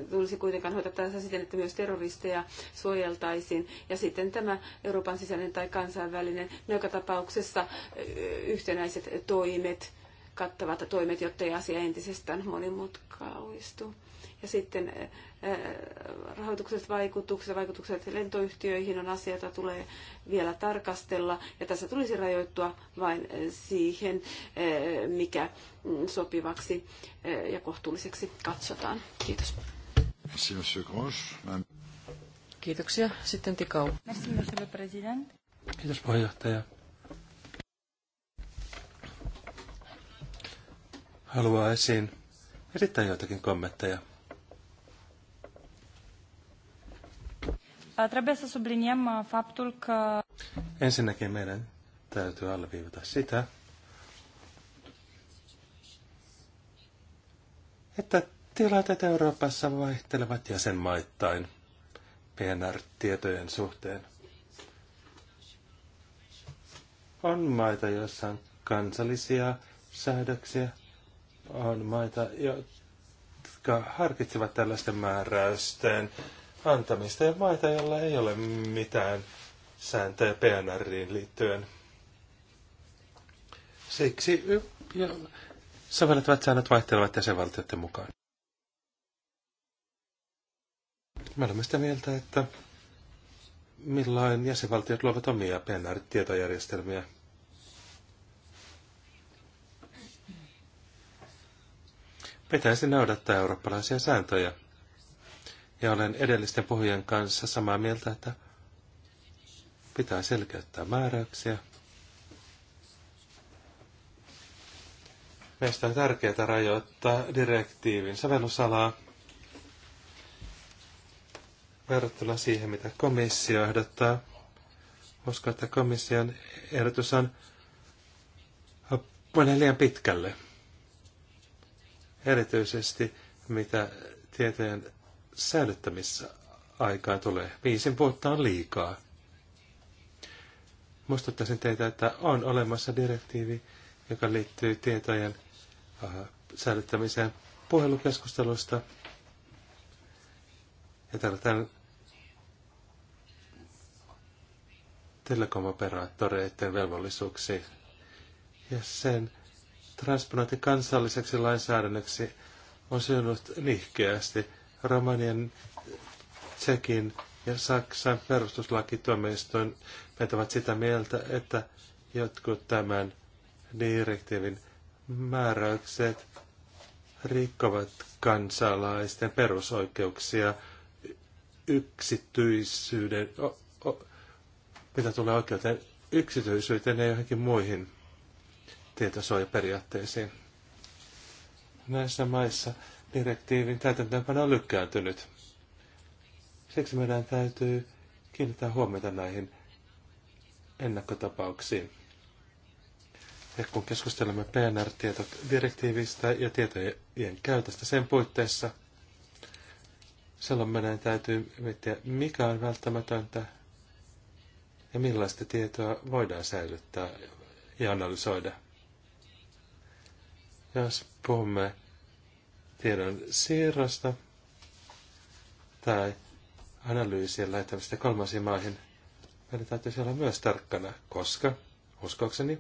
tulisi kuitenkaan hoitaa tässä siten, että myös terroristeja suojeltaisiin. Ja sitten tämä Euroopan sisäinen tai kansainvälinen, no joka tapauksessa yhtenäiset toimet, kattavat toimet, jotta ei asia entisestään monimutkaistu. Ja sitten rahoitukset vaikutukset, vaikutukset lentoyhtiöihin on asia, jota tulee vielä tarkastella. Ja tässä tulisi rajoittua vain eh, siihen, eh, mikä mm, sopivaksi eh, ja kohtuulliseksi katsotaan. Kiitos. Kiitoksia. Sitten Tikau. Kiitos puheenjohtaja. Haluaisin esittää joitakin kommentteja. Uh, trebuie să subliniem uh, faptul că... Ensinnäkin meidän täytyy alleviivata sitä, että tilanteet Euroopassa vaihtelevat jäsenmaittain PNR-tietojen suhteen. On maita, joissa on kansallisia säädöksiä. On maita, jotka harkitsevat tällaisten määräysten antamista ja maita, joilla ei ole mitään sääntöjä PNRiin liittyen. Siksi ja sovellettavat säännöt vaihtelevat jäsenvaltioiden mukaan. Me olemme sitä mieltä, että millain jäsenvaltiot luovat omia PNR-tietojärjestelmiä. Pitäisi noudattaa eurooppalaisia sääntöjä – ja olen edellisten puhujien kanssa samaa mieltä, että pitää selkeyttää määräyksiä. Meistä on tärkeää rajoittaa direktiivin sävellysalaa verrattuna siihen, mitä komissio ehdottaa. Uskon, että komission ehdotus on menee liian pitkälle. Erityisesti mitä tietojen aikaa tulee. Viisin vuotta on liikaa. Muistuttaisin teitä, että on olemassa direktiivi, joka liittyy tietojen äh, säilyttämiseen puhelukeskustelusta. Ja täällä tämän telekomoperaattoreiden velvollisuuksiin ja sen transponointi kansalliseksi lainsäädännöksi on syönyt nihkeästi – Romanian, Tsekin ja Saksan perustuslakituomioistuin vetävät sitä mieltä, että jotkut tämän direktiivin määräykset rikkovat kansalaisten perusoikeuksia yksityisyyden, o, o, mitä tulee oikeuteen yksityisyyteen ja johonkin muihin tietosuojaperiaatteisiin. Näissä maissa direktiivin täytäntöönpano on lykkääntynyt. Siksi meidän täytyy kiinnittää huomiota näihin ennakkotapauksiin. Ja kun keskustelemme PNR-direktiivistä ja tietojen käytöstä sen puitteissa, silloin meidän täytyy miettiä, mikä on välttämätöntä ja millaista tietoa voidaan säilyttää ja analysoida. Jos puhumme tiedon siirrosta tai analyysien lähettämistä kolmansiin maihin, meidän täytyisi olla myös tarkkana, koska, uskokseni,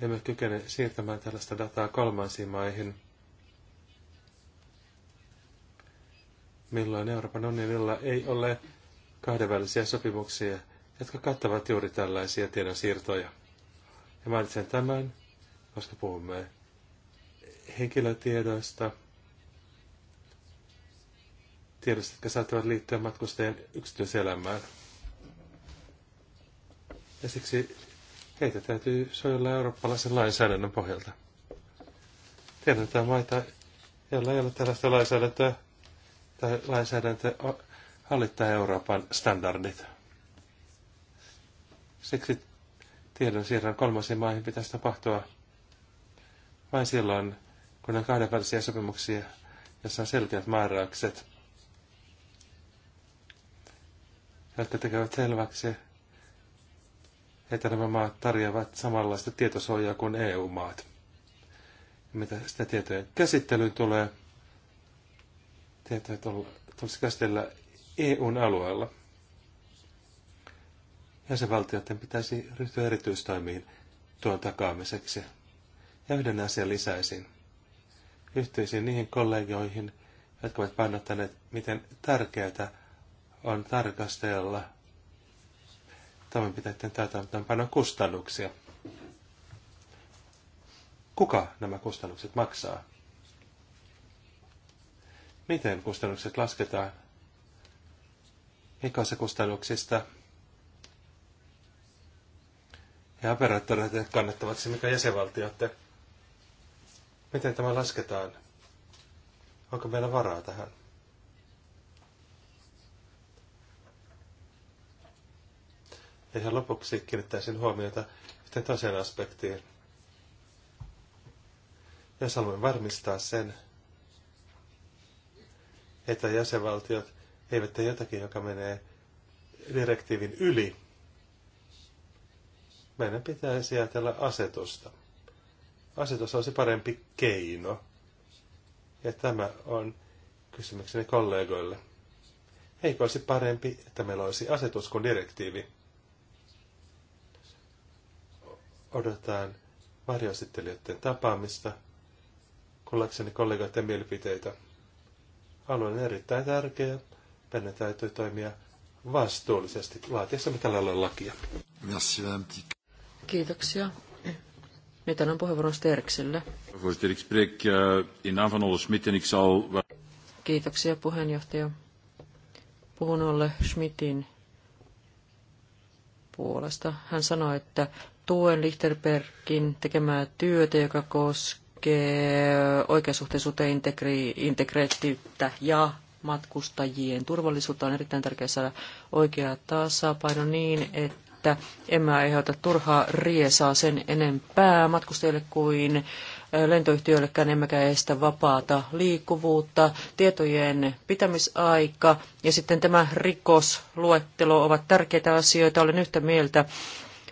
emme kykene siirtämään tällaista dataa kolmansiin maihin, milloin Euroopan unionilla ei ole kahdenvälisiä sopimuksia, jotka kattavat juuri tällaisia tiedonsiirtoja. Ja mainitsen tämän, koska puhumme henkilötiedoista, tiedoista, jotka saattavat liittyä matkustajien yksityiselämään. Ja siksi heitä täytyy suojella eurooppalaisen lainsäädännön pohjalta. Tiedetään maita, joilla ei ole tällaista lainsäädäntöä, tai lainsäädäntö hallittaa Euroopan standardit. Siksi tiedon siirran kolmansiin maihin pitäisi tapahtua vain silloin, kun on kahdenvälisiä sopimuksia, jossa on selkeät määräykset, jotka tekevät selväksi, että nämä maat tarjoavat samanlaista tietosuojaa kuin EU-maat. Mitä sitä tietojen käsittelyyn tulee, tietoja tulisi käsitellä EUn alueella. Jäsenvaltioiden pitäisi ryhtyä erityistoimiin tuon takaamiseksi. Ja yhden asian lisäisin. Yhtyisin niihin kollegioihin, jotka ovat painottaneet, miten tärkeää on tarkastella toimenpiteiden täytäntöönpanon kustannuksia. Kuka nämä kustannukset maksaa? Miten kustannukset lasketaan? Mikä on se kustannuksista? Ja kannattavat se, mikä jäsenvaltioiden Miten tämä lasketaan? Onko meillä varaa tähän? Ja ihan lopuksi kiinnittäisin huomiota yhteen toiseen aspektiin. Jos haluamme varmistaa sen, että jäsenvaltiot eivät tee jotakin, joka menee direktiivin yli, meidän pitäisi ajatella asetusta asetus olisi parempi keino. Ja tämä on kysymykseni kollegoille. Eikö olisi parempi, että meillä olisi asetus kuin direktiivi? Odotetaan varjoesittelijöiden tapaamista, kuullakseni kollegoiden mielipiteitä. Alue on erittäin tärkeä. Meidän täytyy toimia vastuullisesti laatiessamme tällä lailla lakia. Kiitoksia. Nyt annan puheenvuoron Sterksille. Voorzitter, ik spreek eh, in naam Kiitoksia puheenjohtaja. Puhun Olle Schmidtin puolesta. Hän sanoi, että tuen Lichterbergin tekemää työtä, joka koskee oikeasuhteisuutta, integri, integreettiyttä ja matkustajien turvallisuutta on erittäin tärkeää saada oikea tasapaino niin, että että emme aiheuta turhaa riesaa sen enempää matkustajille kuin lentoyhtiöillekään emmekä estä vapaata liikkuvuutta, tietojen pitämisaika ja sitten tämä rikosluettelo ovat tärkeitä asioita. Olen yhtä mieltä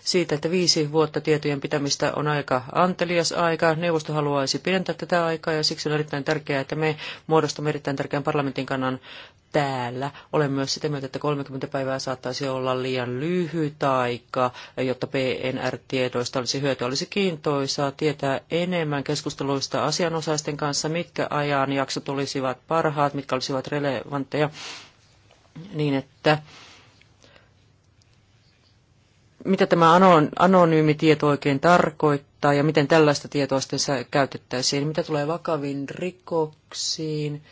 siitä, että viisi vuotta tietojen pitämistä on aika antelias aika. Neuvosto haluaisi pidentää tätä aikaa ja siksi on erittäin tärkeää, että me muodostamme erittäin tärkeän parlamentin kannan täällä. Olen myös sitä mieltä, että 30 päivää saattaisi olla liian lyhyt aika, jotta PNR-tiedoista olisi hyötyä. Olisi kiintoisaa tietää enemmän keskusteluista asianosaisten kanssa, mitkä ajanjaksot olisivat parhaat, mitkä olisivat relevantteja, niin että mitä tämä anonyymi tieto oikein tarkoittaa ja miten tällaista tietoa sitten käytettäisiin. Mitä tulee vakaviin rikoksiin,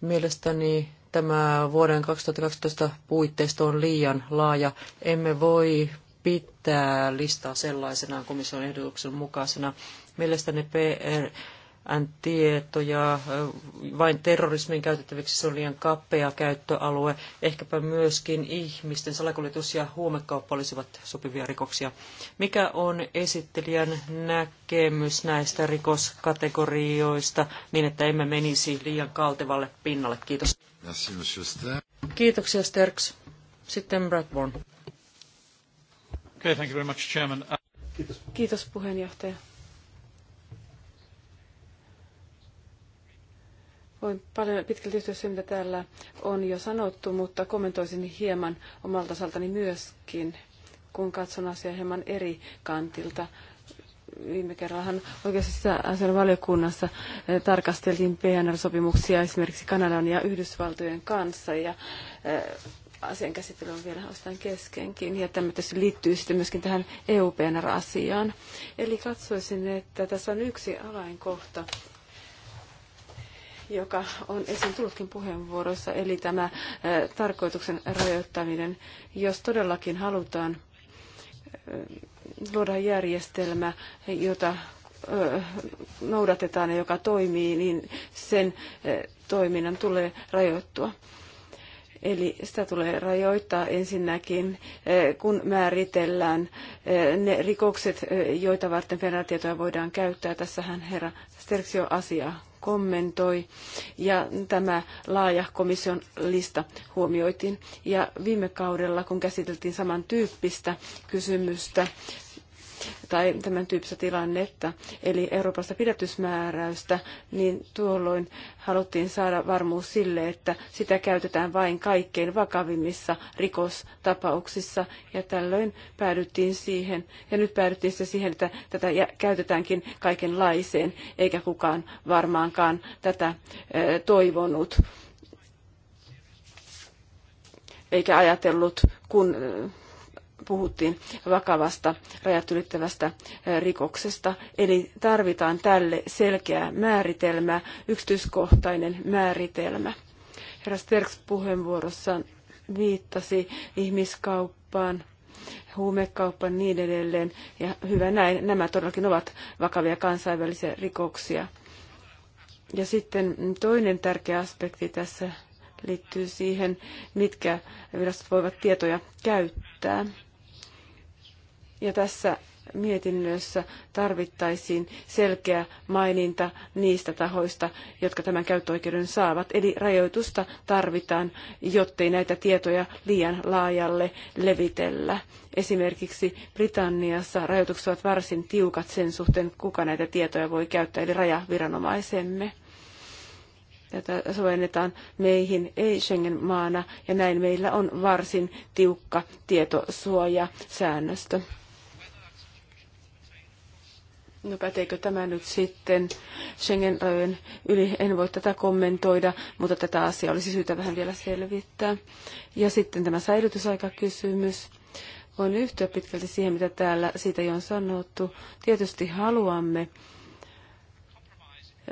mielestäni tämä vuoden 2012 puitteisto on liian laaja. Emme voi pitää listaa sellaisenaan komission ehdotuksen mukaisena. Mielestäni PRN-tietoja vain terrorismin käytettäväksi se on liian kapea käyttöalue. Ehkäpä myöskin ihmisten salakuljetus ja huumekauppa olisivat sopivia rikoksia. Mikä on esittelijän näkemys näistä rikoskategorioista niin, että emme menisi liian kaltevalle pinnalle? Kiitos. Merci, monsieur Sterks. Kiitoksia, Sterks. Sitten Bradburn. Okay, thank you very much, Chairman. Uh, Kiitos. Kiitos puheenjohtaja. Voin paljon pitkälti yhtyä siihen, mitä täällä on jo sanottu, mutta kommentoisin hieman omalta osaltani myöskin, kun katson asiaa hieman eri kantilta viime kerrallahan oikeastaan valiokunnassa eh, tarkasteltiin PNR-sopimuksia esimerkiksi Kanadan ja Yhdysvaltojen kanssa ja eh, asian käsittely on vielä osittain keskenkin ja tämä tietysti liittyy sitten myöskin tähän EU-PNR-asiaan. Eli katsoisin, että tässä on yksi avainkohta, joka on esiin tullutkin puheenvuoroissa, eli tämä eh, tarkoituksen rajoittaminen, jos todellakin halutaan luoda järjestelmä, jota noudatetaan ja joka toimii, niin sen toiminnan tulee rajoittua. Eli sitä tulee rajoittaa ensinnäkin, kun määritellään ne rikokset, joita varten penätietoja voidaan käyttää. Tässähän herra Sterksio asiaa kommentoi ja tämä laaja komission lista huomioitiin. Ja viime kaudella, kun käsiteltiin samantyyppistä kysymystä, tai tämän tyyppistä tilannetta, eli Euroopasta pidätysmääräystä, niin tuolloin haluttiin saada varmuus sille, että sitä käytetään vain kaikkein vakavimmissa rikostapauksissa, ja tällöin päädyttiin siihen, ja nyt päädyttiin se siihen, että tätä käytetäänkin kaikenlaiseen, eikä kukaan varmaankaan tätä toivonut eikä ajatellut, kun puhuttiin vakavasta rajat ylittävästä rikoksesta. Eli tarvitaan tälle selkeä määritelmä, yksityiskohtainen määritelmä. Herra Sterks puheenvuorossaan viittasi ihmiskauppaan, huumekauppaan niin edelleen. Ja hyvä näin, nämä todellakin ovat vakavia kansainvälisiä rikoksia. Ja sitten toinen tärkeä aspekti tässä liittyy siihen, mitkä virastot voivat tietoja käyttää. Ja tässä mietinnössä tarvittaisiin selkeä maininta niistä tahoista, jotka tämän käyttöoikeuden saavat. Eli rajoitusta tarvitaan, jottei näitä tietoja liian laajalle levitellä. Esimerkiksi Britanniassa rajoitukset ovat varsin tiukat sen suhteen, kuka näitä tietoja voi käyttää, eli rajaviranomaisemme. Tätä sovelletaan meihin ei-Schengen-maana ja näin meillä on varsin tiukka tietosuojasäännöstö. No päteekö tämä nyt sitten Schengen-rajojen yli? En voi tätä kommentoida, mutta tätä asiaa olisi syytä vähän vielä selvittää. Ja sitten tämä säilytysaikakysymys. Voin yhtyä pitkälti siihen, mitä täällä siitä jo on sanottu. Tietysti haluamme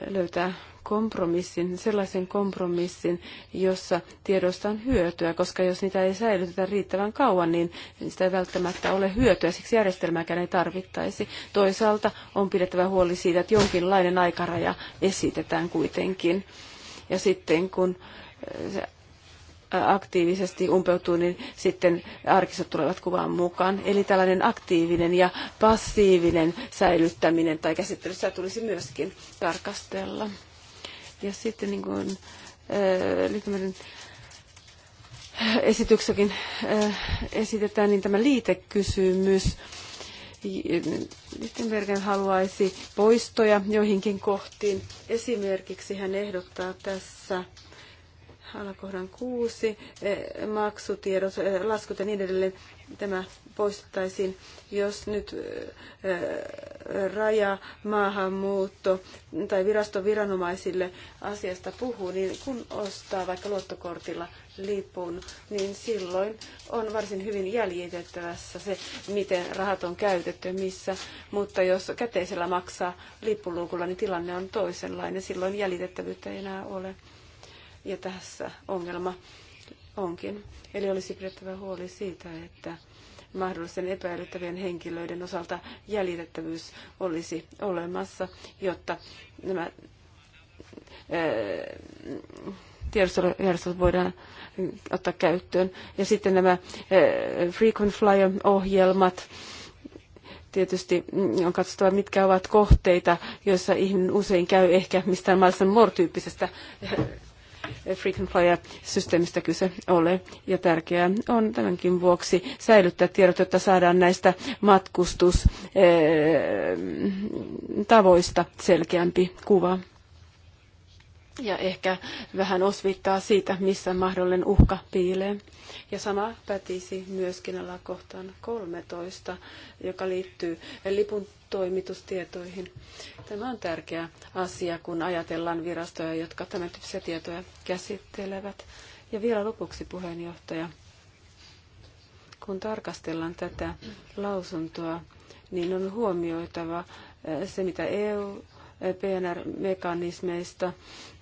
löytää kompromissin, sellaisen kompromissin, jossa tiedosta on hyötyä, koska jos niitä ei säilytetä riittävän kauan, niin sitä ei välttämättä ole hyötyä, siksi järjestelmääkään ei tarvittaisi. Toisaalta on pidettävä huoli siitä, että jonkinlainen aikaraja esitetään kuitenkin. Ja sitten kun eh, aktiivisesti umpeutuu, niin sitten arkistot tulevat kuvaan mukaan. Eli tällainen aktiivinen ja passiivinen säilyttäminen tai käsittelyssä tulisi myöskin tarkastella. Ja sitten niin kuin äh, äh esityksessäkin äh, esitetään, niin tämä liitekysymys. Lichtenbergen haluaisi poistoja joihinkin kohtiin. Esimerkiksi hän ehdottaa tässä alakohdan kuusi, äh, maksutiedot, laskut ja niin edelleen tämä poistettaisiin, jos nyt raja, maahanmuutto tai viraston viranomaisille asiasta puhuu, niin kun ostaa vaikka luottokortilla lipun, niin silloin on varsin hyvin jäljitettävässä se, miten rahat on käytetty missä. Mutta jos käteisellä maksaa lippuluukulla, niin tilanne on toisenlainen. Silloin jäljitettävyyttä ei enää ole. Ja tässä ongelma onkin. Eli olisi pidettävä huoli siitä, että mahdollisten epäilyttävien henkilöiden osalta jäljitettävyys olisi olemassa, jotta nämä tiedostojärjestelmät voidaan ottaa käyttöön. Ja sitten nämä frequent flyer-ohjelmat, tietysti on katsottava, mitkä ovat kohteita, joissa ihminen usein käy ehkä mistään Miles More-tyyppisestä frequent flyer-systeemistä kyse ole. Ja tärkeää on tämänkin vuoksi säilyttää tiedot, jotta saadaan näistä matkustustavoista eh, selkeämpi kuva. Ja ehkä vähän osvittaa siitä, missä mahdollinen uhka piilee. Ja sama pätisi myöskin alakohtaan 13, joka liittyy lipun toimitustietoihin. Tämä on tärkeä asia, kun ajatellaan virastoja, jotka tämän tyyppisiä tietoja käsittelevät. Ja vielä lopuksi puheenjohtaja, kun tarkastellaan tätä lausuntoa, niin on huomioitava se, mitä EU PNR-mekanismeista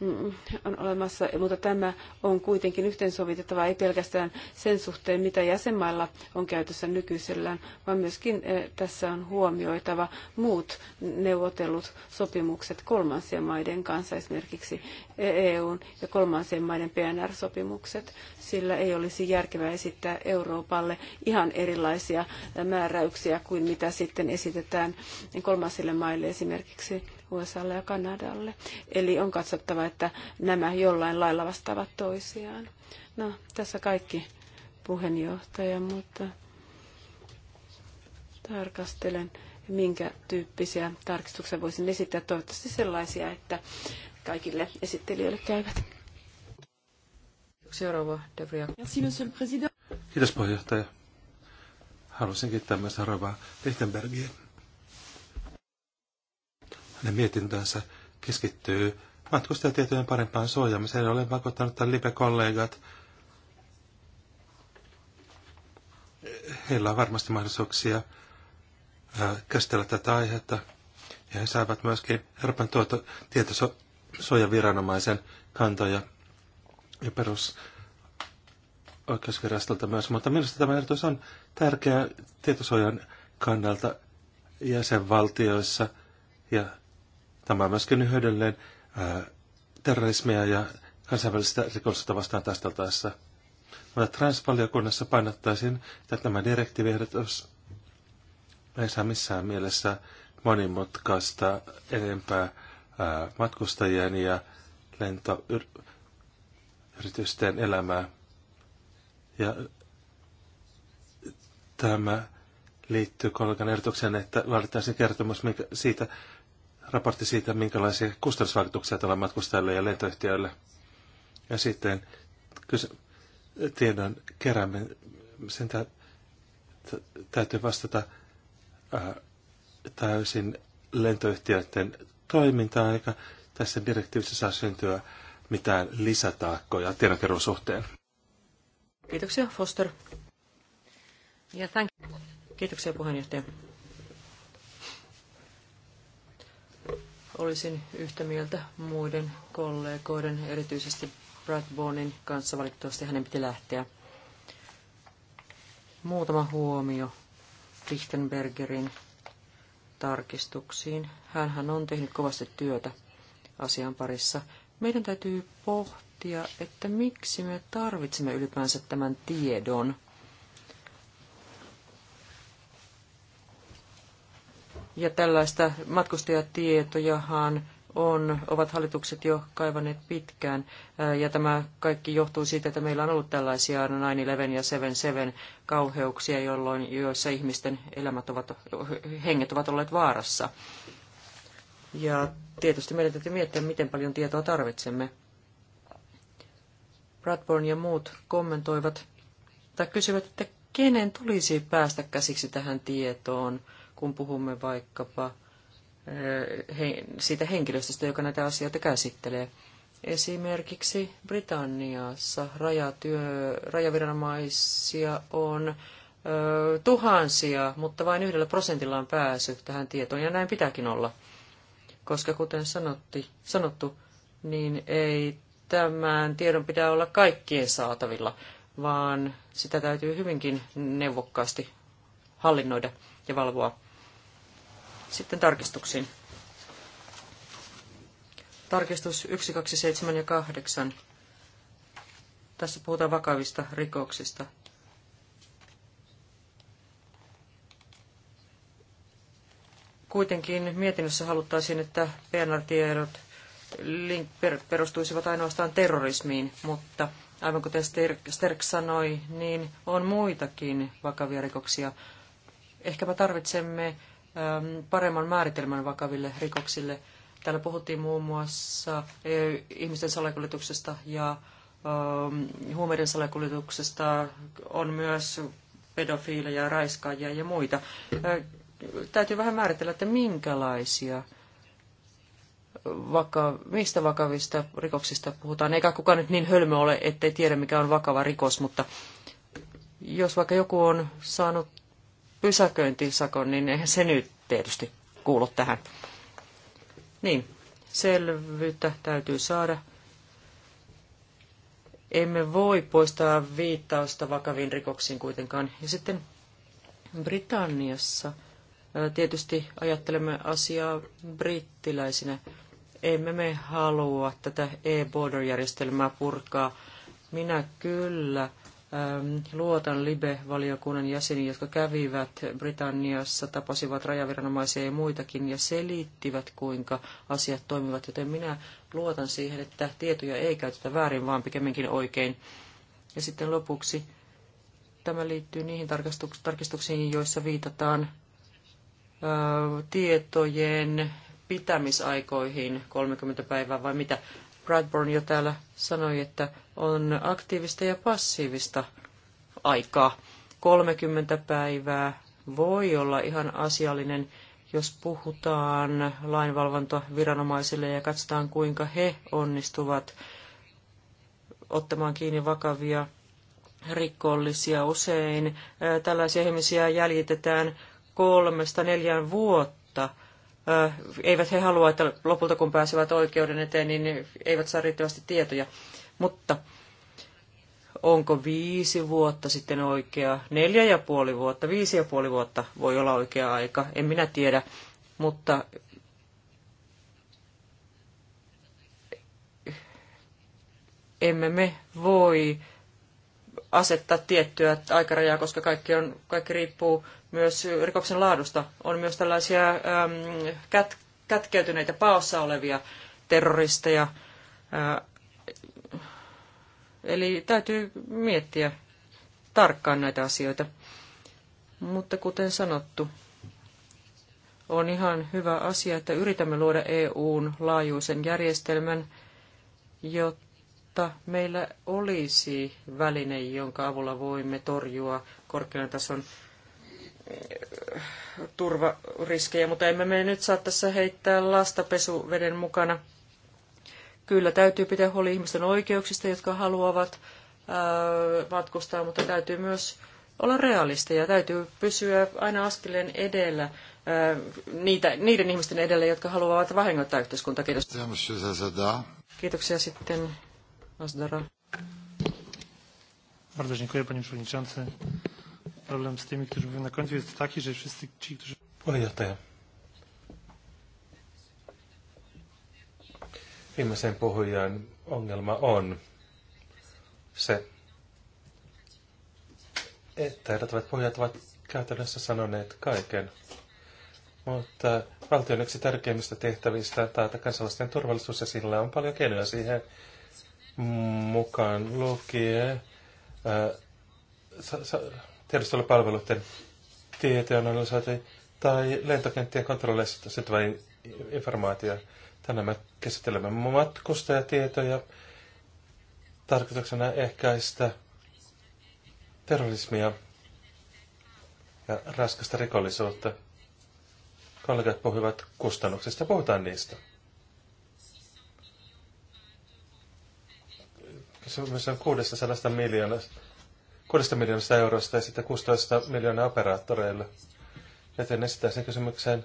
mm, on olemassa, mutta tämä on kuitenkin yhteensovitettava ei pelkästään sen suhteen, mitä jäsenmailla on käytössä nykyisellään, vaan myöskin eh, tässä on huomioitava muut neuvotellut sopimukset kolmansien maiden kanssa, esimerkiksi e EUn ja kolmansien maiden PNR-sopimukset, sillä ei olisi järkevää esittää Euroopalle ihan erilaisia määräyksiä kuin mitä sitten esitetään kolmansille maille esimerkiksi USAlle ja Kanadalle. Eli on katsottava, että nämä jollain lailla vastaavat toisiaan. No, tässä kaikki puheenjohtaja, mutta tarkastelen, minkä tyyppisiä tarkistuksia voisin esittää. Toivottavasti sellaisia, että kaikille esittelijöille käyvät. Seuraava, Devria. Merci, monsieur le président. Kiitos puheenjohtaja. Haluaisin kiittää myös Harvaa Lichtenbergia hänen mietintönsä keskittyy matkustajatietojen parempaan suojaamiseen. Olen vakuuttanut tämän Libe-kollegat. Heillä on varmasti mahdollisuuksia käsitellä tätä aihetta. Ja he saavat myöskin Euroopan tuoto, tietosuojaviranomaisen kantoja ja perus oikeusvirastolta myös, mutta minusta tämä ehdotus on tärkeä tietosuojan kannalta jäsenvaltioissa ja Tämä on myöskin hyödyllinen terrorismia ja kansainvälistä rikollisuutta vastaan taisteltaessa. Mutta transvaliokunnassa painottaisin, että tämä direktiivehdotus ei saa missään mielessä monimutkaista enempää matkustajien ja lentoyritysten elämää. Ja tämä liittyy kollegan ehdotukseen, että laadittaisiin kertomus siitä, raportti siitä, minkälaisia kustannusvaikutuksia tällä matkustajille ja lentoyhtiöille. Ja sitten kyse, tiedon kerääminen, sen tä, täytyy vastata ää, äh, täysin lentoyhtiöiden toimintaa, eikä tässä direktiivissä saa syntyä mitään lisätaakkoja tiedonkeruun suhteen. Kiitoksia, Foster. Ja thank- Kiitoksia puheenjohtaja. Olisin yhtä mieltä muiden kollegoiden, erityisesti Brad Bonin kanssa. Valitettavasti hänen piti lähteä. Muutama huomio Lichtenbergerin tarkistuksiin. Hänhän on tehnyt kovasti työtä asian parissa. Meidän täytyy pohtia, että miksi me tarvitsemme ylipäänsä tämän tiedon – Ja tällaista matkustajatietojahan on, ovat hallitukset jo kaivaneet pitkään. Ja tämä kaikki johtuu siitä, että meillä on ollut tällaisia 9-11 ja 7-7 kauheuksia, jolloin, joissa ihmisten elämät ovat, henget ovat olleet vaarassa. Ja tietysti meidän täytyy miettiä, miten paljon tietoa tarvitsemme. Bradburn ja muut kommentoivat tai kysyvät, että kenen tulisi päästä käsiksi tähän tietoon – kun puhumme vaikkapa eh, siitä henkilöstöstä, joka näitä asioita käsittelee. Esimerkiksi Britanniassa rajatyö, rajaviranomaisia on ö, eh, tuhansia, mutta vain yhdellä prosentilla on pääsy tähän tietoon, ja näin pitääkin olla. Koska kuten sanotti, sanottu, niin ei tämän tiedon pidä olla kaikkien saatavilla, vaan sitä täytyy hyvinkin neuvokkaasti hallinnoida ja valvoa. Sitten tarkistuksiin. Tarkistus 1, 2, 7 ja 8. Tässä puhutaan vakavista rikoksista. Kuitenkin mietinnössä haluttaisiin, että PNR-tiedot perustuisivat ainoastaan terrorismiin, mutta aivan kuten Sterk sanoi, niin on muitakin vakavia rikoksia. Ehkäpä tarvitsemme paremman määritelmän vakaville rikoksille. Täällä puhuttiin muun muassa ihmisten salakuljetuksesta ja huumeiden salakuljetuksesta. On myös pedofiileja, raiskaajia ja muita. Täytyy vähän määritellä, että minkälaisia vaka- mistä vakavista rikoksista puhutaan. Eikä kukaan nyt niin hölmö ole, ettei tiedä mikä on vakava rikos, mutta jos vaikka joku on saanut pysäköintisakon, niin eihän se nyt tietysti kuulu tähän. Niin, selvyyttä täytyy saada. Emme voi poistaa viittausta vakaviin rikoksiin kuitenkaan. Ja sitten Britanniassa tietysti ajattelemme asiaa brittiläisinä. Emme me halua tätä e-border-järjestelmää purkaa. Minä kyllä Luotan Libe-valiokunnan jäseniin, jotka kävivät Britanniassa, tapasivat rajaviranomaisia ja muitakin ja selittivät, kuinka asiat toimivat. Joten minä luotan siihen, että tietoja ei käytetä väärin, vaan pikemminkin oikein. Ja sitten lopuksi tämä liittyy niihin tarkistuksiin, joissa viitataan tietojen pitämisaikoihin 30 päivää vai mitä. Bradburn jo täällä sanoi, että on aktiivista ja passiivista aikaa. 30 päivää voi olla ihan asiallinen, jos puhutaan lainvalvontaviranomaisille ja katsotaan, kuinka he onnistuvat ottamaan kiinni vakavia rikollisia. Usein tällaisia ihmisiä jäljitetään kolmesta neljään vuotta eivät he halua, että lopulta kun pääsevät oikeuden eteen, niin eivät saa riittävästi tietoja. Mutta onko viisi vuotta sitten oikea, neljä ja puoli vuotta, viisi ja puoli vuotta voi olla oikea aika, en minä tiedä, mutta emme me voi asettaa tiettyä aikarajaa, koska kaikki, on, kaikki riippuu myös rikoksen laadusta. On myös tällaisia äm, kät, kätkeytyneitä paossa olevia terroristeja. Ää, eli täytyy miettiä tarkkaan näitä asioita. Mutta kuten sanottu, on ihan hyvä asia, että yritämme luoda EUn laajuisen järjestelmän, jotta meillä olisi väline, jonka avulla voimme torjua korkean tason turvariskejä, mutta emme me nyt saa tässä heittää lasta pesuveden mukana. Kyllä täytyy pitää huoli ihmisten oikeuksista, jotka haluavat äh, matkustaa, mutta täytyy myös olla ja Täytyy pysyä aina askeleen edellä äh, niitä, niiden ihmisten edellä, jotka haluavat vahingoittaa yhteiskuntaa. Kiitos. Kiitoksia sitten. Asdara. Bardzo dziękuję, panie przewodniczący. Problem z tymi, którzy mówią na końcu jest taki, że wszyscy ci, którzy... Puheenjohtaja. Viimeisen puhujan ongelma on se, että edeltävät puhujat ovat käytännössä sanoneet kaiken. Mutta valtion yksi tärkeimmistä tehtävistä taata kansalaisten turvallisuus ja sillä on paljon keinoja siihen mukaan lukien. Äh, sa, sa, tiedustelupalveluiden tietoanalysointi tai lentokenttien kontrolleissa syntyvä informaatio. Tänään me käsittelemme matkustajatietoja tarkoituksena ehkäistä terrorismia ja raskasta rikollisuutta. Kollegat puhuvat kustannuksista, puhutaan niistä. Kysymys on 600 miljoonasta 6 miljoonasta eurosta ja sitten 16 miljoonaa operaattoreille. Joten esittää sen kysymykseen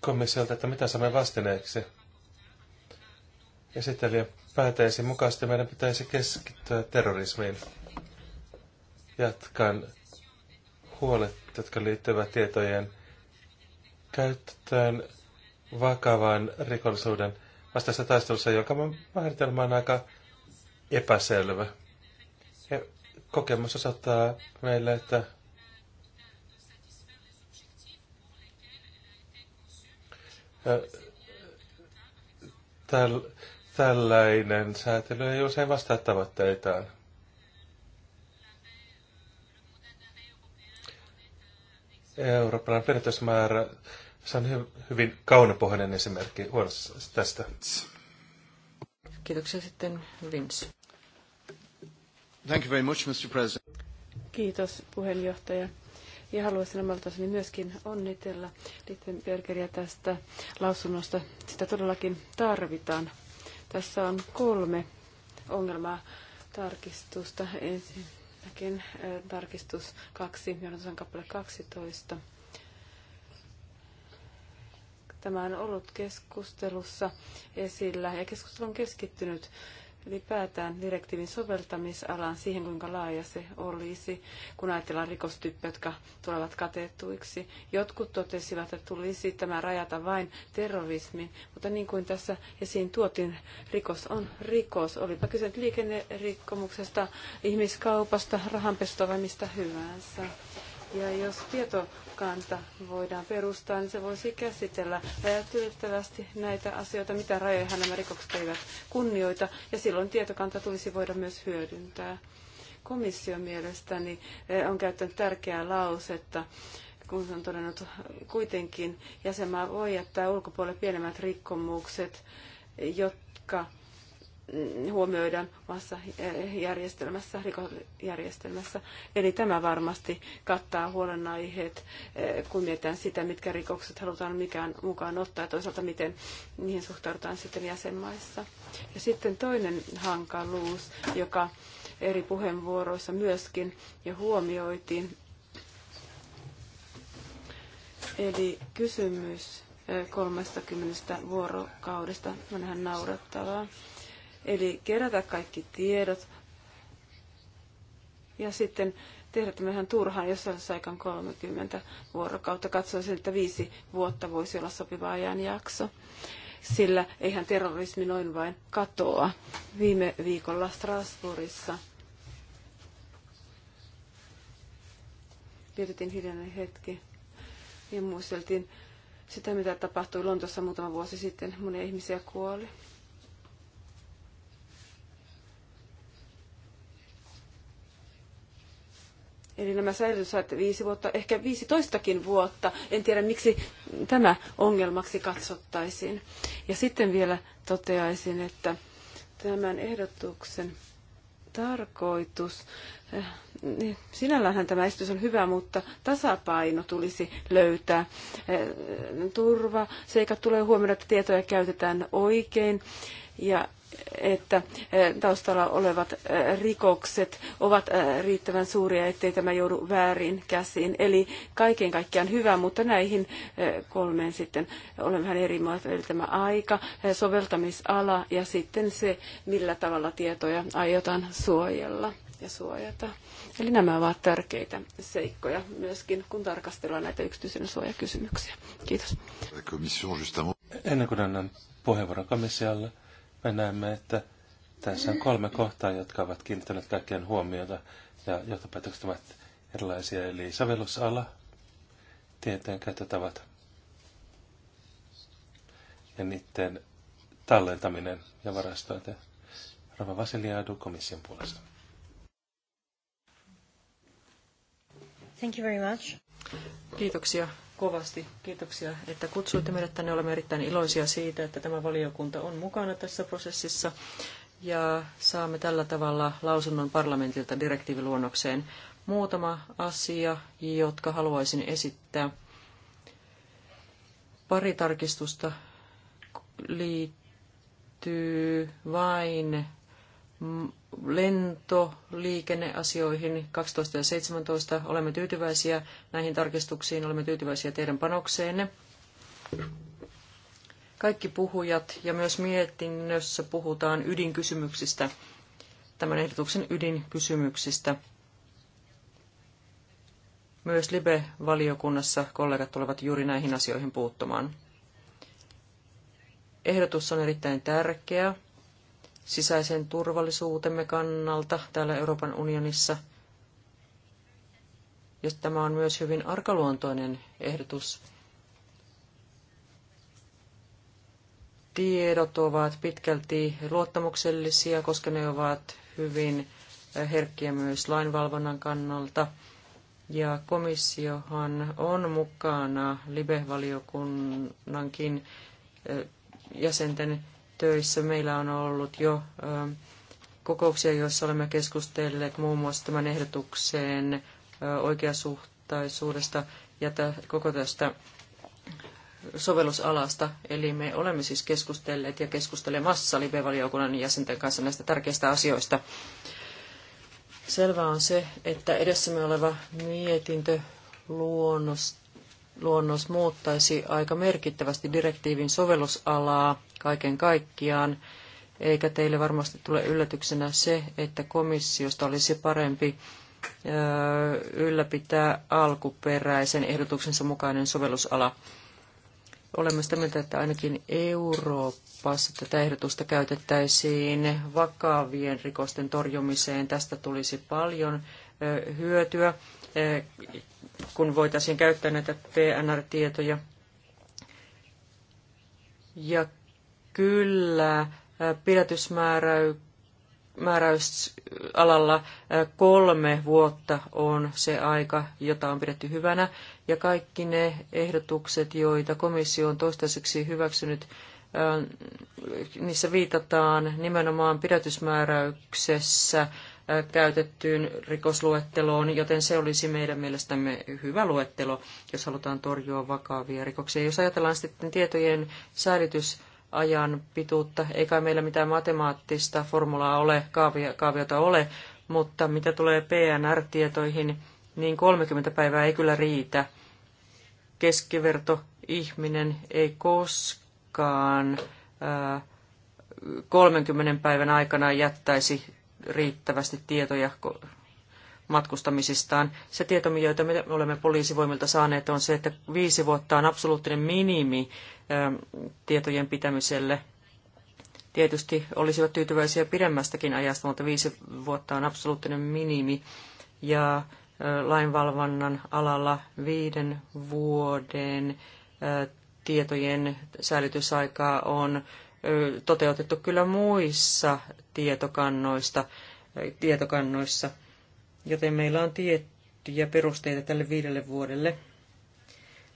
komissiolta, että mitä saamme vastineeksi. Esittelijä pääteisi mukaisesti meidän pitäisi keskittyä terrorismiin. Jatkan huolet, jotka liittyvät tietojen käyttöön vakavan rikollisuuden vastaista taistelussa, jonka määritelmä on aika epäselvä kokemus osoittaa meille, että täl, tällainen säätely ei usein vastaa tavoitteitaan. Euroopan perintösmäärä se on hy- hyvin kaunopohjainen esimerkki huonossa tästä. Kiitoksia sitten Vince. Thank you very much, Mr. President. Kiitos puheenjohtaja. Ja haluaisin omalta myöskin onnitella Littenbergeriä tästä lausunnosta. Sitä todellakin tarvitaan. Tässä on kolme ongelmaa tarkistusta. Ensinnäkin eh, tarkistus 2, Joonatan kappale 12. Tämä on ollut keskustelussa esillä ja keskustelu on keskittynyt ylipäätään direktiivin soveltamisalaan siihen, kuinka laaja se olisi, kun ajatellaan rikostyyppejä, jotka tulevat katettuiksi. Jotkut totesivat, että tulisi tämä rajata vain terrorismiin, mutta niin kuin tässä esiin tuotiin, rikos on rikos. Olipa kyse liikennerikkomuksesta, ihmiskaupasta, rahanpestoa vai mistä hyvänsä ja jos tietokanta voidaan perustaa, niin se voisi käsitellä räjähtelyttävästi näitä asioita, mitä rajoja nämä rikokset eivät kunnioita, ja silloin tietokanta tulisi voida myös hyödyntää. Komissio mielestäni eh, on käyttänyt tärkeää lausetta, kun se on todennut kuitenkin jäsenmaa voi jättää ulkopuolelle pienemmät rikkomukset, jotka huomioidaan omassa eh, järjestelmässä, rikosjärjestelmässä. Eli tämä varmasti kattaa huolenaiheet, eh, kun mietitään sitä, mitkä rikokset halutaan mikään mukaan ottaa ja toisaalta miten niihin suhtaudutaan sitten jäsenmaissa. Ja sitten toinen hankaluus, joka eri puheenvuoroissa myöskin jo huomioitiin. Eli kysymys 30 eh, vuorokaudesta Vähän naurattavaa. Eli kerätä kaikki tiedot ja sitten tehdä tämmöinen turhaan, jos olisi aikaan 30 vuorokautta. Katsoisin, että viisi vuotta voisi olla sopiva ajanjakso sillä eihän terrorismi noin vain katoa. Viime viikolla Strasbourgissa vietettiin hiljainen hetki ja muisteltiin sitä, mitä tapahtui Lontossa muutama vuosi sitten. Monia ihmisiä kuoli. Eli nämä säilytysajat viisi vuotta, ehkä 15kin vuotta. En tiedä, miksi tämä ongelmaksi katsottaisiin. Ja sitten vielä toteaisin, että tämän ehdotuksen tarkoitus. Eh, Sinällähän tämä esitys on hyvä, mutta tasapaino tulisi löytää. Eh, turva, seikat tulee huomioida, että tietoja käytetään oikein ja että eh, taustalla olevat eh, rikokset ovat eh, riittävän suuria, ettei tämä joudu väärin käsiin. Eli kaiken kaikkiaan hyvä, mutta näihin kolmeen sitten olen vähän eri mieltä. Eli tämä aika, soveltamisala ja sitten se, millä tavalla tietoja aiotaan suojella ja suojata. Eli nämä ovat tärkeitä seikkoja myöskin, kun tarkastellaan näitä yksityisen suojakysymyksiä. Kiitos. Ennen kuin annan puheenvuoron komissiolle, me näemme, että tässä on kolme kohtaa, jotka ovat kiinnittäneet kaikkien huomiota ja johtopäätökset ovat erilaisia, eli sovellusala, tieteen käyttötavat ja niiden tallentaminen ja varastointi. Rava Vasiliadu komission puolesta. Thank you very much. Kiitoksia kovasti. Kiitoksia, että kutsuitte meidät tänne. Olemme erittäin iloisia siitä, että tämä valiokunta on mukana tässä prosessissa ja saamme tällä tavalla lausunnon parlamentilta direktiiviluonnokseen. Muutama asia, jotka haluaisin esittää. Pari tarkistusta liittyy vain lentoliikenneasioihin 12 ja 17. Olemme tyytyväisiä näihin tarkistuksiin, olemme tyytyväisiä teidän panokseenne. Kaikki puhujat ja myös mietinnössä puhutaan ydinkysymyksistä, tämän ehdotuksen ydinkysymyksistä. Myös Libe-valiokunnassa kollegat tulevat juuri näihin asioihin puuttumaan. Ehdotus on erittäin tärkeä sisäisen turvallisuutemme kannalta täällä Euroopan unionissa. Ja tämä on myös hyvin arkaluontoinen ehdotus. Tiedot ovat pitkälti luottamuksellisia, koska ne ovat hyvin herkkiä myös lainvalvonnan kannalta. Ja komissiohan on mukana libe valiokunnankin eh, jäsenten töissä meillä on ollut jo ähm, kokouksia, joissa olemme keskustelleet muun muassa tämän ehdotukseen äh, oikeasuhtaisuudesta ja koko tästä sovellusalasta. Eli me olemme siis keskustelleet ja keskustelemassa Libevaliokunnan jäsenten kanssa näistä tärkeistä asioista. Selvää on se, että edessämme oleva mietintö luonnosta luonnos muuttaisi aika merkittävästi direktiivin sovellusalaa kaiken kaikkiaan, eikä teille varmasti tule yllätyksenä se, että komissiosta olisi parempi ylläpitää alkuperäisen ehdotuksensa mukainen sovellusala. Olemme sitä mieltä, että ainakin Euroopassa tätä ehdotusta käytettäisiin vakavien rikosten torjumiseen. Tästä tulisi paljon hyötyä kun voitaisiin käyttää näitä PNR-tietoja. Ja kyllä äh, pidätysmääräysalalla äh, kolme vuotta on se aika, jota on pidetty hyvänä. Ja kaikki ne ehdotukset, joita komissio on toistaiseksi hyväksynyt, äh, niissä viitataan nimenomaan pidätysmääräyksessä käytettyyn rikosluetteloon, joten se olisi meidän mielestämme hyvä luettelo, jos halutaan torjua vakavia rikoksia. Jos ajatellaan sitten tietojen säilytysajan pituutta, eikä meillä mitään matemaattista formulaa ole, kaaviota ole, mutta mitä tulee PNR-tietoihin, niin 30 päivää ei kyllä riitä. Keskiverto ihminen ei koskaan ää, 30 päivän aikana jättäisi riittävästi tietoja matkustamisistaan. Se tieto, jota me olemme poliisivoimilta saaneet, on se, että viisi vuotta on absoluuttinen minimi ähm, tietojen pitämiselle. Tietysti olisivat tyytyväisiä pidemmästäkin ajasta, mutta viisi vuotta on absoluuttinen minimi. Ja äh, lainvalvonnan alalla viiden vuoden äh, tietojen säilytysaikaa on toteutettu kyllä muissa tietokannoista, tietokannoissa, joten meillä on tiettyjä perusteita tälle viidelle vuodelle.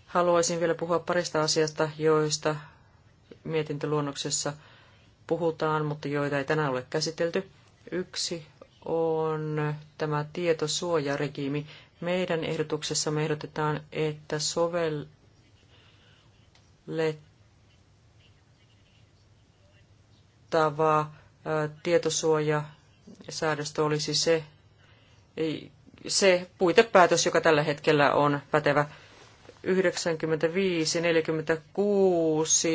Haluaisin vielä puhua parista asiasta, joista mietintöluonnoksessa puhutaan, mutta joita ei tänään ole käsitelty. Yksi on tämä tietosuojaregiimi. Meidän ehdotuksessa me ehdotetaan, että sovellet vastaava tietosuojasäädöstö olisi se, se puitepäätös, joka tällä hetkellä on pätevä. 95-46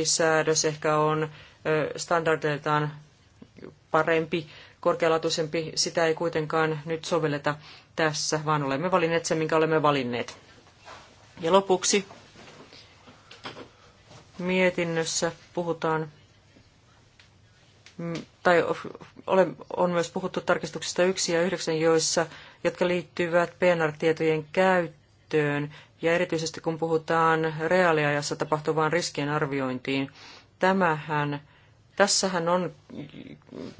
säädös ehkä on standardeiltaan parempi, korkealaatuisempi. Sitä ei kuitenkaan nyt sovelleta tässä, vaan olemme valinneet sen, minkä olemme valinneet. Ja lopuksi mietinnössä puhutaan Mm, tai on myös puhuttu tarkistuksista 1 ja 9, joissa, jotka liittyvät PNR-tietojen käyttöön, ja erityisesti kun puhutaan reaaliajassa tapahtuvaan riskien arviointiin, tämähän, tässähän on,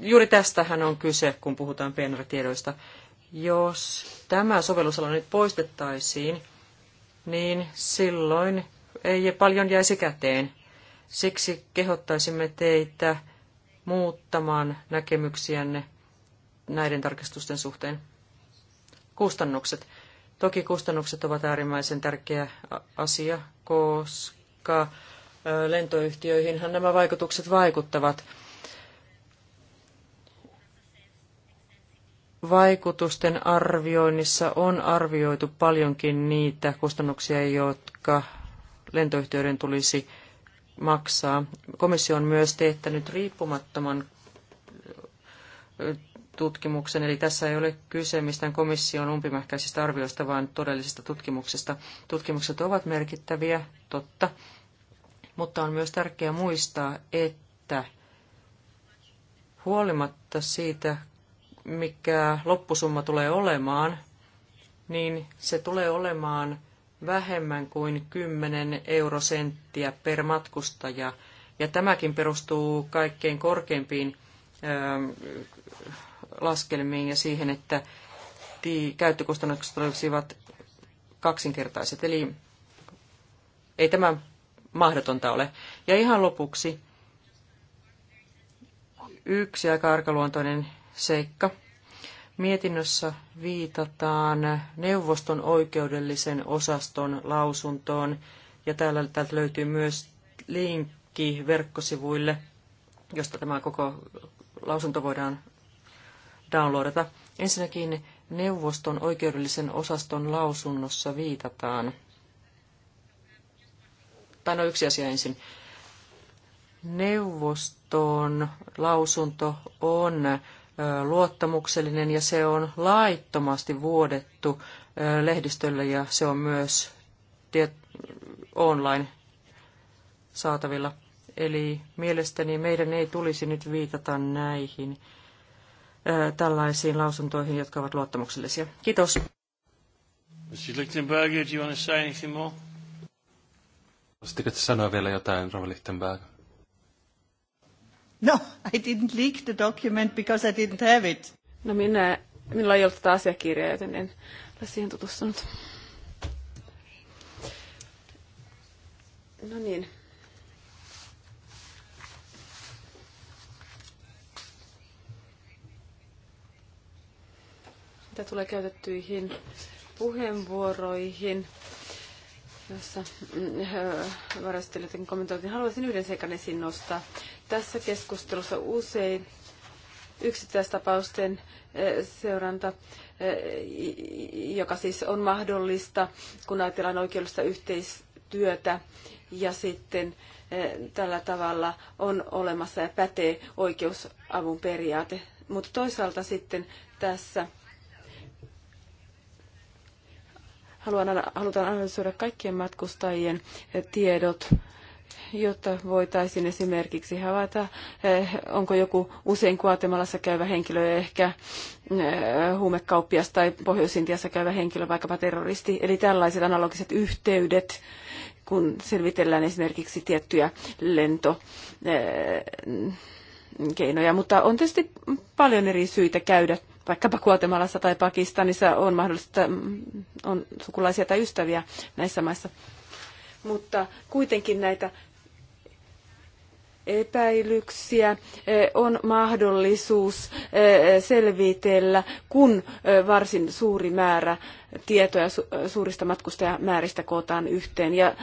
juuri tästähän on kyse, kun puhutaan PNR-tiedoista. Jos tämä sovellusala nyt poistettaisiin, niin silloin ei paljon jäisi käteen. Siksi kehottaisimme teitä muuttamaan näkemyksiänne näiden tarkistusten suhteen? Kustannukset. Toki kustannukset ovat äärimmäisen tärkeä asia, koska lentoyhtiöihinhän nämä vaikutukset vaikuttavat. Vaikutusten arvioinnissa on arvioitu paljonkin niitä kustannuksia, jotka lentoyhtiöiden tulisi maksaa. Komissio on myös teettänyt riippumattoman tutkimuksen, eli tässä ei ole kyse mistään komission umpimähkäisistä arvioista, vaan todellisesta tutkimuksesta. Tutkimukset ovat merkittäviä, totta, mutta on myös tärkeää muistaa, että huolimatta siitä, mikä loppusumma tulee olemaan, niin se tulee olemaan vähemmän kuin 10 eurosenttiä per matkustaja. Ja tämäkin perustuu kaikkein korkeimpiin laskelmiin ja siihen, että käyttökustannukset olisivat kaksinkertaiset. Eli ei tämä mahdotonta ole. Ja ihan lopuksi yksi aika arkaluontoinen seikka, Mietinnössä viitataan neuvoston oikeudellisen osaston lausuntoon, ja täällä täältä löytyy myös linkki verkkosivuille, josta tämä koko lausunto voidaan downloadata. Ensinnäkin neuvoston oikeudellisen osaston lausunnossa viitataan. Tai no yksi asia ensin. Neuvoston lausunto on luottamuksellinen ja se on laittomasti vuodettu lehdistölle ja se on myös online saatavilla. Eli mielestäni meidän ei tulisi nyt viitata näihin tällaisiin lausuntoihin, jotka ovat luottamuksellisia. Kiitos. Mr. Lichtenberg, do you want to say anything more? Voisitteko sanoa vielä jotain, Rova Lichtenberger? No, I didn't leak the document because I didn't have it. No minä, minulla ei ollut tätä asiakirjaa, joten en ole siihen tutustunut. No niin. Mitä tulee käytettyihin puheenvuoroihin, jossa mm, varastelijoiden kommentoitiin, haluaisin yhden seikan esiin nostaa tässä keskustelussa usein yksittäistapausten eh, seuranta, eh, joka siis on mahdollista, kun ajatellaan oikeudellista yhteistyötä ja sitten eh, tällä tavalla on olemassa ja pätee oikeusavun periaate. Mutta toisaalta sitten tässä haluan, halutaan analysoida kaikkien matkustajien tiedot jotta voitaisiin esimerkiksi havaita, eh, onko joku usein kuatemalassa käyvä henkilö ehkä eh, huumekauppias tai Pohjois-Intiassa käyvä henkilö, vaikkapa terroristi. Eli tällaiset analogiset yhteydet, kun selvitellään esimerkiksi tiettyjä lentokeinoja eh, mutta on tietysti paljon eri syitä käydä vaikkapa Kuatemalassa tai Pakistanissa on mahdollista, mm, on sukulaisia tai ystäviä näissä maissa. Mutta kuitenkin näitä epäilyksiä on mahdollisuus selvitellä, kun varsin suuri määrä tietoja suurista matkustajamääristä kootaan yhteen. Ja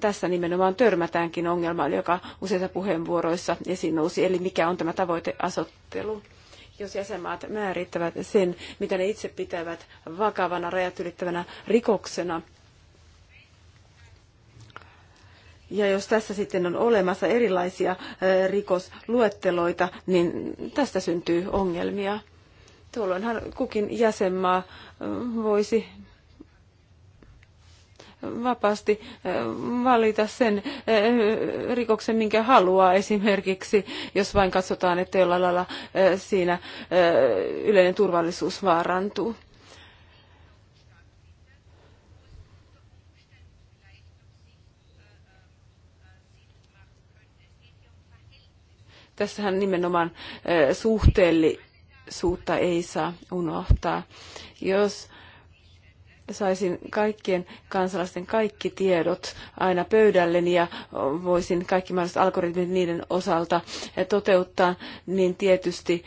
tässä nimenomaan törmätäänkin ongelmaan, joka useissa puheenvuoroissa esiin nousi, eli mikä on tämä tavoiteasottelu jos jäsenmaat määrittävät sen, mitä ne itse pitävät vakavana rajat ylittävänä rikoksena, Ja jos tässä sitten on olemassa erilaisia rikosluetteloita, niin tästä syntyy ongelmia. Tuolloinhan kukin jäsenmaa voisi vapaasti valita sen rikoksen, minkä haluaa esimerkiksi, jos vain katsotaan, että jollain lailla siinä yleinen turvallisuus vaarantuu. Tässähän nimenomaan suhteellisuutta ei saa unohtaa. Jos saisin kaikkien kansalaisten kaikki tiedot aina pöydälleni ja voisin kaikki mahdolliset algoritmit niiden osalta toteuttaa, niin tietysti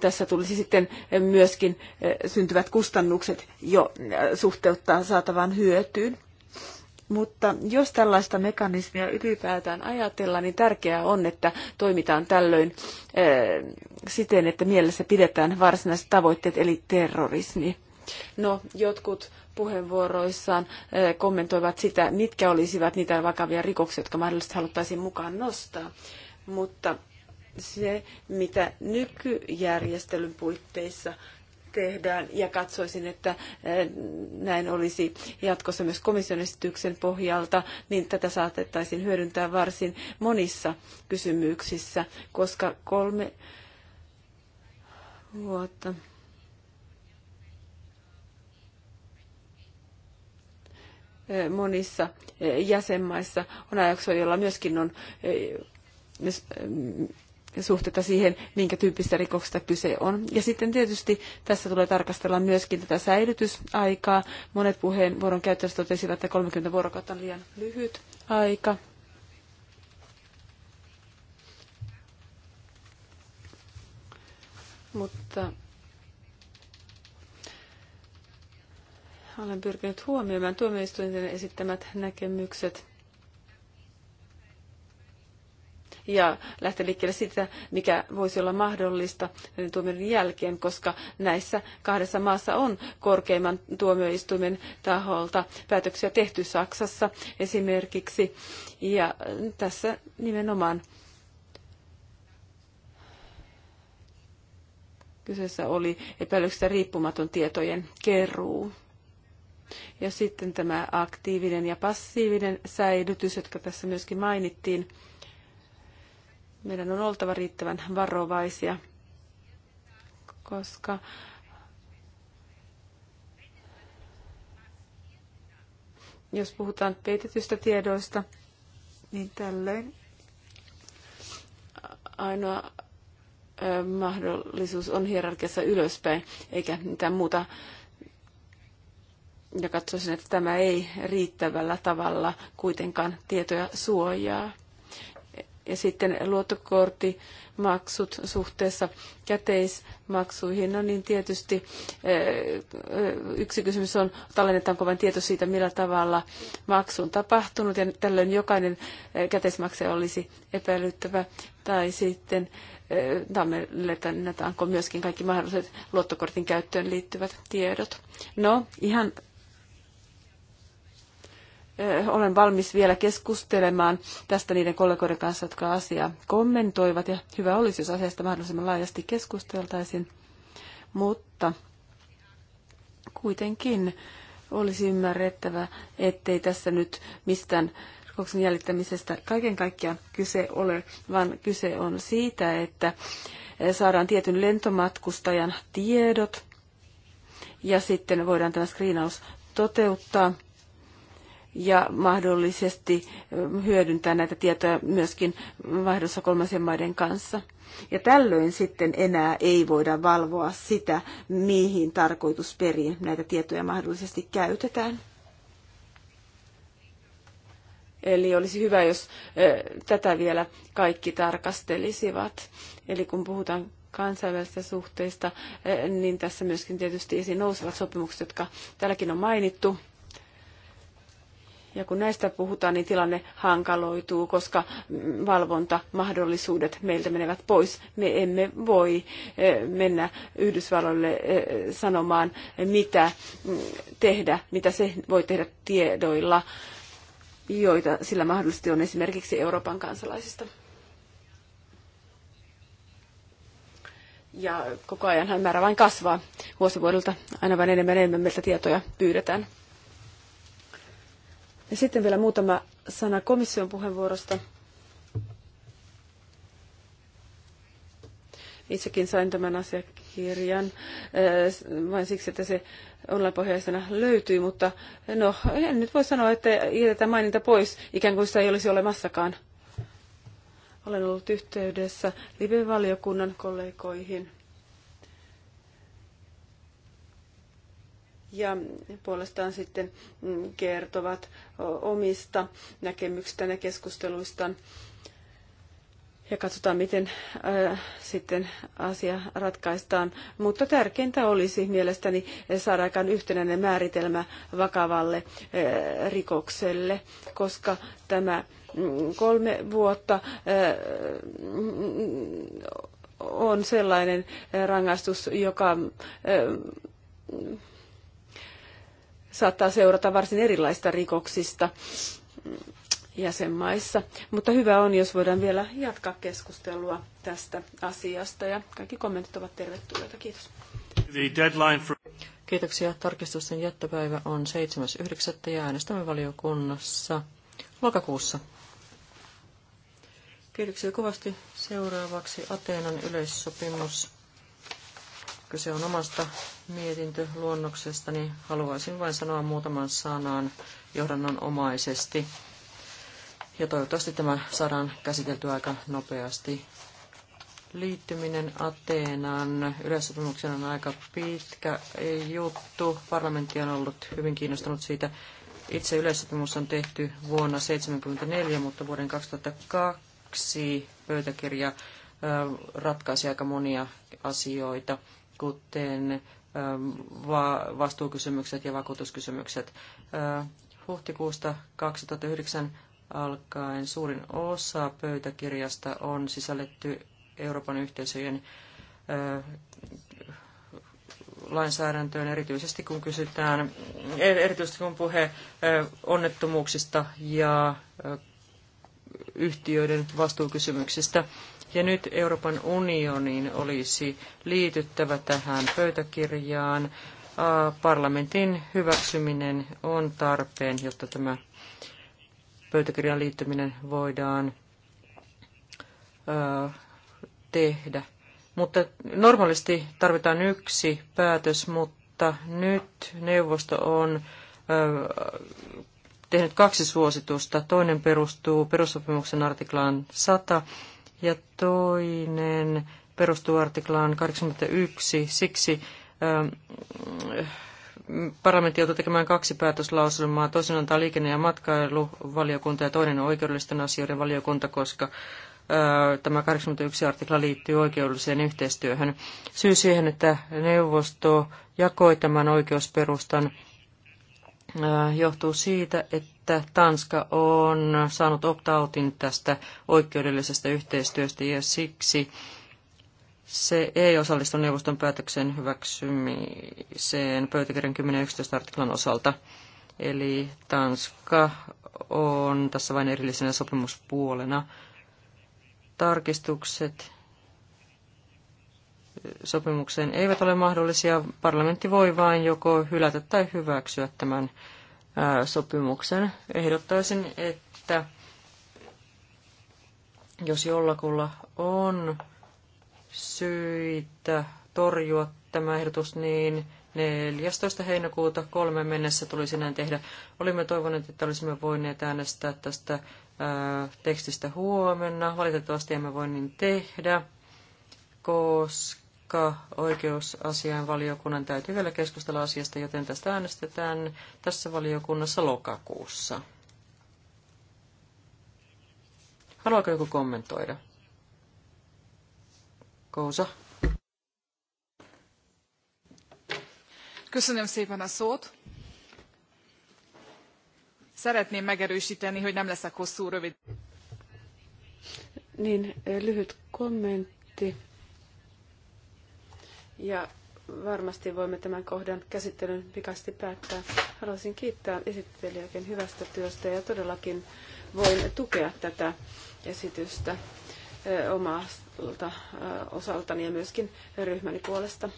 tässä tulisi sitten myöskin syntyvät kustannukset jo suhteuttaa saatavaan hyötyyn. Mutta jos tällaista mekanismia ylipäätään ajatellaan, niin tärkeää on, että toimitaan tällöin eh, siten, että mielessä pidetään varsinaiset tavoitteet, eli terrorismi. No, jotkut puheenvuoroissaan eh, kommentoivat sitä, mitkä olisivat niitä vakavia rikoksia, jotka mahdollisesti haluttaisiin mukaan nostaa. Mutta se, mitä nykyjärjestelyn puitteissa tehdään ja katsoisin, että äh, näin olisi jatkossa myös komission esityksen pohjalta, niin tätä saatettaisiin hyödyntää varsin monissa kysymyksissä, koska kolme vuotta monissa äh, jäsenmaissa on ajakso, jolla myöskin on äh, ähm, suhteita siihen, minkä tyyppistä rikoksesta kyse on. Ja sitten tietysti tässä tulee tarkastella myöskin tätä säilytysaikaa. Monet puheenvuoron käyttäjät totesivat, että 30 vuorokautta on liian lyhyt aika. Mutta olen pyrkinyt huomioimaan tuomioistuinten esittämät näkemykset – ja lähteä liikkeelle sitä, mikä voisi olla mahdollista tuomioiden jälkeen, koska näissä kahdessa maassa on korkeimman tuomioistuimen taholta päätöksiä tehty Saksassa esimerkiksi. Ja tässä nimenomaan kyseessä oli epäilyksestä riippumaton tietojen keruu. Ja sitten tämä aktiivinen ja passiivinen säilytys, jotka tässä myöskin mainittiin meidän on oltava riittävän varovaisia, koska jos puhutaan peitetystä tiedoista, niin tällöin ainoa mahdollisuus on hierarkiassa ylöspäin, eikä mitään muuta. Ja katsoisin, että tämä ei riittävällä tavalla kuitenkaan tietoja suojaa. Ja sitten luottokorttimaksut suhteessa käteismaksuihin. No niin, tietysti eh, yksi kysymys on, tallennetaanko vain tieto siitä, millä tavalla maksu on tapahtunut, ja tällöin jokainen eh, käteismaksaja olisi epäilyttävä. Tai sitten eh, tallennetaanko myöskin kaikki mahdolliset luottokortin käyttöön liittyvät tiedot. No, ihan olen valmis vielä keskustelemaan tästä niiden kollegoiden kanssa, jotka asiaa kommentoivat. Ja hyvä olisi, jos asiasta mahdollisimman laajasti keskusteltaisiin. Mutta kuitenkin olisi ymmärrettävä, ettei tässä nyt mistään rikoksen jäljittämisestä kaiken kaikkiaan kyse ole, vaan kyse on siitä, että saadaan tietyn lentomatkustajan tiedot ja sitten voidaan tämä skriinaus toteuttaa ja mahdollisesti hyödyntää näitä tietoja myöskin vaihdossa kolmansien maiden kanssa. Ja tällöin sitten enää ei voida valvoa sitä, mihin tarkoitusperiin näitä tietoja mahdollisesti käytetään. Eli olisi hyvä, jos tätä vielä kaikki tarkastelisivat. Eli kun puhutaan kansainvälisistä suhteista, niin tässä myöskin tietysti esiin nousevat sopimukset, jotka täälläkin on mainittu. Ja kun näistä puhutaan, niin tilanne hankaloituu, koska valvontamahdollisuudet meiltä menevät pois. Me emme voi eh, mennä Yhdysvalloille eh, sanomaan, mitä mm, tehdä, mitä se voi tehdä tiedoilla, joita sillä mahdollisesti on esimerkiksi Euroopan kansalaisista. Ja koko ajan määrä vain kasvaa vuosivuodelta. Aina vain enemmän enemmän meiltä tietoja pyydetään. Ja sitten vielä muutama sana komission puheenvuorosta. Itsekin sain tämän asiakirjan eh, vain siksi, että se online-pohjaisena löytyy, mutta no, en nyt voi sanoa, että jätetään maininta pois, ikään kuin sitä ei olisi olemassakaan. Olen ollut yhteydessä live-valiokunnan kollegoihin ja puolestaan sitten kertovat omista näkemyksistään ja keskusteluistaan. Ja katsotaan, miten ää, äh, sitten asia ratkaistaan. Mutta tärkeintä olisi mielestäni saada aikaan yhtenäinen määritelmä vakavalle ää, äh, rikokselle, koska tämä mm, kolme vuotta ää, äh, on sellainen rangaistus, joka ää, saattaa seurata varsin erilaista rikoksista jäsenmaissa. Mutta hyvä on, jos voidaan vielä jatkaa keskustelua tästä asiasta ja kaikki kommentit ovat tervetulleita. Kiitos. For... Kiitoksia. Tarkistusten jättöpäivä on 7.9. ja äänestämme valiokunnassa lokakuussa. Kiitoksia kovasti. Seuraavaksi Ateenan yleissopimus. Kyse on omasta mietintöluonnoksestani. Haluaisin vain sanoa muutaman sanan johdannonomaisesti. Ja toivottavasti tämä saadaan käsiteltyä aika nopeasti. Liittyminen Ateenan yleissopimuksen on aika pitkä juttu. Parlamentti on ollut hyvin kiinnostunut siitä. Itse yleissopimus on tehty vuonna 1974, mutta vuoden 2002 pöytäkirja ratkaisi aika monia asioita kuten vastuukysymykset ja vakuutuskysymykset. Huhtikuusta 2009 alkaen suurin osa pöytäkirjasta on sisälletty Euroopan yhteisöjen lainsäädäntöön, erityisesti kun kysytään, e-, erityisesti kun puhe onnettomuuksista ja yhtiöiden vastuukysymyksistä. Ja nyt Euroopan unionin olisi liityttävä tähän pöytäkirjaan. Parlamentin hyväksyminen on tarpeen, jotta tämä pöytäkirjan liittyminen voidaan tehdä. Mutta normaalisti tarvitaan yksi päätös, mutta nyt neuvosto on tehnyt kaksi suositusta. Toinen perustuu perussopimuksen artiklaan 100 ja toinen perustuu artiklaan 81. Siksi ähm, parlamentti joutui tekemään kaksi päätöslauselmaa. Toisen antaa liikenne- ja matkailuvaliokunta ja toinen on oikeudellisten asioiden valiokunta, koska äh, tämä 81 artikla liittyy oikeudelliseen yhteistyöhön. Syy siihen, että neuvosto jakoi tämän oikeusperustan Äh, johtuu siitä, että Tanska on saanut opt-outin tästä oikeudellisesta yhteistyöstä ja siksi se ei osallistu neuvoston päätöksen hyväksymiseen pöytäkirjan 10.11. artiklan osalta. Eli Tanska on tässä vain erillisenä sopimuspuolena. Tarkistukset sopimukseen eivät ole mahdollisia. Parlamentti voi vain joko hylätä tai hyväksyä tämän sopimuksen. Ehdottaisin, että jos jollakulla on syitä torjua tämä ehdotus, niin 14. heinäkuuta kolme mennessä tulisi näin tehdä. Olimme toivoneet, että olisimme voineet äänestää tästä ää, tekstistä huomenna. Valitettavasti emme voi niin tehdä, koska vaikka oikeusasian valiokunnan täytyy vielä keskustella asiasta, joten tästä äänestetään tässä valiokunnassa lokakuussa. Haluaako joku kommentoida? Kousa. Köszönöm szépen a szót. Szeretném megerősíteni, hogy nem leszek hosszú, rövid. Niin, lyhyt kommentti ja varmasti voimme tämän kohdan käsittelyn pikaisesti päättää. Haluaisin kiittää esittelijäkin hyvästä työstä ja todellakin voin tukea tätä esitystä eh, omalta eh, osaltani ja myöskin ryhmäni puolesta.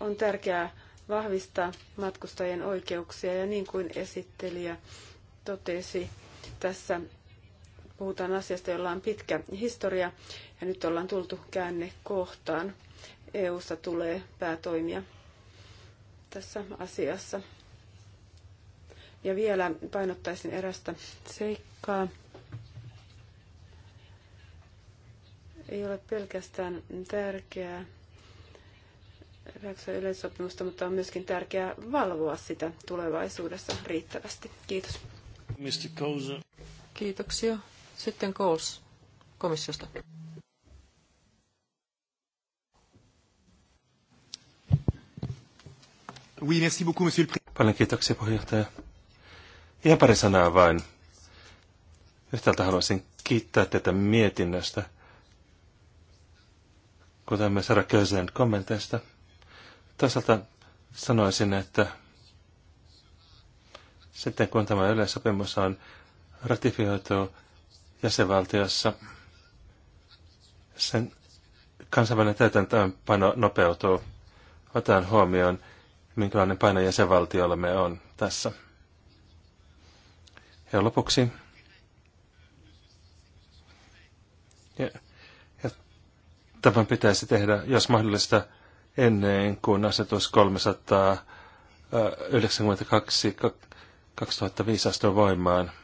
On tärkeää vahvistaa matkustajien oikeuksia ja niin kuin esittelijä totesi, tässä puhutaan asiasta, jolla on pitkä historia, ja nyt ollaan tultu käännekohtaan. kohtaan. EUsta tulee päätoimia tässä asiassa. Ja vielä painottaisin erästä seikkaa. Ei ole pelkästään tärkeää hyväksyä yleissopimusta, mutta on myöskin tärkeää valvoa sitä tulevaisuudessa riittävästi. Kiitos. Mr. Kiitoksia. Sitten Coles komissiosta. Oui, merci beaucoup, monsieur le Paljon kiitoksia, puheenjohtaja. Ihan pari sanaa vain. Yhtäältä haluaisin kiittää tätä mietinnöstä, kuten me Sara Köysen kommenteista. Toisaalta sanoisin, että sitten kun tämä yleissopimus on ratifioitu, jäsenvaltiossa sen kansainvälinen täytäntöönpano nopeutuu. otetaan huomioon, minkälainen paino jäsenvaltiolla me on tässä. Ja lopuksi ja, ja tämän pitäisi tehdä, jos mahdollista, ennen kuin asetus 392 2005 astuu voimaan –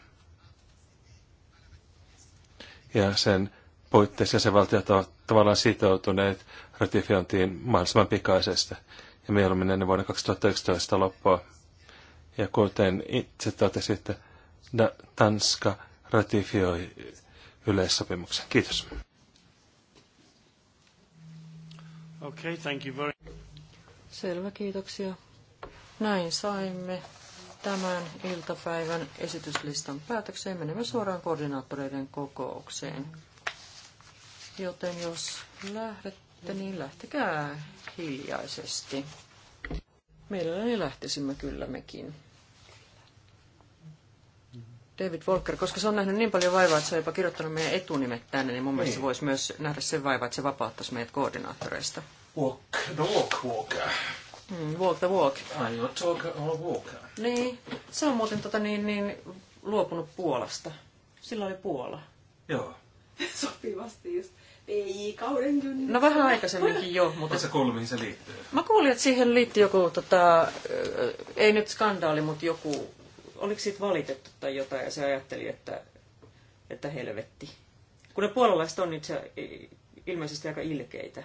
ja sen puitteissa jäsenvaltiot ovat tavallaan sitoutuneet ratifiointiin mahdollisimman pikaisesti ja mieluummin ennen vuoden 2011 loppua. Ja kuten itse totesitte, Tanska ratifioi yleissopimuksen. Kiitos. Okay, thank you very... Selvä, kiitoksia. Näin saimme tämän iltapäivän esityslistan päätökseen. Menemme suoraan koordinaattoreiden kokoukseen. Joten jos lähdette, niin lähtekää hiljaisesti. Mielelläni lähtisimme kyllä mekin. David Walker, koska se on nähnyt niin paljon vaivaa, että se on jopa kirjoittanut meidän etunimet tänne, niin mun mielestä niin. voisi myös nähdä sen vaivaa, että se vapauttaisi meidät koordinaattoreista. Walk, the no walk, walker. Mm, walk the walk. I will talk or walk. Niin, se on muuten tota niin, niin luopunut Puolasta. Sillä oli Puola. Joo. [laughs] Sopivasti just. PJ-kauden No vähän aikaisemminkin jo, [laughs] mutta... se kuullut, mihin se liittyy? Mä kuulin, että siihen liittyy joku, tota, ei nyt skandaali, mutta joku, oliko siitä valitettu tai jotain, ja se ajatteli, että, että helvetti. Kun ne puolalaiset on itse niin ilmeisesti aika ilkeitä.